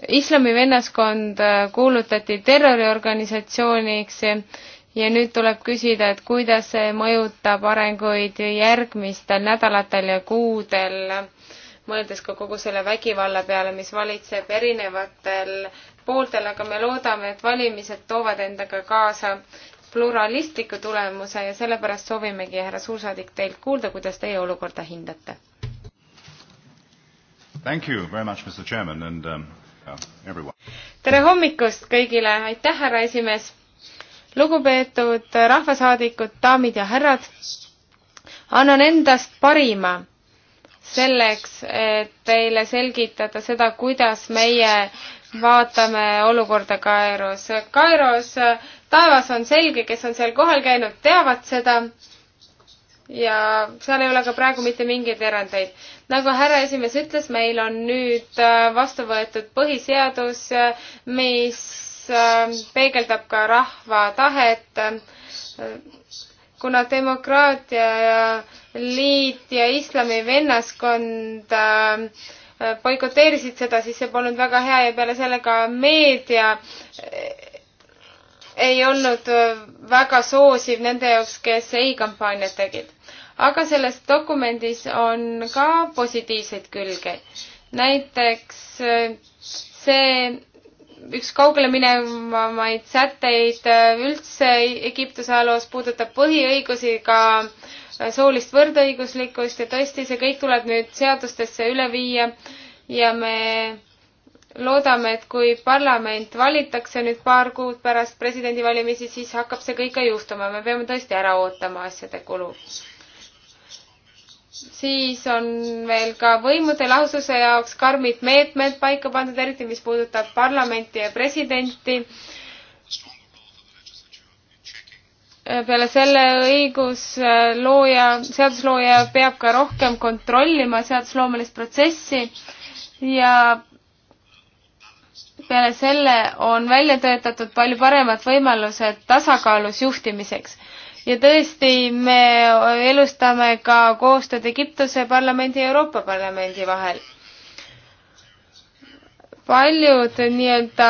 islami vennaskond äh, kuulutati terroriorganisatsiooniks ja nüüd tuleb küsida, et kuidas see mõjutab arenguid järgmistel nädalatel ja kuudel, mõeldes ka kogu selle vägivalla peale, mis valitseb erinevatel pooltel, aga me loodame, et valimised toovad endaga kaasa pluralistliku tulemuse ja sellepärast soovimegi, härra suursaadik, teilt kuulda, kuidas teie olukorda hindate. Thank you very much, Mr Chairman and um, tere hommikust kõigile, aitäh, härra esimees! lugupeetud rahvasaadikud, daamid ja härrad, annan endast parima selleks, et teile selgitada seda, kuidas meie vaatame olukorda Kaeros. Kaeros taevas on selge, kes on seal kohal käinud, teavad seda ja seal ei ole ka praegu mitte mingeid erandeid nagu härra esimees ütles, meil on nüüd äh, vastu võetud põhiseadus, äh, mis äh, peegeldab ka rahva tahet. kuna demokraatia ja liit ja islami vennaskond boikoteerisid seda, siis see polnud väga hea ja peale selle ka meedia ei olnud väga soosiv nende jaoks, kes ei kampaaniat tegid aga selles dokumendis on ka positiivseid külgi. näiteks äh, see üks kaugele minevamaid sätteid äh, üldse Egiptuse ajaloos puudutab põhiõigusi, ka äh, soolist võrdõiguslikkust ja tõesti, see kõik tuleb nüüd seadustesse üle viia ja me loodame, et kui parlament valitakse nüüd paar kuud pärast presidendivalimisi, siis hakkab see kõik ka juhtuma, me peame tõesti ära ootama asjade kulu siis on veel ka võimude lahususe jaoks karmid meetmed paika pandud, eriti mis puudutab parlamenti ja presidenti. peale selle õiguslooja, äh, seaduslooja peab ka rohkem kontrollima seadusloomelist protsessi ja peale selle on välja töötatud palju paremad võimalused tasakaalus juhtimiseks ja tõesti, me elustame ka koostööd Egiptuse parlamendi ja Euroopa Parlamendi vahel. paljud nii-öelda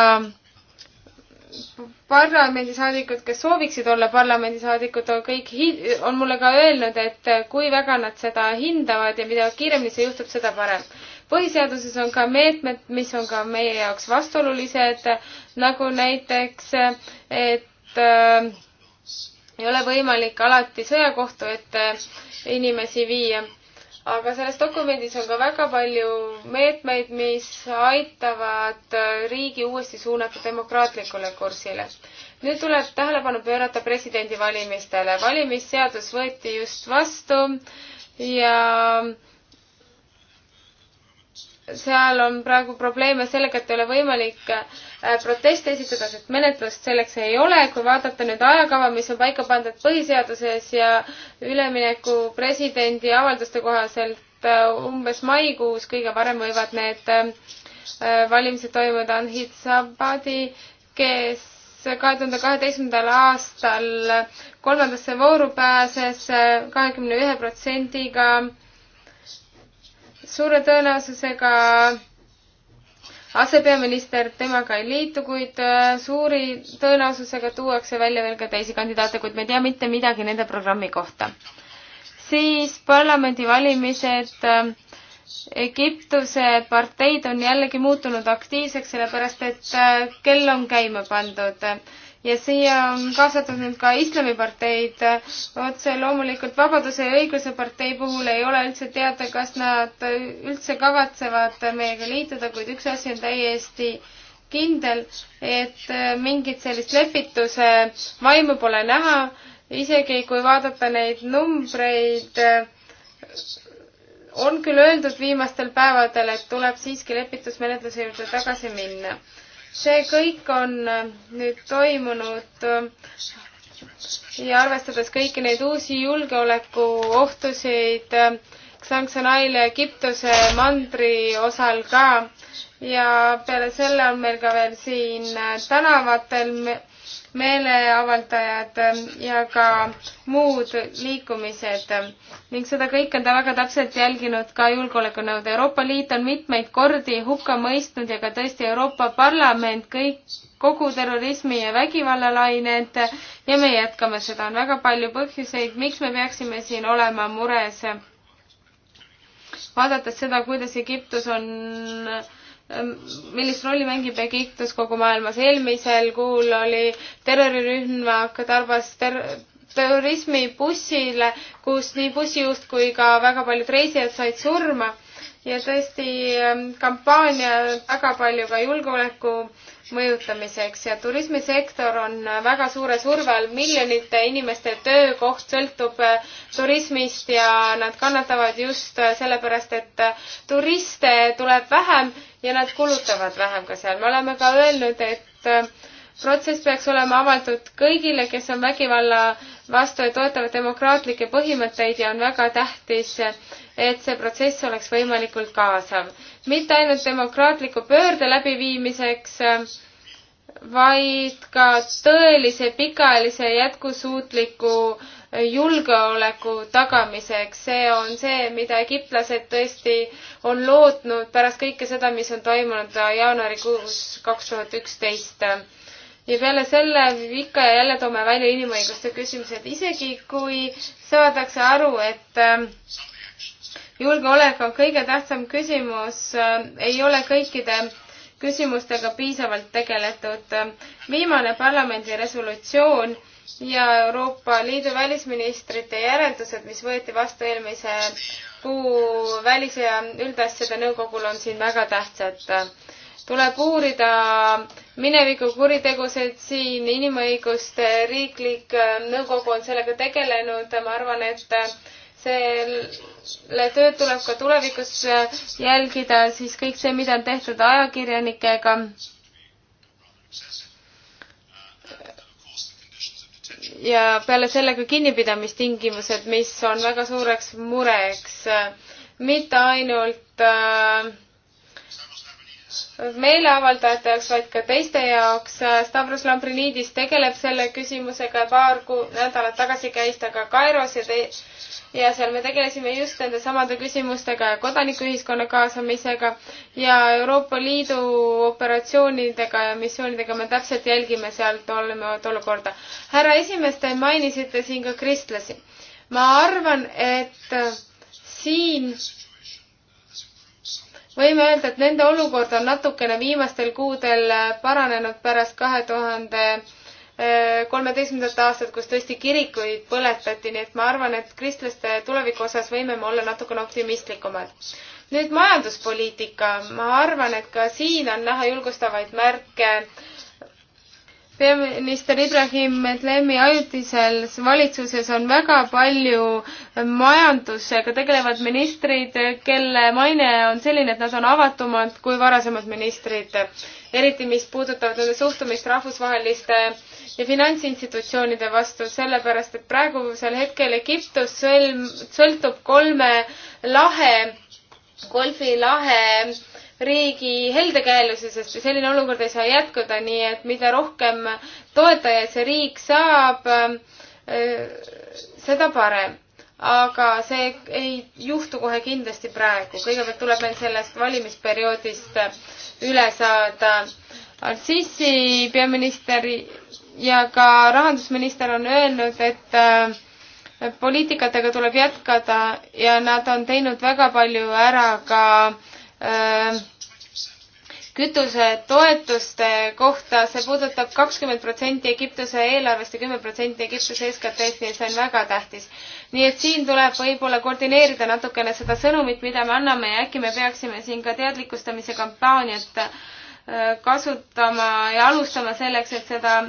parlamendisaadikud, kes sooviksid olla parlamendisaadikud, on kõik, on mulle ka öelnud, et kui väga nad seda hindavad ja mida kiiremini see juhtub, seda parem. põhiseaduses on ka meetmed, mis on ka meie jaoks vastuolulised, nagu näiteks, et äh, ei ole võimalik alati sõjakohtu ette inimesi viia. aga selles dokumendis on ka väga palju meetmeid, mis aitavad riigi uuesti suunata demokraatlikule kursile. nüüd tuleb tähelepanu pöörata presidendivalimistele. valimisseadus võeti just vastu ja seal on praegu probleeme sellega, et ei ole võimalik äh, proteste esitada, sest menetlust selleks ei ole. kui vaadata nüüd ajakava, mis on paika pandud põhiseaduses ja ülemineku presidendi avalduste kohaselt äh, umbes maikuus kõige varem võivad need äh, valimised toimuda, on Hitsabadi, kes kahe tuhande kaheteistkümnendal aastal kolmandasse vooru pääses kahekümne ühe protsendiga suure tõenäosusega asepeaminister temaga ei liitu, kuid äh, suuri tõenäosusega tuuakse välja veel ka teisi kandidaate, kuid me ei tea mitte midagi nende programmi kohta. siis parlamendivalimised äh, Egiptuse parteid on jällegi muutunud aktiivseks, sellepärast et äh, kell on käima pandud ja siia on kaasatud nüüd ka islamiparteid. otse loomulikult Vabaduse ja õigluse partei puhul ei ole üldse teada, kas nad üldse kavatsevad meiega liituda, kuid üks asi on täiesti kindel, et mingit sellist lepituse vaimu pole näha, isegi kui vaadata neid numbreid, on küll öeldud viimastel päevadel, et tuleb siiski lepitusmenetluse juurde tagasi minna see kõik on äh, nüüd toimunud äh, ja arvestades kõiki neid uusi julgeolekuohtusid äh, Xanxanail ja Egiptuse mandri osal ka ja peale selle on meil ka veel siin tänavatel meeleavaldajad ja ka muud liikumised ning seda kõike on ta väga täpselt jälginud ka julgeolekunõud. Euroopa Liit on mitmeid kordi hukka mõistnud ja ka tõesti Euroopa Parlament kõik, kogu terrorismi ja vägivallalained ja me jätkame seda. on väga palju põhjuseid, miks me peaksime siin olema mures. vaadates seda, kuidas Egiptus on äh, Ehm, millist rolli mängib Egiptus kogu maailmas. eelmisel kuul oli terrorirühmak Tarbas ter-, turismibussile, kus nii bussijuht kui ka väga paljud reisijad said surma ja tõesti ehm, kampaania väga palju ka julgeoleku äh, mõjutamiseks ja turismisektor on väga suure surve all, miljonite inimeste töökoht sõltub äh, turismist ja nad kannatavad just äh, sellepärast, et äh, turiste tuleb vähem ja nad kulutavad vähem ka seal. me oleme ka öelnud, et protsess peaks olema avatud kõigile, kes on vägivalla vastu ja toetavad demokraatlikke põhimõtteid ja on väga tähtis, et see protsess oleks võimalikult kaasav mitte ainult demokraatliku pöörde läbiviimiseks, vaid ka tõelise pikaajalise jätkusuutliku julgeoleku tagamiseks. see on see, mida egiptlased tõesti on lootnud pärast kõike seda, mis on toimunud jaanuarikuus kaks tuhat üksteist. ja peale selle ikka ja jälle toome välja inimõiguste küsimused, isegi kui saadakse aru, et julgeoleku kõige tähtsam küsimus ei ole kõikide küsimustega piisavalt tegeletud. viimane parlamendi resolutsioon ja Euroopa Liidu välisministrite järeldused, mis võeti vastu eelmise kuu välis- ja üldasjade nõukogul, on siin väga tähtsad. tuleb uurida mineviku kuritegusid siin, inimõiguste riiklik nõukogu on sellega tegelenud, ma arvan, et selle tööd tuleb ka tulevikus äh, jälgida, siis kõik see, mida on tehtud ajakirjanikega. ja peale selle ka kinnipidamistingimused, mis on väga suureks mureks, mitte ainult äh, meeleavaldajate jaoks, vaid ka teiste jaoks. Stavros Lambrinidis tegeleb selle küsimusega, paar kuu, nädalat tagasi käis ta ka Kairos ja te-, ja seal me tegelesime just nende samade küsimustega ja kodanikuühiskonna kaasamisega ja Euroopa Liidu operatsioonidega ja missioonidega me täpselt jälgime seal toimuvat olukorda. härra esimees, te mainisite siin ka kristlasi. ma arvan, et siin võime öelda, et nende olukord on natukene viimastel kuudel paranenud pärast kahe tuhande eh, kolmeteistkümnendat aastat, kus tõesti kirikuid põletati, nii et ma arvan, et kristlaste tuleviku osas võime me olla natukene optimistlikumad. nüüd majanduspoliitika, ma arvan, et ka siin on näha julgustavaid märke äh, peaminister Ibrahim Medlemi ajutises valitsuses on väga palju majandusega tegelevad ministrid, kelle maine on selline, et nad on avatumad kui varasemad ministrid. eriti, mis puudutab nende suhtumist rahvusvaheliste ja finantsinstitutsioonide vastu, sellepärast et praegusel hetkel Egiptus sõlm, sõltub kolme lahe, golfilahe riigi heldekäeluse, sest selline olukord ei saa jätkuda, nii et mida rohkem toetajaid see riik saab, seda parem. aga see ei juhtu kohe kindlasti praegu, kõigepealt tuleb meil sellest valimisperioodist üle saada. Al-Sisi peaminister ja ka rahandusminister on öelnud, et äh, poliitikatega tuleb jätkata ja nad on teinud väga palju ära ka Äh, kütusetoetuste kohta, see puudutab kakskümmend protsenti Egiptuse eelarvest ja kümme protsenti Egiptuse SKT-st, nii et see on väga tähtis. nii et siin tuleb võib-olla koordineerida natukene seda sõnumit, mida me anname ja äkki me peaksime siin ka teadlikustamise kampaaniat äh, kasutama ja alustama selleks, et seda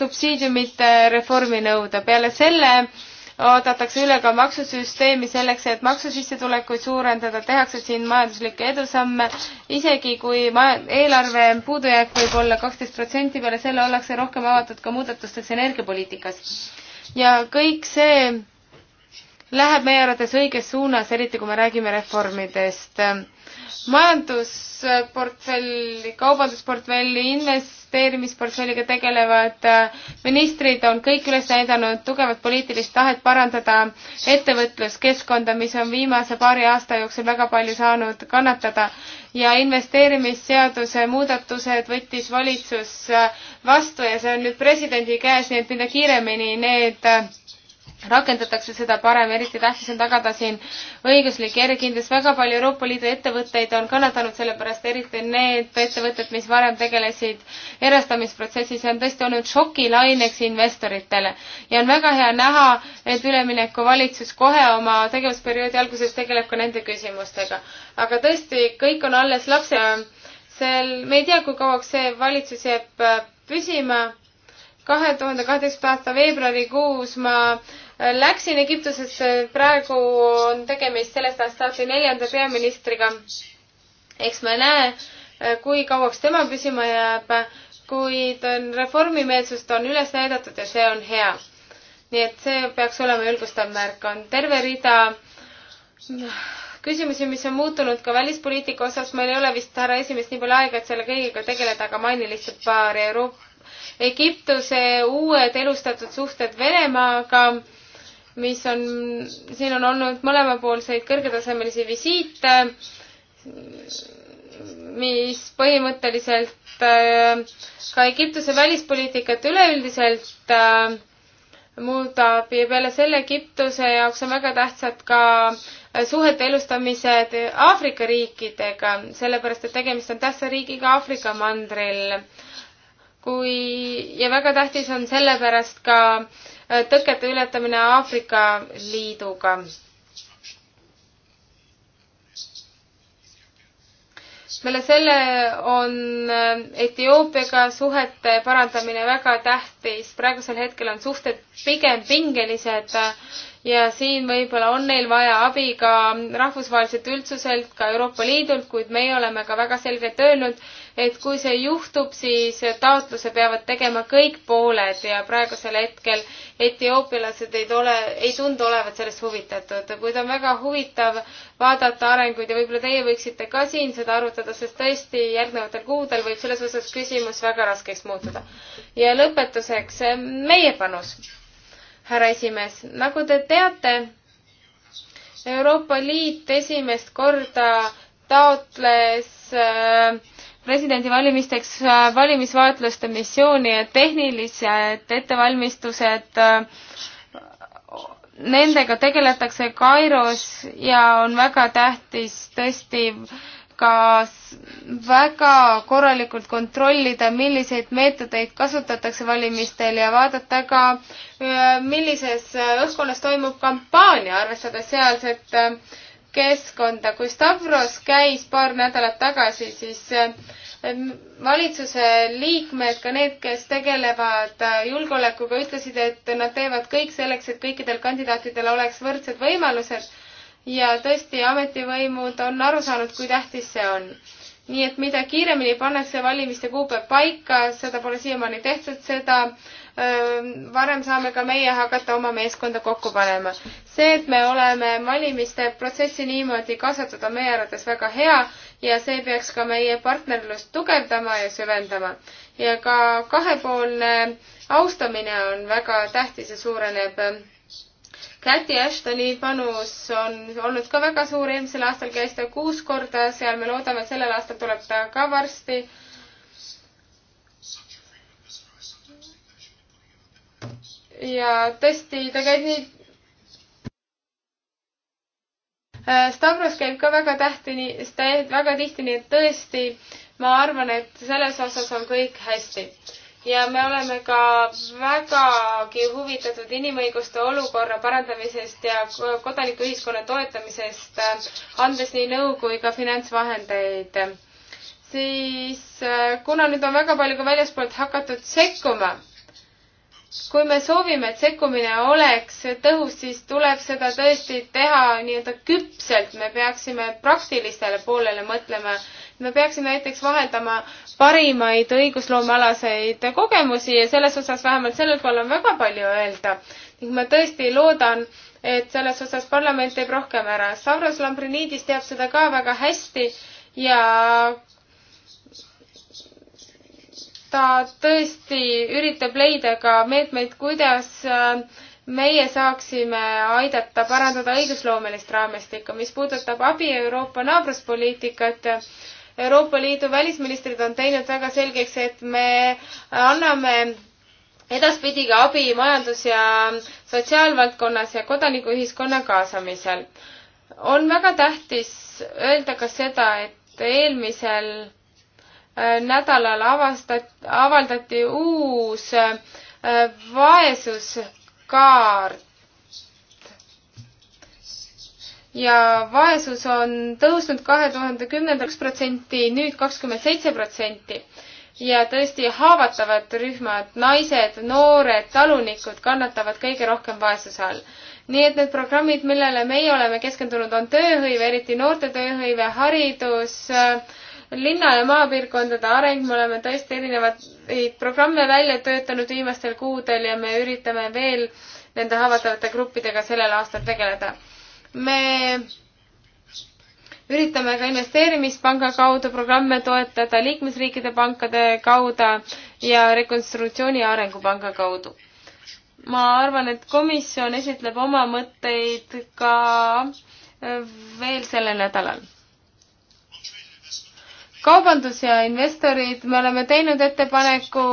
subsiidiumite reformi nõuda. peale selle äh, oodatakse üle ka maksusüsteemi selleks, et maksusissetulekuid suurendada, tehakse siin majanduslikke edusamme, isegi kui maja, eelarve puudujääk võib olla kaksteist protsenti peale selle, ollakse rohkem avatud ka muudatusteks energiapoliitikas. ja kõik see läheb meie arvates õiges suunas, eriti kui me räägime reformidest majandusportfelli, kaubandusportfelli, investeerimisportfelliga tegelevad äh, ministrid on kõik üles näidanud tugevat poliitilist tahet parandada ettevõtluskeskkonda, mis on viimase paari aasta jooksul väga palju saanud kannatada ja investeerimisseaduse muudatused võttis valitsus äh, vastu ja see on nüüd presidendi käes, nii et mida kiiremini need äh, rakendatakse seda parem, eriti tähtis on tagada siin õiguslik järjekindlus. väga palju Euroopa Liidu ettevõtteid on kannatanud selle pärast, eriti need ettevõtted, mis varem tegelesid erastamisprotsessis, on tõesti olnud šokilaineks investoritele. ja on väga hea näha, et üleminekuvalitsus kohe oma tegevusperioodi alguses tegeleb ka nende küsimustega. aga tõesti, kõik on alles lapse, seal, me ei tea, kui kauaks see valitsus jääb äh, püsima kahe tuhande kaheteistkümnenda aasta veebruarikuus ma äh, läksin Egiptusesse, praegu on tegemist sellest aastast saati neljanda peaministriga. eks me näe, äh, kui kauaks tema püsima jääb, kuid äh, reformimeelsust on üles näidatud ja see on hea. nii et see peaks olema julgustav märk, on terve rida küsimusi, mis on muutunud ka välispoliitika osas, meil ei ole vist härra esimees nii palju aega, et selle kõigega tegeleda, aga mainin lihtsalt paari Euroopa Egiptuse uued elustatud suhted Venemaaga, mis on, siin on olnud mõlemapoolseid kõrgetasemelisi visiite, mis põhimõtteliselt äh, ka Egiptuse välispoliitikat üleüldiselt äh, muudab ja peale selle Egiptuse jaoks on väga tähtsad ka äh, suhete elustamised Aafrika riikidega, sellepärast et tegemist on tähtsa riigiga Aafrika mandril kui, ja väga tähtis on sellepärast ka äh, tõkete ületamine Aafrika Liiduga. peale selle on äh, Etioopiaga suhete parandamine väga tähtis, praegusel hetkel on suhted pigem pingelised äh, ja siin võib-olla on neil vaja abi ka rahvusvaheliselt üldsuselt, ka Euroopa Liidult, kuid meie oleme ka väga selgelt öelnud, et kui see juhtub, siis taotluse peavad tegema kõik pooled ja praegusel hetkel etioopialased ei ole, ei tundu olevat sellest huvitatud, kuid on väga huvitav vaadata arenguid ja võib-olla teie võiksite ka siin seda arutada, sest tõesti järgnevatel kuudel võib selles osas küsimus väga raskeks muutuda. ja lõpetuseks meie panus, härra esimees, nagu te teate, Euroopa Liit esimest korda taotles äh, presidendivalimisteks äh, valimisvaatluste missiooni ja tehnilised ettevalmistused, äh, nendega tegeletakse Kairos ja on väga tähtis tõesti ka väga korralikult kontrollida, milliseid meetodeid kasutatakse valimistel ja vaadata ka, äh, millises õhkkonnas toimub kampaania, arvestades sealset äh, keskkonda. kui Stavros käis paar nädalat tagasi, siis äh, valitsuse liikmed, ka need, kes tegelevad äh, julgeolekuga, ütlesid, et nad teevad kõik selleks, et kõikidel kandidaatidel oleks võrdsed võimalused. ja tõesti, ametivõimud on aru saanud, kui tähtis see on. nii et mida kiiremini pannakse valimiste kuupäev paika, seda pole siiamaani tehtud, seda varem saame ka meie hakata oma meeskonda kokku panema. see, et me oleme valimiste protsessi niimoodi kaasatud, on meie arvates väga hea ja see peaks ka meie partnerlust tugevdama ja süvendama. ja ka kahepoolne austamine on väga tähtis ja suureneb. Käti Ashtoni panus on olnud ka väga suur, eelmisel aastal käis ta kuus korda seal, me loodame, et sellel aastal tuleb ta ka varsti äh, ja tõesti, ta käib nii. Äh, Stavros käib ka väga tähti, väga tihti, nii et tõesti, ma arvan, et selles osas on kõik hästi ja me oleme ka vägagi huvitatud inimõiguste olukorra parandamisest ja kodanikuühiskonna toetamisest, äh, andes nii nõu kui ka finantsvahendeid. siis äh, kuna nüüd on väga palju ka väljaspoolt hakatud sekkuma kui me soovime, et sekkumine oleks tõhus, siis tuleb seda tõesti teha nii-öelda küpselt, me peaksime praktilistele poolele mõtlema. me peaksime näiteks vaheldama parimaid õigusloomealaseid kogemusi ja selles osas vähemalt sellel pool on väga palju öelda. ning ma tõesti loodan, et selles osas parlament teeb rohkem ära. Savros Lambrinidis teab seda ka väga hästi ja ta tõesti üritab leida ka meetmeid, kuidas äh, meie saaksime aidata parandada õigusloomelist raamistikku, mis puudutab abi Euroopa naabruspoliitikat. Euroopa Liidu välisministrid on teinud väga selgeks, et me anname edaspidi ka abi majandus- ja sotsiaalvaldkonnas ja kodanikuühiskonna kaasamisel. on väga tähtis öelda ka seda, et eelmisel Äh, nädalal avastat-, avaldati uus äh, vaesuskaart. ja vaesus on tõusnud kahe tuhande kümnendaks protsenti, nüüd kakskümmend seitse protsenti ja tõesti haavatavad rühmad, naised, noored, talunikud kannatavad kõige rohkem vaesuse all. nii et need programmid, millele meie oleme keskendunud, on tööhõive, eriti noorte tööhõive, haridus äh,, linna ja maapiirkondade areng, me oleme tõesti erinevaid programme välja töötanud viimastel kuudel ja me üritame veel nende haavatavate gruppidega sellel aastal tegeleda. me üritame ka investeerimispanga kaudu programme toetada, liikmesriikide pankade kaudu ja Rekonstruktsiooni ja Arengupanga kaudu. ma arvan, et komisjon esitleb oma mõtteid ka veel sellel nädalal kaubandus ja investorid, me oleme teinud ettepaneku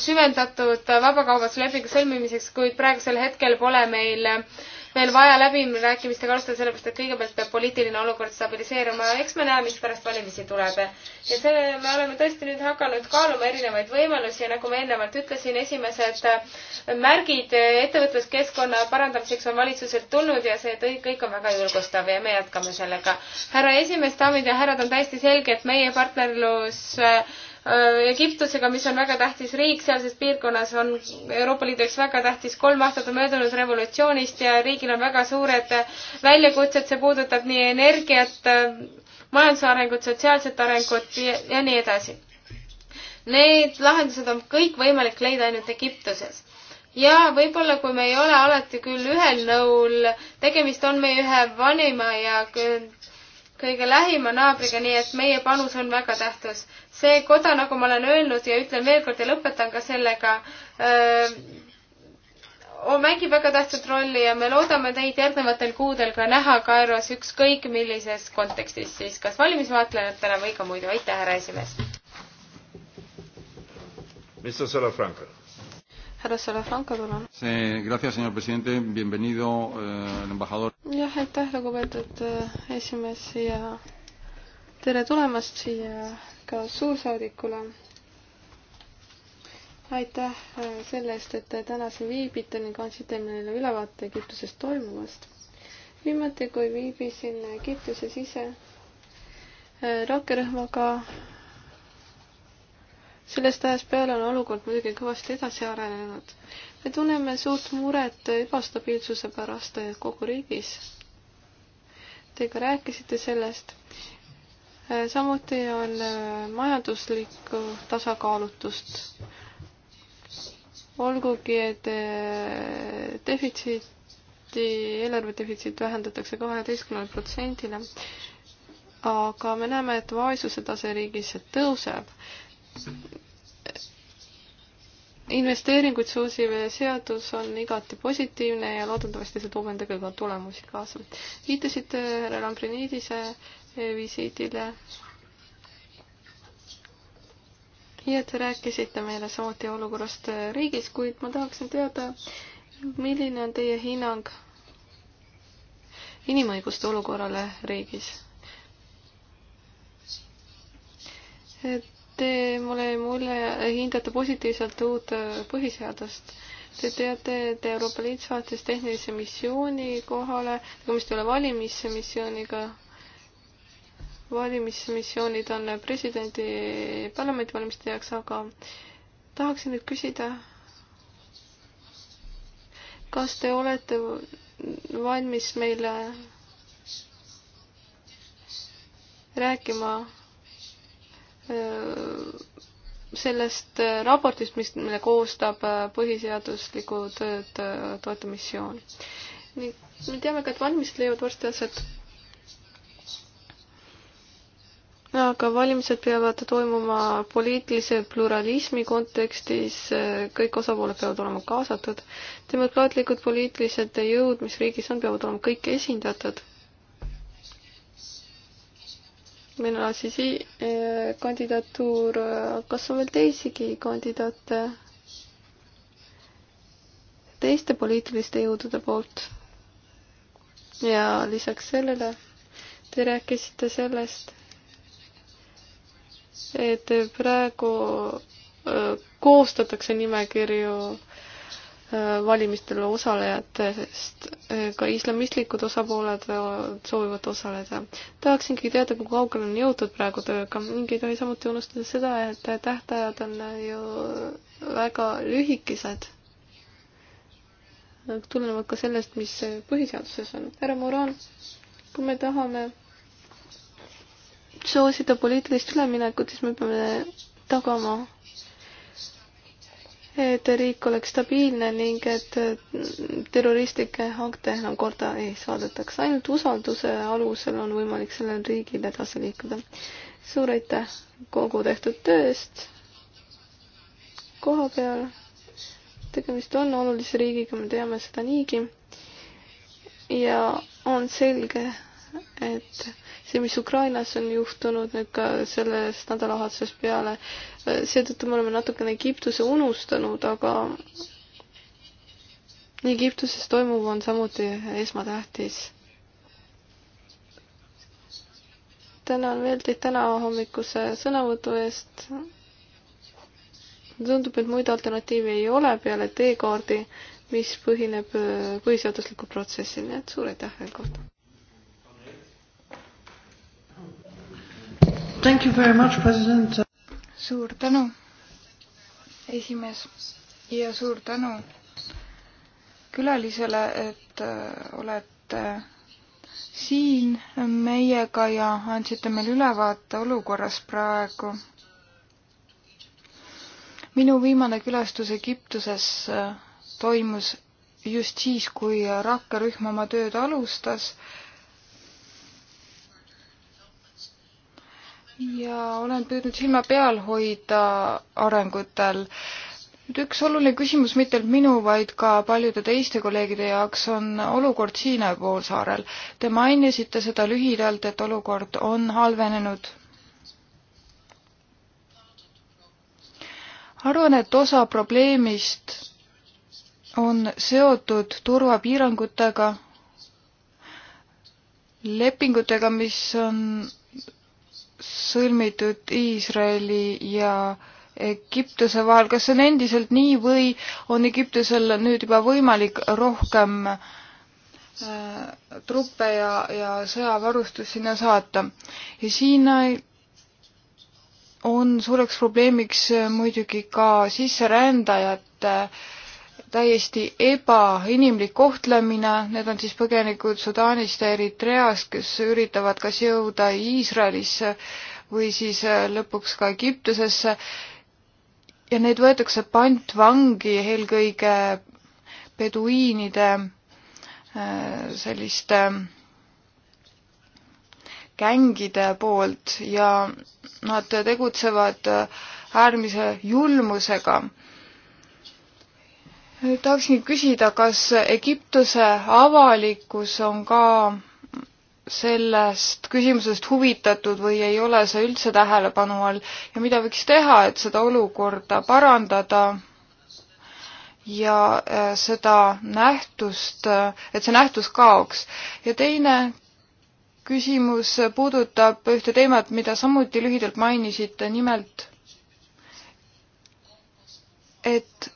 süvendatud vabakaubanduslepingu sõlmimiseks, kuid praegusel hetkel pole meil äh, veel vaja läbirääkimistega alustada, sellepärast et kõigepealt peab poliitiline olukord stabiliseeruma, eks me näe, mis pärast valimisi tuleb. ja selle, me oleme tõesti nüüd hakanud kaaluma erinevaid võimalusi ja nagu ma eelnevalt ütlesin, esimesed märgid ettevõtluskeskkonna parandamiseks on valitsuselt tulnud ja see kõik on väga julgustav ja me jätkame sellega. härra esimees, daamid ja härrad, on täiesti selge, et meie partnerlus äh, Äh, Egiptusega, mis on väga tähtis riik sealses piirkonnas, on Euroopa Liidu jaoks väga tähtis. kolm aastat on möödunud revolutsioonist ja riigil on väga suured väljakutsed, see puudutab nii energiat, majanduse arengut, sotsiaalset arengut ja, ja nii edasi. Need lahendused on kõik võimalik leida ainult Egiptuses ja võib-olla, kui me ei ole alati küll ühel nõul, tegemist on meie ühe vanima ja kõige lähima naabriga, nii et meie panus on väga tähtis. see koda, nagu ma olen öelnud ja ütlen veel kord ja lõpetan ka sellega äh,, mängib väga tähtsat rolli ja me loodame teid järgnevatel kuudel ka näha Kairos ükskõik millises kontekstis siis, kas valimisvaatlejatena või ka muidu. aitäh, härra esimees! Mr. Salafranca härra Salafranco, palun. Eh, jah, aitäh, lugupeetud eh, esimees ja tere tulemast siia ka suursaadikule. aitäh eh, selle eest, et te täna siin viibite ning andsite meile ülevaate Egiptuses toimuvast. viimati, kui viibisin Egiptuses ise rakkerühmaga sellest ajast peale on olukord muidugi kõvasti edasi arenenud. me tunneme suurt muret ebastabiilsuse pärast kogu riigis. Te ka rääkisite sellest. samuti on majanduslikku tasakaalutust. olgugi, et eh, defitsiiti, eelarve defitsiit vähendatakse kaheteistkümnele protsendile, aga me näeme, et vaesuse tase riigis tõuseb investeeringuid soosiv seadus on igati positiivne ja loodetavasti see toob endaga ka tulemusi kaasa. viitasite härra Lambrinidise visiidile. ja te rääkisite meile samuti olukorrast riigis, kuid ma tahaksin teada, milline on teie hinnang inimõiguste olukorrale riigis? Te, mulle jäi mulje, hindate positiivselt uut äh, põhiseadust. Te teate, et Euroopa Liit saatis tehnilise missiooni kohale, tegemist ei ole valimismissiooniga. valimismissioonid on presidendi parlamendi valimiste jaoks, aga tahaksin nüüd küsida, kas te olete valmis meile rääkima Äh, sellest äh, raportist, mis, mille koostab äh, põhiseaduslikku tööd toetav missioon. nii, me teame ka, et valimised leiavad varsti aset. aga valimised peavad toimuma poliitilise pluralismi kontekstis, kõik osapooled peavad olema kaasatud. demokraatlikud poliitilised jõud, mis riigis on, peavad olema kõik esindatud minul on siis eh, kandidatuur, kas on veel teisigi kandidaate teiste poliitiliste jõudude poolt? ja lisaks sellele te rääkisite sellest, et praegu eh, koostatakse nimekirju valimistel osalejatest, ka islamistlikud osapooled soovivad osaleda. tahaksingi teada, kui kaugele on jõutud praegu tööga ning ei tohi samuti unustada seda, et tähtajad on ju väga lühikesed. tulenevalt ka sellest, mis põhiseaduses on. härra Moran, kui me tahame soosida poliitilist üleminekut, siis me peame tagama et riik oleks stabiilne ning et terroristlike akte enam korda ei saadetaks. ainult usalduse alusel on võimalik sellel riigil edasi liikuda. suur aitäh kogu tehtud töö eest koha peal. tegemist on olulise riigiga, me teame seda niigi. ja on selge, et see, mis Ukrainas on juhtunud nüüd ka sellest nädalavahetusest peale, seetõttu me oleme natukene Egiptuse unustanud, aga Egiptuses toimuv on samuti esmatähtis. tänan veel teid tänahommikuse sõnavõtu eest. tundub, et muid alternatiive ei ole peale teekaardi, mis põhineb põhiseaduslikul protsessil, nii et suur aitäh veel kord! Thank you very much, president. suur tänu, esimees ja suur tänu külalisele, et äh, olete siin meiega ja andsite meile ülevaate olukorrast praegu. minu viimane külastus Egiptuses äh, toimus just siis, kui rakkerühm oma tööd alustas ja olen püüdnud silma peal hoida arengutel. nüüd üks oluline küsimus mitte ainult minu, vaid ka paljude teiste kolleegide jaoks on olukord Hiina poolsaarel. Te mainisite seda lühidalt, et olukord on halvenenud. arvan, et osa probleemist on seotud turvapiirangutega, lepingutega, mis on sõlmitud Iisraeli ja Egiptuse vahel, kas see on endiselt nii või on Egiptusel nüüd juba võimalik rohkem äh, truppe ja, ja sõjavarustust sinna saata? ja siin on suureks probleemiks muidugi ka sisserändajate äh, täiesti ebainimlik kohtlemine, need on siis põgenikud Sudaanist ja Eritreast, kes üritavad kas jõuda Iisraelisse või siis äh, lõpuks ka Egiptusesse. ja neid võetakse pantvangi eelkõige peduiinide äh, selliste gängide poolt ja nad tegutsevad äh, äärmise julmusega tahaksin küsida, kas Egiptuse avalikkus on ka sellest küsimusest huvitatud või ei ole see üldse tähelepanu all ja mida võiks teha, et seda olukorda parandada ja äh, seda nähtust, äh, et see nähtus kaoks. ja teine küsimus puudutab ühte teemat, mida samuti lühidalt mainisite, nimelt et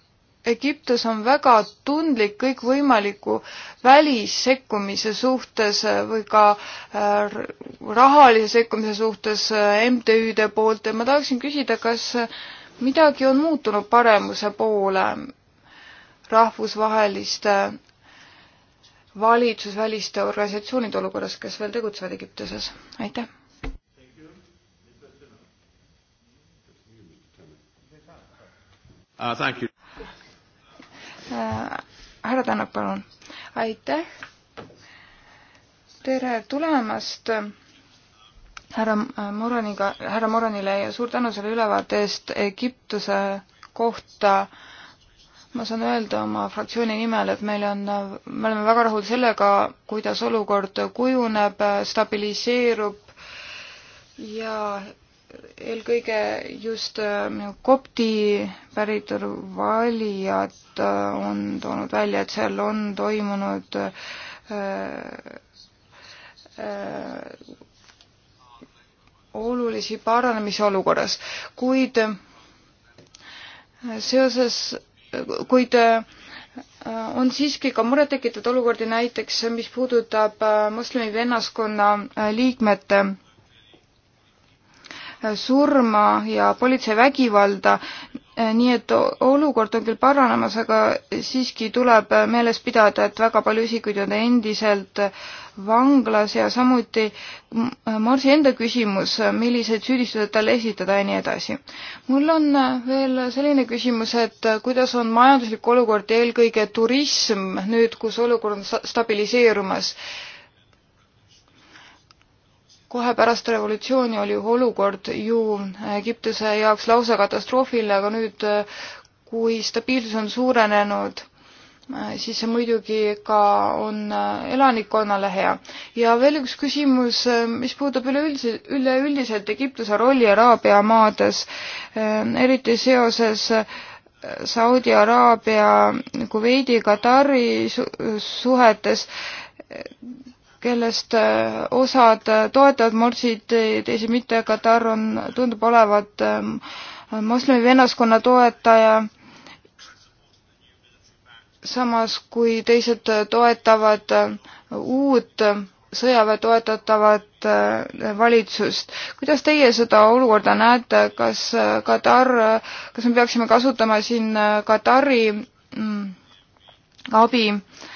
Egiptus on väga tundlik kõikvõimaliku välissekkumise suhtes äh, või ka äh, rahalise sekkumise suhtes äh, MTÜ-de poolt ja ma tahaksin küsida, kas midagi on muutunud paremuse poole rahvusvaheliste valitsusväliste organisatsioonide olukorras, kes veel tegutsevad Egiptuses, aitäh! Uh, thank you härra Tänak, palun. aitäh. tere tulemast härra äh, Moroniga, härra Moronile ja suur tänu selle ülevaate eest Egiptuse kohta. ma saan öelda oma fraktsiooni nimel, et meil on, me oleme väga rahul sellega, kuidas olukord kujuneb, stabiliseerub ja eelkõige just äh, kopti päritolu valijad äh, on toonud välja, et seal on toimunud äh, olulisi paranemisi olukorras, kuid seoses, kuid on siiski ka murettekitavaid olukordi näiteks, mis puudutab moslemi vennaskonna liikmete surma ja politseivägivalda, nii et olukord on küll paranemas, aga siiski tuleb meeles pidada, et väga palju isikuid on endiselt vanglas ja samuti Marsi enda küsimus, millised süüdistused talle esitada ja nii edasi. mul on veel selline küsimus, et kuidas on majanduslik olukord ja eelkõige turism nüüd, kus olukord on stabiliseerumas kohe pärast revolutsiooni oli olukord ju äh, Egiptuse jaoks lausa katastroofiline, aga nüüd, äh, kui stabiilsus on suurenenud, äh, siis see muidugi ka on elanikkonnale hea. ja veel üks küsimus, mis puudutab üleüldse, üleüldiselt Egiptuse rolli Araabia maades, eriti seoses Saudi Araabia, Kuveidi, Katari su suhetes kellest äh, osad äh, toetavad morsid, teised mitte, Katar on, tundub olevat ähm, moslemi vennaskonna toetaja, samas kui teised toetavad äh, uut sõjaväe toetatavat valitsust. kuidas teie seda olukorda näete, kas Katar, kas me peaksime kasutama siin Katari mm, abi äh,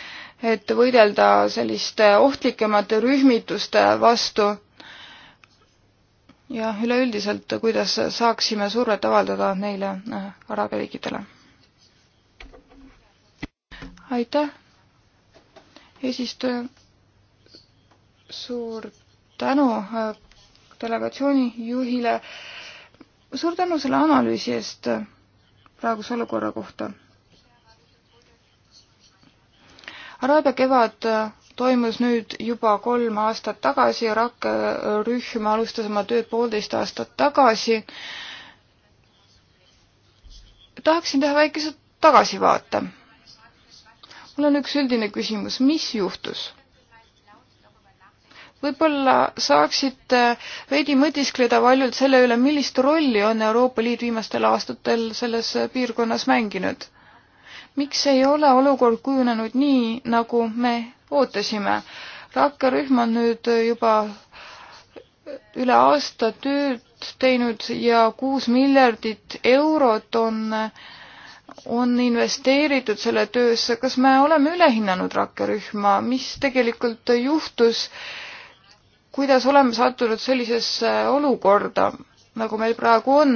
et võidelda selliste ohtlikemate rühmituste vastu ja üleüldiselt, kuidas saaksime survet avaldada neile äh, araabia riikidele. aitäh, eesistuja. suur tänu äh, delegatsiooni juhile. suur tänu selle analüüsi eest äh, praeguse olukorra kohta Araabia kevad äh, toimus nüüd juba kolm aastat tagasi, rakkerühm äh, alustas oma tööd poolteist aastat tagasi. tahaksin teha väikese tagasivaate. mul on üks üldine küsimus, mis juhtus? võib-olla saaksite veidi mõtiskleda valjult selle üle, millist rolli on Euroopa Liit viimastel aastatel selles piirkonnas mänginud miks ei ole olukord kujunenud nii, nagu me ootasime? rakkerühm on nüüd juba üle aasta tööd teinud ja kuus miljardit eurot on, on investeeritud selle töösse. kas me oleme üle hinnanud rakkerühma, mis tegelikult juhtus? kuidas oleme sattunud sellisesse olukorda? nagu meil praegu on,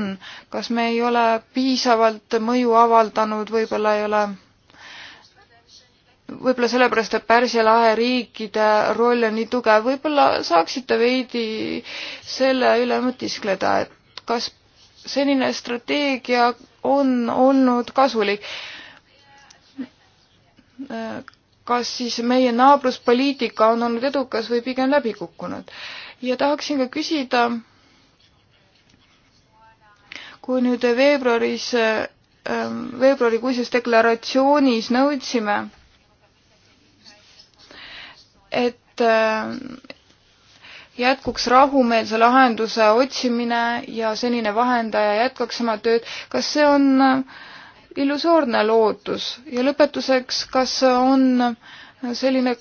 kas me ei ole piisavalt mõju avaldanud, võib-olla ei ole, võib-olla sellepärast, et Pärsia lahe riikide roll on nii tugev, võib-olla saaksite veidi selle üle mõtiskleda, et kas senine strateegia on olnud kasulik. kas siis meie naabruspoliitika on olnud edukas või pigem läbi kukkunud? ja tahaksin ka küsida, kui nüüd veebruaris, ähm, veebruarikuises deklaratsioonis nõudsime, et äh, jätkuks rahumeelse lahenduse otsimine ja senine vahendaja jätkaks oma tööd, kas see on äh, illusoorne lootus ja lõpetuseks, kas on äh, selline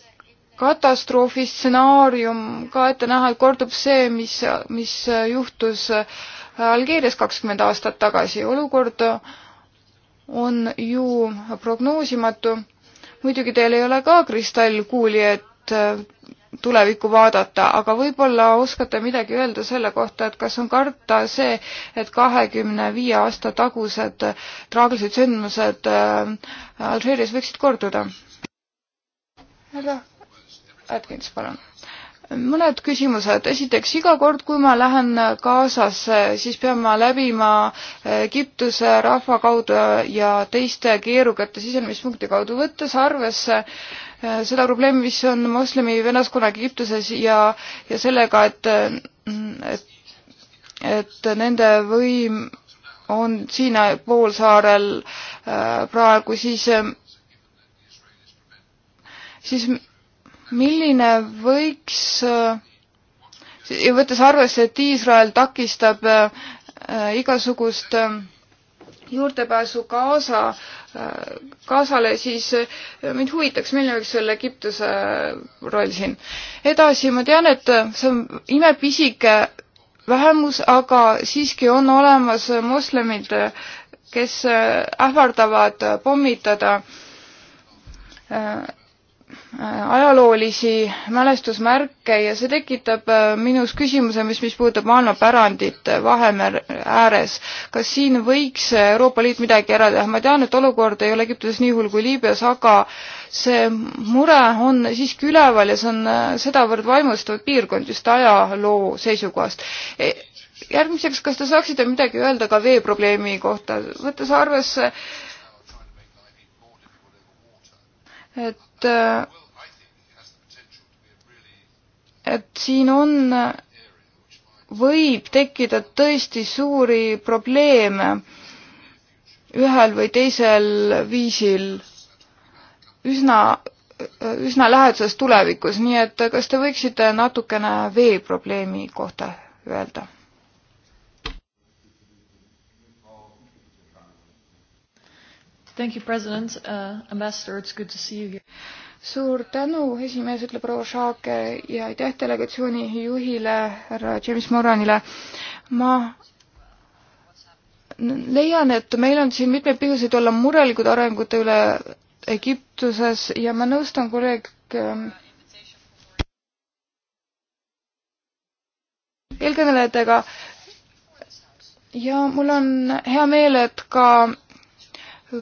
katastroofi stsenaarium ka ette näha, et kordub see, mis, mis juhtus Algeerias kakskümmend aastat tagasi. olukord on ju prognoosimatu. muidugi teil ei ole ka kristallkuuli, et äh, tulevikku vaadata, aga võib-olla oskate midagi öelda selle kohta, et kas on karta see, et kahekümne viie aasta tagused äh, traagilised sündmused äh, Alžeerias võiksid korduda? härra Atkins, palun mõned küsimused. esiteks, iga kord, kui ma lähen Gazasse, siis pean ma läbima eh, Egiptuse rahva kaudu ja teiste keerukate sisenemispunkti kaudu, võttes arvesse eh, seda probleemi, mis on moslemi vennaskonna Egiptuses ja, ja sellega, et, et eh, et nende võim on Hiina poolsaarel praegu, siis, siis milline võiks, võttes arvesse, et Iisrael takistab äh, igasugust äh, juurdepääsu Gaza, äh, Gazale, siis mind huvitaks, milline võiks olla Egiptuse roll siin. edasi, ma tean, et see on imepisike vähemus, aga siiski on olemas moslemid, kes ähvardavad pommitada ajaloolisi mälestusmärke ja see tekitab äh, minus küsimuse, mis, mis puudutab maailmapärandit äh, Vahemere ääres. kas siin võiks Euroopa Liit midagi ära teha? ma tean, et olukord ei ole Egiptuses nii hull kui Liibüas, aga see mure on siiski üleval ja see on äh, sedavõrd vaimustav piirkond just ajaloo seisukohast e, järgmiseks, kas te saaksite midagi öelda ka veeprobleemi kohta, võttes arvesse, et äh, et siin on, võib tekkida tõesti suuri probleeme ühel või teisel viisil üsna, üsna lähedases tulevikus, nii et kas te võiksite natukene veeprobleemi kohta öelda? Thank you, President. Uh, Ambassador, it's good to see you here suur tänu, esimees, ütleb proua Šaake ja aitäh delegatsiooni juhile, härra James Moranile. ma leian, et meil on siin mitmeid põhjuseid olla murelikud arengute üle Egiptuses ja ma nõustan kolleeg ähm, eelkõnelejatega ja mul on hea meel, et ka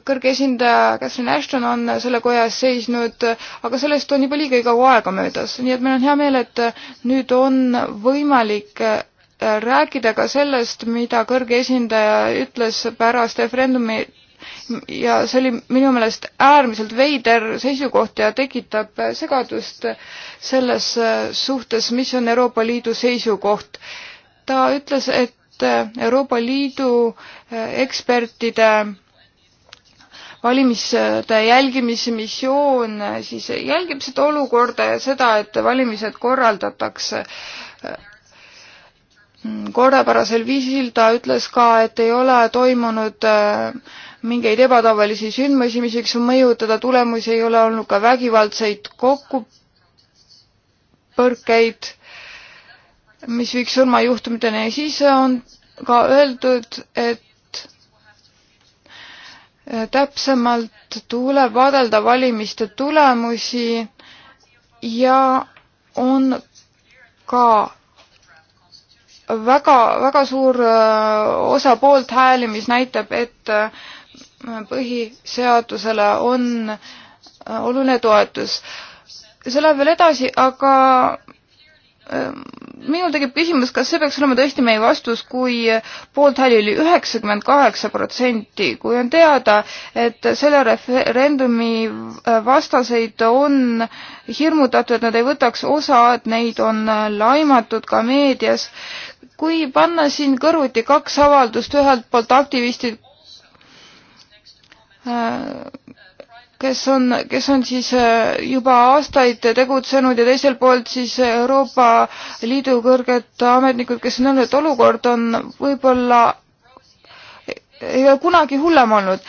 kõrge esindaja Catherine Ashton on selle koja ees seisnud, aga sellest on juba liiga kaua aega möödas, nii et meil on hea meel, et nüüd on võimalik rääkida ka sellest, mida kõrge esindaja ütles pärast referendumi ja see oli minu meelest äärmiselt veider seisukoht ja tekitab segadust selles suhtes, mis on Euroopa Liidu seisukoht. ta ütles, et Euroopa Liidu ekspertide valimiste jälgimismissioon siis jälgib seda olukorda ja seda, et valimised korraldatakse korrapärasel viisil. ta ütles ka, et ei ole toimunud äh, mingeid ebatavalisi sündmusi, mis võiks mõjutada tulemusi, ei ole olnud ka vägivaldseid kokkupõrkeid, mis viiks surmajuhtumiteni ja siis on ka öeldud, et täpsemalt tuleb vaadelda valimiste tulemusi ja on ka väga, väga suur äh, osa poolthääli, mis näitab, et äh, põhiseadusele on äh, oluline toetus. see läheb veel edasi, aga minul tekib küsimus, kas see peaks olema tõesti meie vastus, kui poolthääli oli üheksakümmend kaheksa protsenti, kui on teada, et selle referendumi äh, vastaseid on hirmutatud, et nad ei võtaks osa, et neid on äh, laimatud ka meedias. kui panna siin kõrvuti kaks avaldust, ühelt poolt aktivistid äh, kes on, kes on siis äh, juba aastaid tegutsenud ja teiselt poolt siis Euroopa Liidu kõrged ametnikud, kes on öelnud, et olukord on võib-olla ei ole kunagi hullem olnud.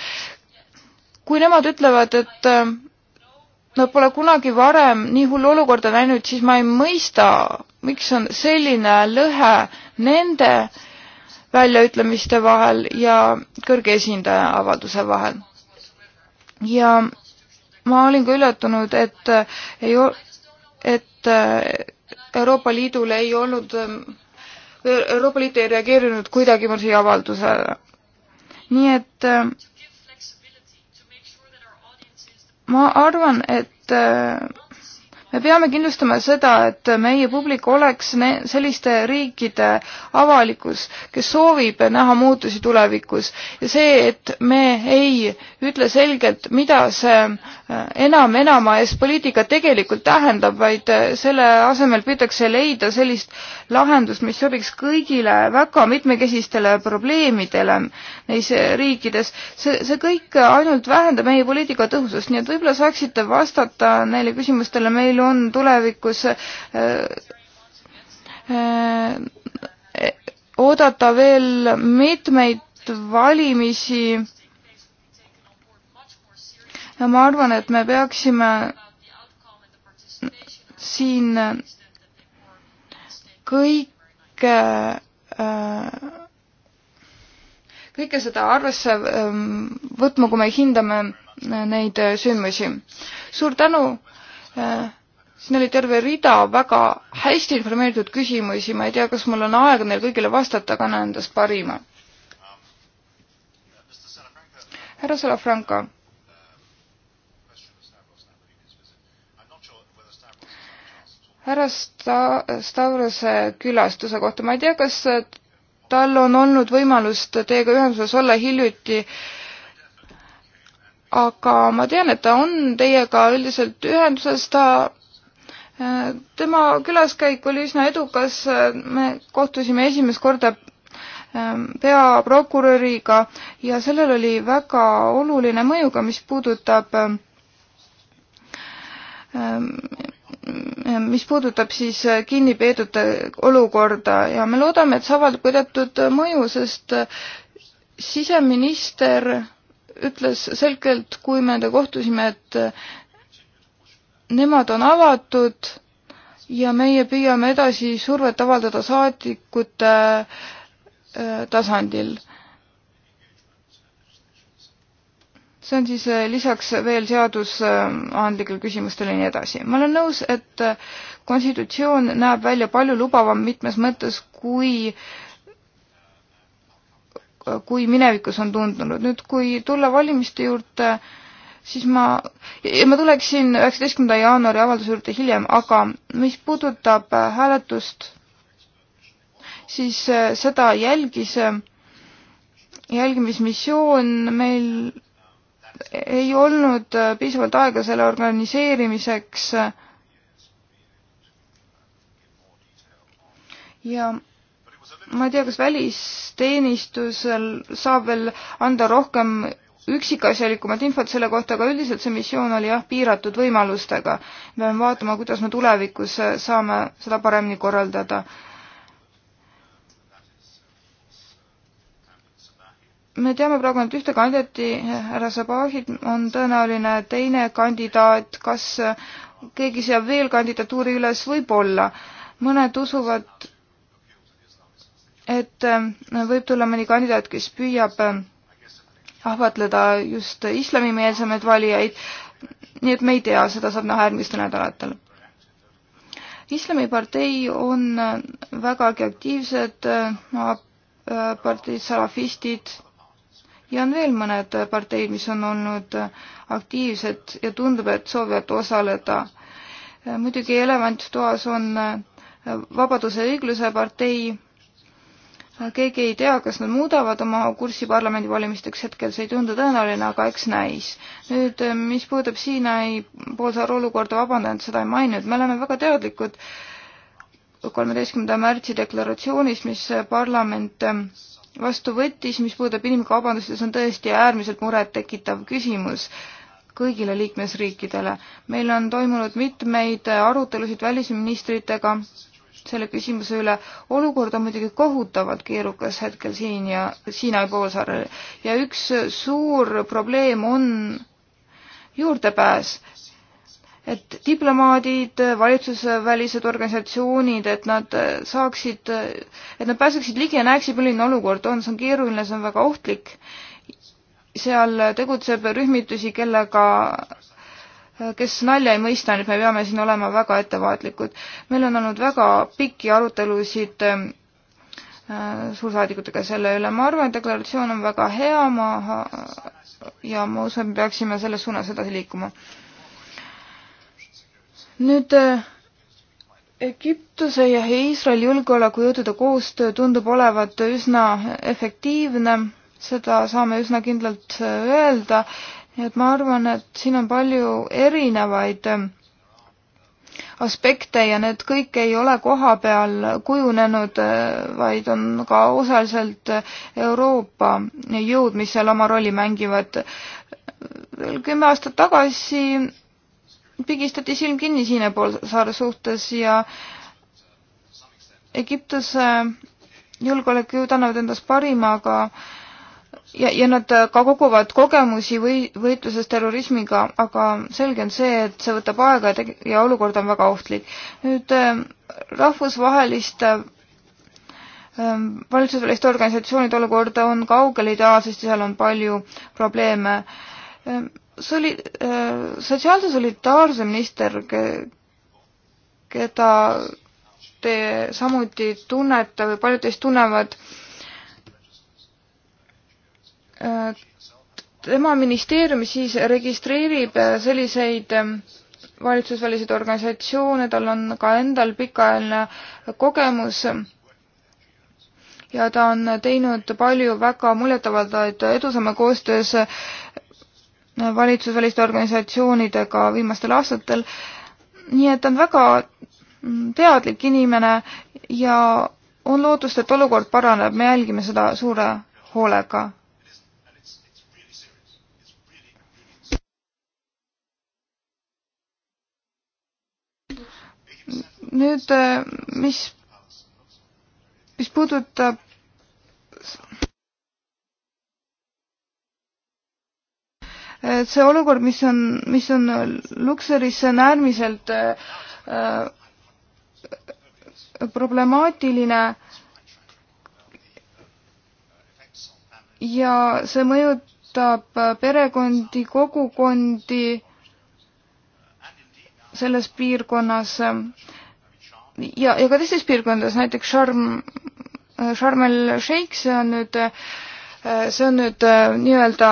kui nemad ütlevad, et äh, nad pole kunagi varem nii hullu olukorda näinud, siis ma ei mõista, miks on selline lõhe nende väljaütlemiste vahel ja kõrge esindaja avalduse vahel ja ma olin ka üllatunud, et ei, et äh, Euroopa Liidul ei olnud, äh, Euroopa Liit ei reageerinud kuidagi mul siia avaldusele. nii et äh, ma arvan, et me peame kindlustama seda, et meie publik oleks ne-, selliste riikide avalikkus, kes soovib näha muutusi tulevikus ja see, et me ei ütle selgelt, mida see enam enama eest poliitika tegelikult tähendab, vaid äh, selle asemel püütakse leida sellist lahendust, mis sobiks kõigile väga mitmekesistele probleemidele neis riikides. see, see kõik ainult vähendab meie poliitika tõhusust, nii et võib-olla saaksite vastata neile küsimustele, meil on tulevikus äh, äh, oodata veel mitmeid valimisi äh, ja ma arvan, et me peaksime siin kõike äh, kõike seda arvesse ähm, võtma, kui me hindame neid sündmusi. suur tänu. Äh, siin oli terve rida väga hästi informeeritud küsimusi, ma ei tea, kas mul on aega neile kõigile vastata, aga annan endast parima. härra Salafranca härra Sta-, Stavrose külastuse kohta, ma ei tea, kas tal on olnud võimalust teiega ühenduses olla hiljuti, aga ma tean, et ta on teiega üldiselt ühenduses, ta eh, tema külaskäik oli üsna edukas, me kohtusime esimest korda eh, peaprokuröriga ja sellel oli väga oluline mõju ka, mis puudutab eh, mis puudutab siis äh, kinnipeetute olukorda ja me loodame, et see avaldab ka teatud mõju, sest äh, siseminister ütles selgelt, kui me nendega kohtusime, et äh, nemad on avatud ja meie püüame edasi survet avaldada saadikute tasandil see on siis äh, lisaks äh, veel seadusandlikele küsimustele ja nii edasi. ma olen nõus, et äh, konstitutsioon näeb välja palju lubavam mitmes mõttes, kui kui minevikus on tundunud. nüüd, kui tulla valimiste juurde, siis ma, ma tuleksin üheksateistkümnenda jaanuari avalduse juurde hiljem, aga mis puudutab hääletust, siis seda jälgis jälgimismissioon meil ei olnud äh, piisavalt aega selle organiseerimiseks. ja ma ei tea, kas välisteenistusel saab veel anda rohkem üksikasjalikumat infot selle kohta, aga üldiselt see missioon oli jah, piiratud võimalustega. me peame vaatama, kuidas me tulevikus saame seda paremini korraldada me teame praegu ainult ühte kandidaati, härra Sabahid on tõenäoline teine kandidaat, kas keegi seab veel kandidatuuri üles, võib-olla. mõned usuvad, et äh, võib tulla mõni kandidaat, kes püüab äh, ahvatleda just islamimeelsemaid valijaid, nii et me ei tea, seda saab näha järgmistel nädalatel. islamipartei on äh, vägagi aktiivsed, parteid salafistid ja on veel mõned parteid, mis on olnud aktiivsed ja tundub, et soovivad osaleda. muidugi elevant toas on Vabaduse ja õigluse partei, keegi ei tea, kas nad muudavad oma kurssi parlamendivalimisteks, hetkel see ei tundu tõenäoline, aga eks näis. nüüd, mis puudutab Siinai poolsaare olukorda, vabandan, et seda ei maininud, me oleme väga teadlikud kolmeteistkümnenda märtsi deklaratsioonist, mis parlament vastu võttis, mis puudutab inimkaubandust ja see on tõesti äärmiselt murettekitav küsimus kõigile liikmesriikidele. meil on toimunud mitmeid arutelusid välisministritega selle küsimuse üle. olukord on muidugi kohutavalt keerukas hetkel siin ja Siinai poolsaarel ja üks suur probleem on juurdepääs et diplomaadid, valitsusvälised organisatsioonid, et nad saaksid, et nad pääseksid ligi ja näeksid, milline olukord on, see on keeruline, see on väga ohtlik. seal tegutseb rühmitusi, kellega, kes nalja ei mõista, nii et me peame siin olema väga ettevaatlikud. meil on olnud väga pikki arutelusid äh, suursaadikutega selle üle, ma arvan, et deklaratsioon on väga hea, ma ja ma usun, peaksime selles suunas edasi liikuma nüüd äh, Egiptuse ja Iisraeli julgeolekujõudude koostöö tundub olevat üsna efektiivne, seda saame üsna kindlalt äh, öelda, nii et ma arvan, et siin on palju erinevaid äh, aspekte ja need kõik ei ole koha peal kujunenud, vaid on ka osaliselt Euroopa jõud, mis seal oma rolli mängivad. kümme aastat tagasi pigistati silm kinni Hiina poolsaare suhtes ja Egiptuse julgeolekujõud annavad endast parima, aga ja, ja nad ka koguvad kogemusi või võitluses terrorismiga, aga selge on see, et see võtab aega ja teg-, ja olukord on väga ohtlik. nüüd ähm, rahvusvaheliste ähm, valitsusväliste organisatsioonide olukord on kaugel ideaalsest ja seal on palju probleeme. Ähm, soli-, äh, sotsiaalse solidaarsuse minister, keda te samuti tunnete või paljud teist tunnevad, äh, tema ministeerium siis registreerib äh, selliseid valitsusväliseid organisatsioone, tal on ka endal pikaajaline kogemus ja ta on teinud palju väga muljetavadaid edusamme koostöös valitsusväliste organisatsioonidega viimastel aastatel. nii et ta on väga teadlik inimene ja on lootust, et olukord paraneb, me jälgime seda suure hoolega. nüüd, eh, mis, mis puudutab see olukord, mis on, mis on Luxoris, see on äärmiselt äh, problemaatiline ja see mõjutab äh, perekondi, kogukondi selles piirkonnas ja, ja ka teistes piirkondades, näiteks Sharm, äh, Sharm el Sheikh, see on nüüd, äh, see on nüüd nii-öelda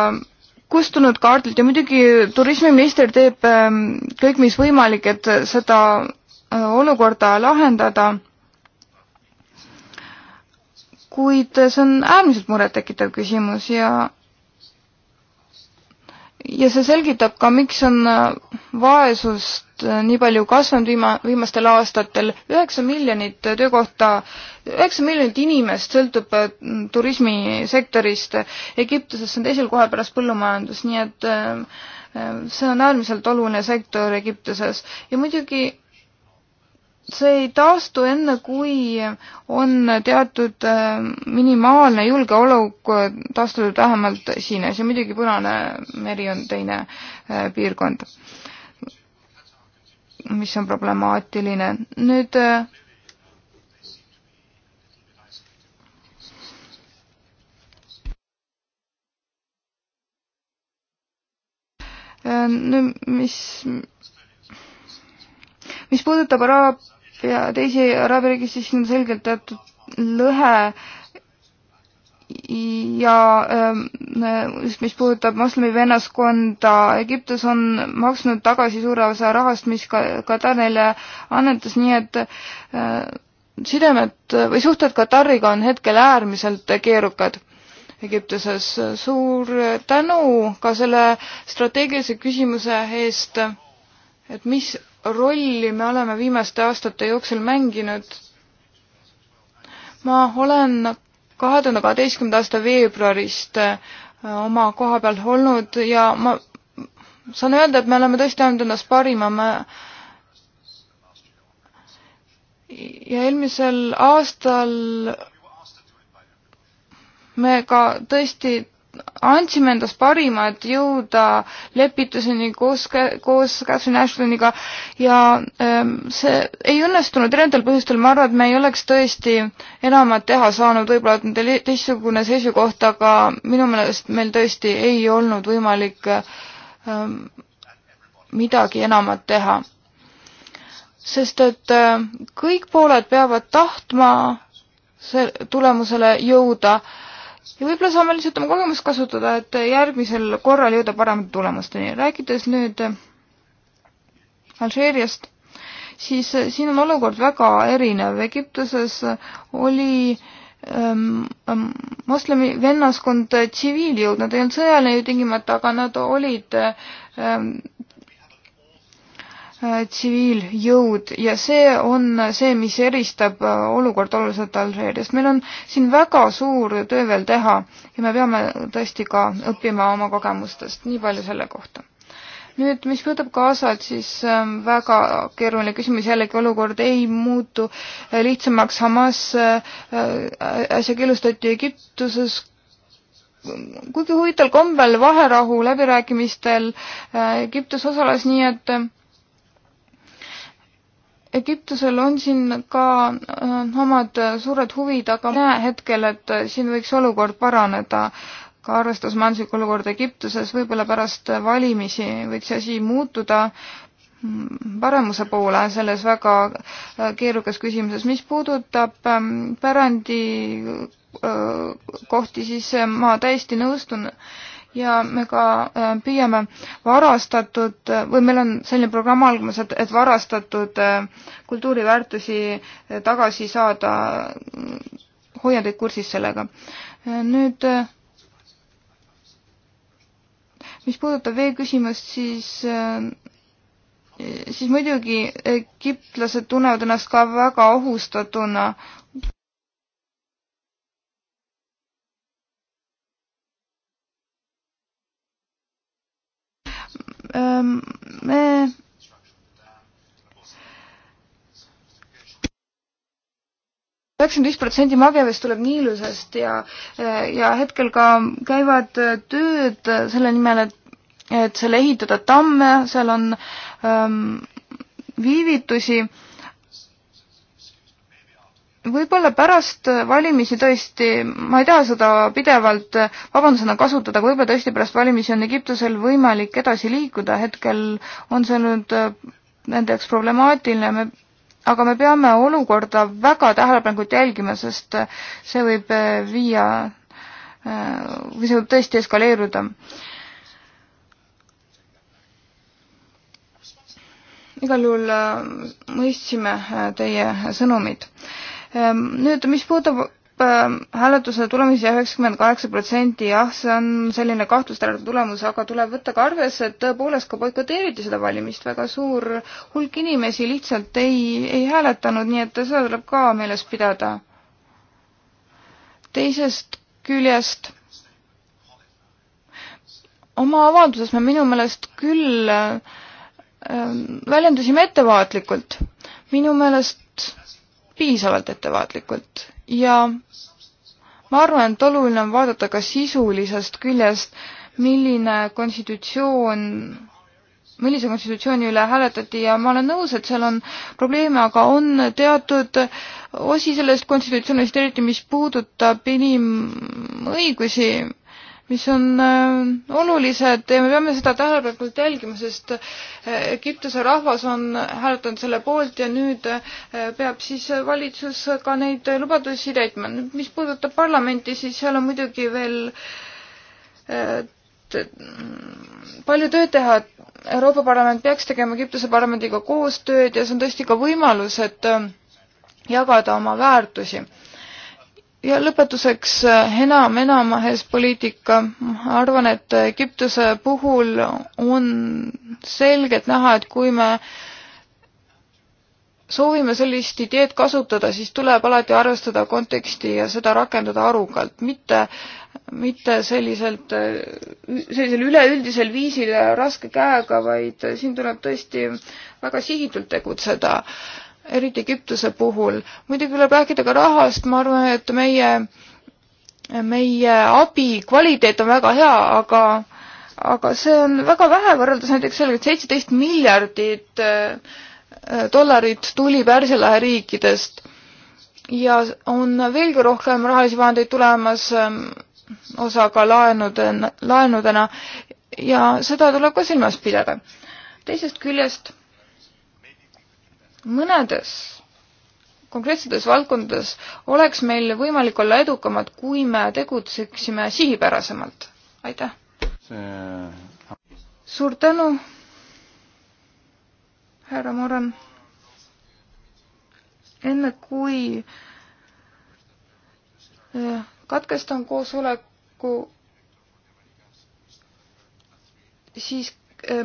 kustunud kaardilt ja muidugi turismiminister teeb ähm, kõik, mis võimalik, et seda äh, olukorda lahendada. kuid see on äärmiselt murettekitav küsimus ja ja see selgitab ka, miks on äh, vaesust äh, nii palju kasvanud viima-, viimastel aastatel. üheksa miljonit töökohta, üheksa miljonit inimest sõltub äh, turismisektorist. Egiptuses on teisel kohal pärast põllumajandus, nii et see on äärmiselt oluline sektor Egiptuses. ja muidugi see ei taastu enne, kui on teatud äh, minimaalne julgeolek taastatud vähemalt Hiinas ja muidugi Punane meri on teine äh, piirkond, mis on problemaatiline. nüüd äh, nüüd mis mis puudutab Araabia, teisi Araabia riigis, siis on selgelt teatud lõhe ja just ähm, äh, mis puudutab moslemi vennaskonda, Egiptus on maksnud tagasi suure osa rahast, mis ka Katar neile annetas, nii et äh, sidemed või suhted Katariga on hetkel äärmiselt keerukad Egiptuses. suur tänu ka selle strateegilise küsimuse eest, et mis rolli me oleme viimaste aastate jooksul mänginud. ma olen kahe tuhande kaheteistkümnenda aasta veebruarist äh, oma koha peal olnud ja ma saan öelda, et me oleme tõesti andnud endast parima, me ja eelmisel aastal me ka tõesti andsime endast parima, et jõuda lepituseni koos, koos Catherine Ashtoniga ja ähm, see ei õnnestunud erinevatel põhjustel, ma arvan, et me ei oleks tõesti enamat teha saanud, võib-olla et nendel teistsugune seisukoht, aga minu meelest meil tõesti ei olnud võimalik ähm, midagi enamat teha. sest et äh, kõik pooled peavad tahtma see tulemusele jõuda ja võib-olla saame lihtsalt oma kogemust kasutada, et järgmisel korral jõuda paremate tulemusteni. rääkides nüüd äh, Alžeeriast, siis äh, siin on olukord väga erinev. Egiptuses oli ähm, ähm moslemi vennaskond äh, tsiviiljõud, nad ei olnud sõjaline ju tingimata, aga nad olid ähm, Äh, tsiviiljõud ja see on see, mis eristab äh, olukorda oluliselt Alžeeriast. meil on siin väga suur töö veel teha ja me peame tõesti ka õppima oma kogemustest, nii palju selle kohta. nüüd, mis puudutab Gazat, siis ähm, väga keeruline küsimus, jällegi olukord ei muutu äh, lihtsamaks. Hamas äsja killustati Egiptuses, kuigi huvitaval kombel vaherahu läbirääkimistel Egiptus osales, nii et Egiptusel on siin ka äh, omad äh, suured huvid, aga näe hetkel, et äh, siin võiks olukord paraneda. ka arvestades majanduslikku olukorda Egiptuses, võib-olla pärast valimisi võiks asi muutuda mm, paremuse poole selles väga keerukas küsimuses. mis puudutab ähm, pärandi kohti, siis ma täiesti nõustun ja me ka äh, püüame varastatud äh, või meil on selline programm algamas, et, et varastatud äh, kultuuriväärtusi tagasi saada. Mm, hoian teid kursis sellega. nüüd mis puudutab vee küsimust, siis siis muidugi kiplased tunnevad ennast ka väga ohustatuna me ähm, äh, üheksakümmend viis protsenti magevest tuleb Niilusest ja, äh, ja hetkel ka käivad äh, tööd selle nimel, et, et selle ehitada tamme, seal on ähm, viivitusi võib-olla pärast valimisi tõesti, ma ei taha seda pidevalt vabandusena kasutada, aga võib-olla tõesti pärast valimisi on Egiptusel võimalik edasi liikuda, hetkel on see nüüd äh, nende jaoks problemaatiline, me, aga me peame olukorda väga tähelepanelikult jälgima, sest äh, see võib äh, viia, või see võib tõesti eskaleeruda. igal juhul mõistsime teie sõnumid Ehm, nüüd, mis puudutab ehm, hääletuse tulemusi ja üheksakümmend kaheksa protsenti, jah, see on selline kahtlustäratav tulemus, aga tuleb võtta ka arvesse, et tõepoolest ka boikoteeriti seda valimist, väga suur hulk inimesi lihtsalt ei, ei hääletanud, nii et seda tuleb ka meeles pidada. teisest küljest oma avalduses me minu meelest küll äh, väljendusime ettevaatlikult. minu meelest piisavalt ettevaatlikult ja ma arvan, et oluline on vaadata ka sisulisest küljest, milline konstitutsioon, millise konstitutsiooni üle hääletati ja ma olen nõus, et seal on probleeme, aga on teatud osi sellest konstitutsioonist, eriti mis puudutab inimõigusi, mis on äh, olulised ja me peame seda tähelepanelikult jälgima, sest äh, Egiptuse rahvas on hääletanud selle poolt ja nüüd äh, peab siis valitsus ka neid lubadusi täitma. mis puudutab parlamenti, siis seal on muidugi veel palju tööd teha, et Euroopa Parlament peaks tegema Egiptuse parlamendiga koostööd ja see on tõesti ka võimalus, et jagada oma väärtusi ja lõpetuseks äh, enam enamahes poliitika. ma arvan, et Egiptuse puhul on selgelt näha, et kui me soovime sellist ideed kasutada, siis tuleb alati arvestada konteksti ja seda rakendada arukalt, mitte, mitte selliselt, äh, sellisel üleüldisel viisil ja raske käega, vaid siin tuleb tõesti väga sihitult tegutseda eriti Egiptuse puhul. muidugi tuleb rääkida ka rahast, ma arvan, et meie, meie abi kvaliteet on väga hea, aga aga see on väga vähe võrreldes näiteks sellega, et seitseteist miljardit äh, dollarit tuli Pärsia lahe riikidest ja on veelgi rohkem rahalisi vahendeid tulemas ähm, osa ka laenude, laenudena ja seda tuleb ka silmas pidada. teisest küljest mõnedes konkreetsetes valdkondades oleks meil võimalik olla edukamad, kui me tegutseksime sihipärasemalt. aitäh See...! suur tänu, härra Moran! enne kui eh, katkestan koosoleku, siis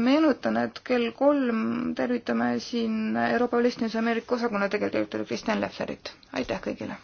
meenutan, et kell kolm tervitame siin Euroopa Ülistinuse Ameerika osakonna tegevdirektori Kristjan Lefferit. aitäh kõigile!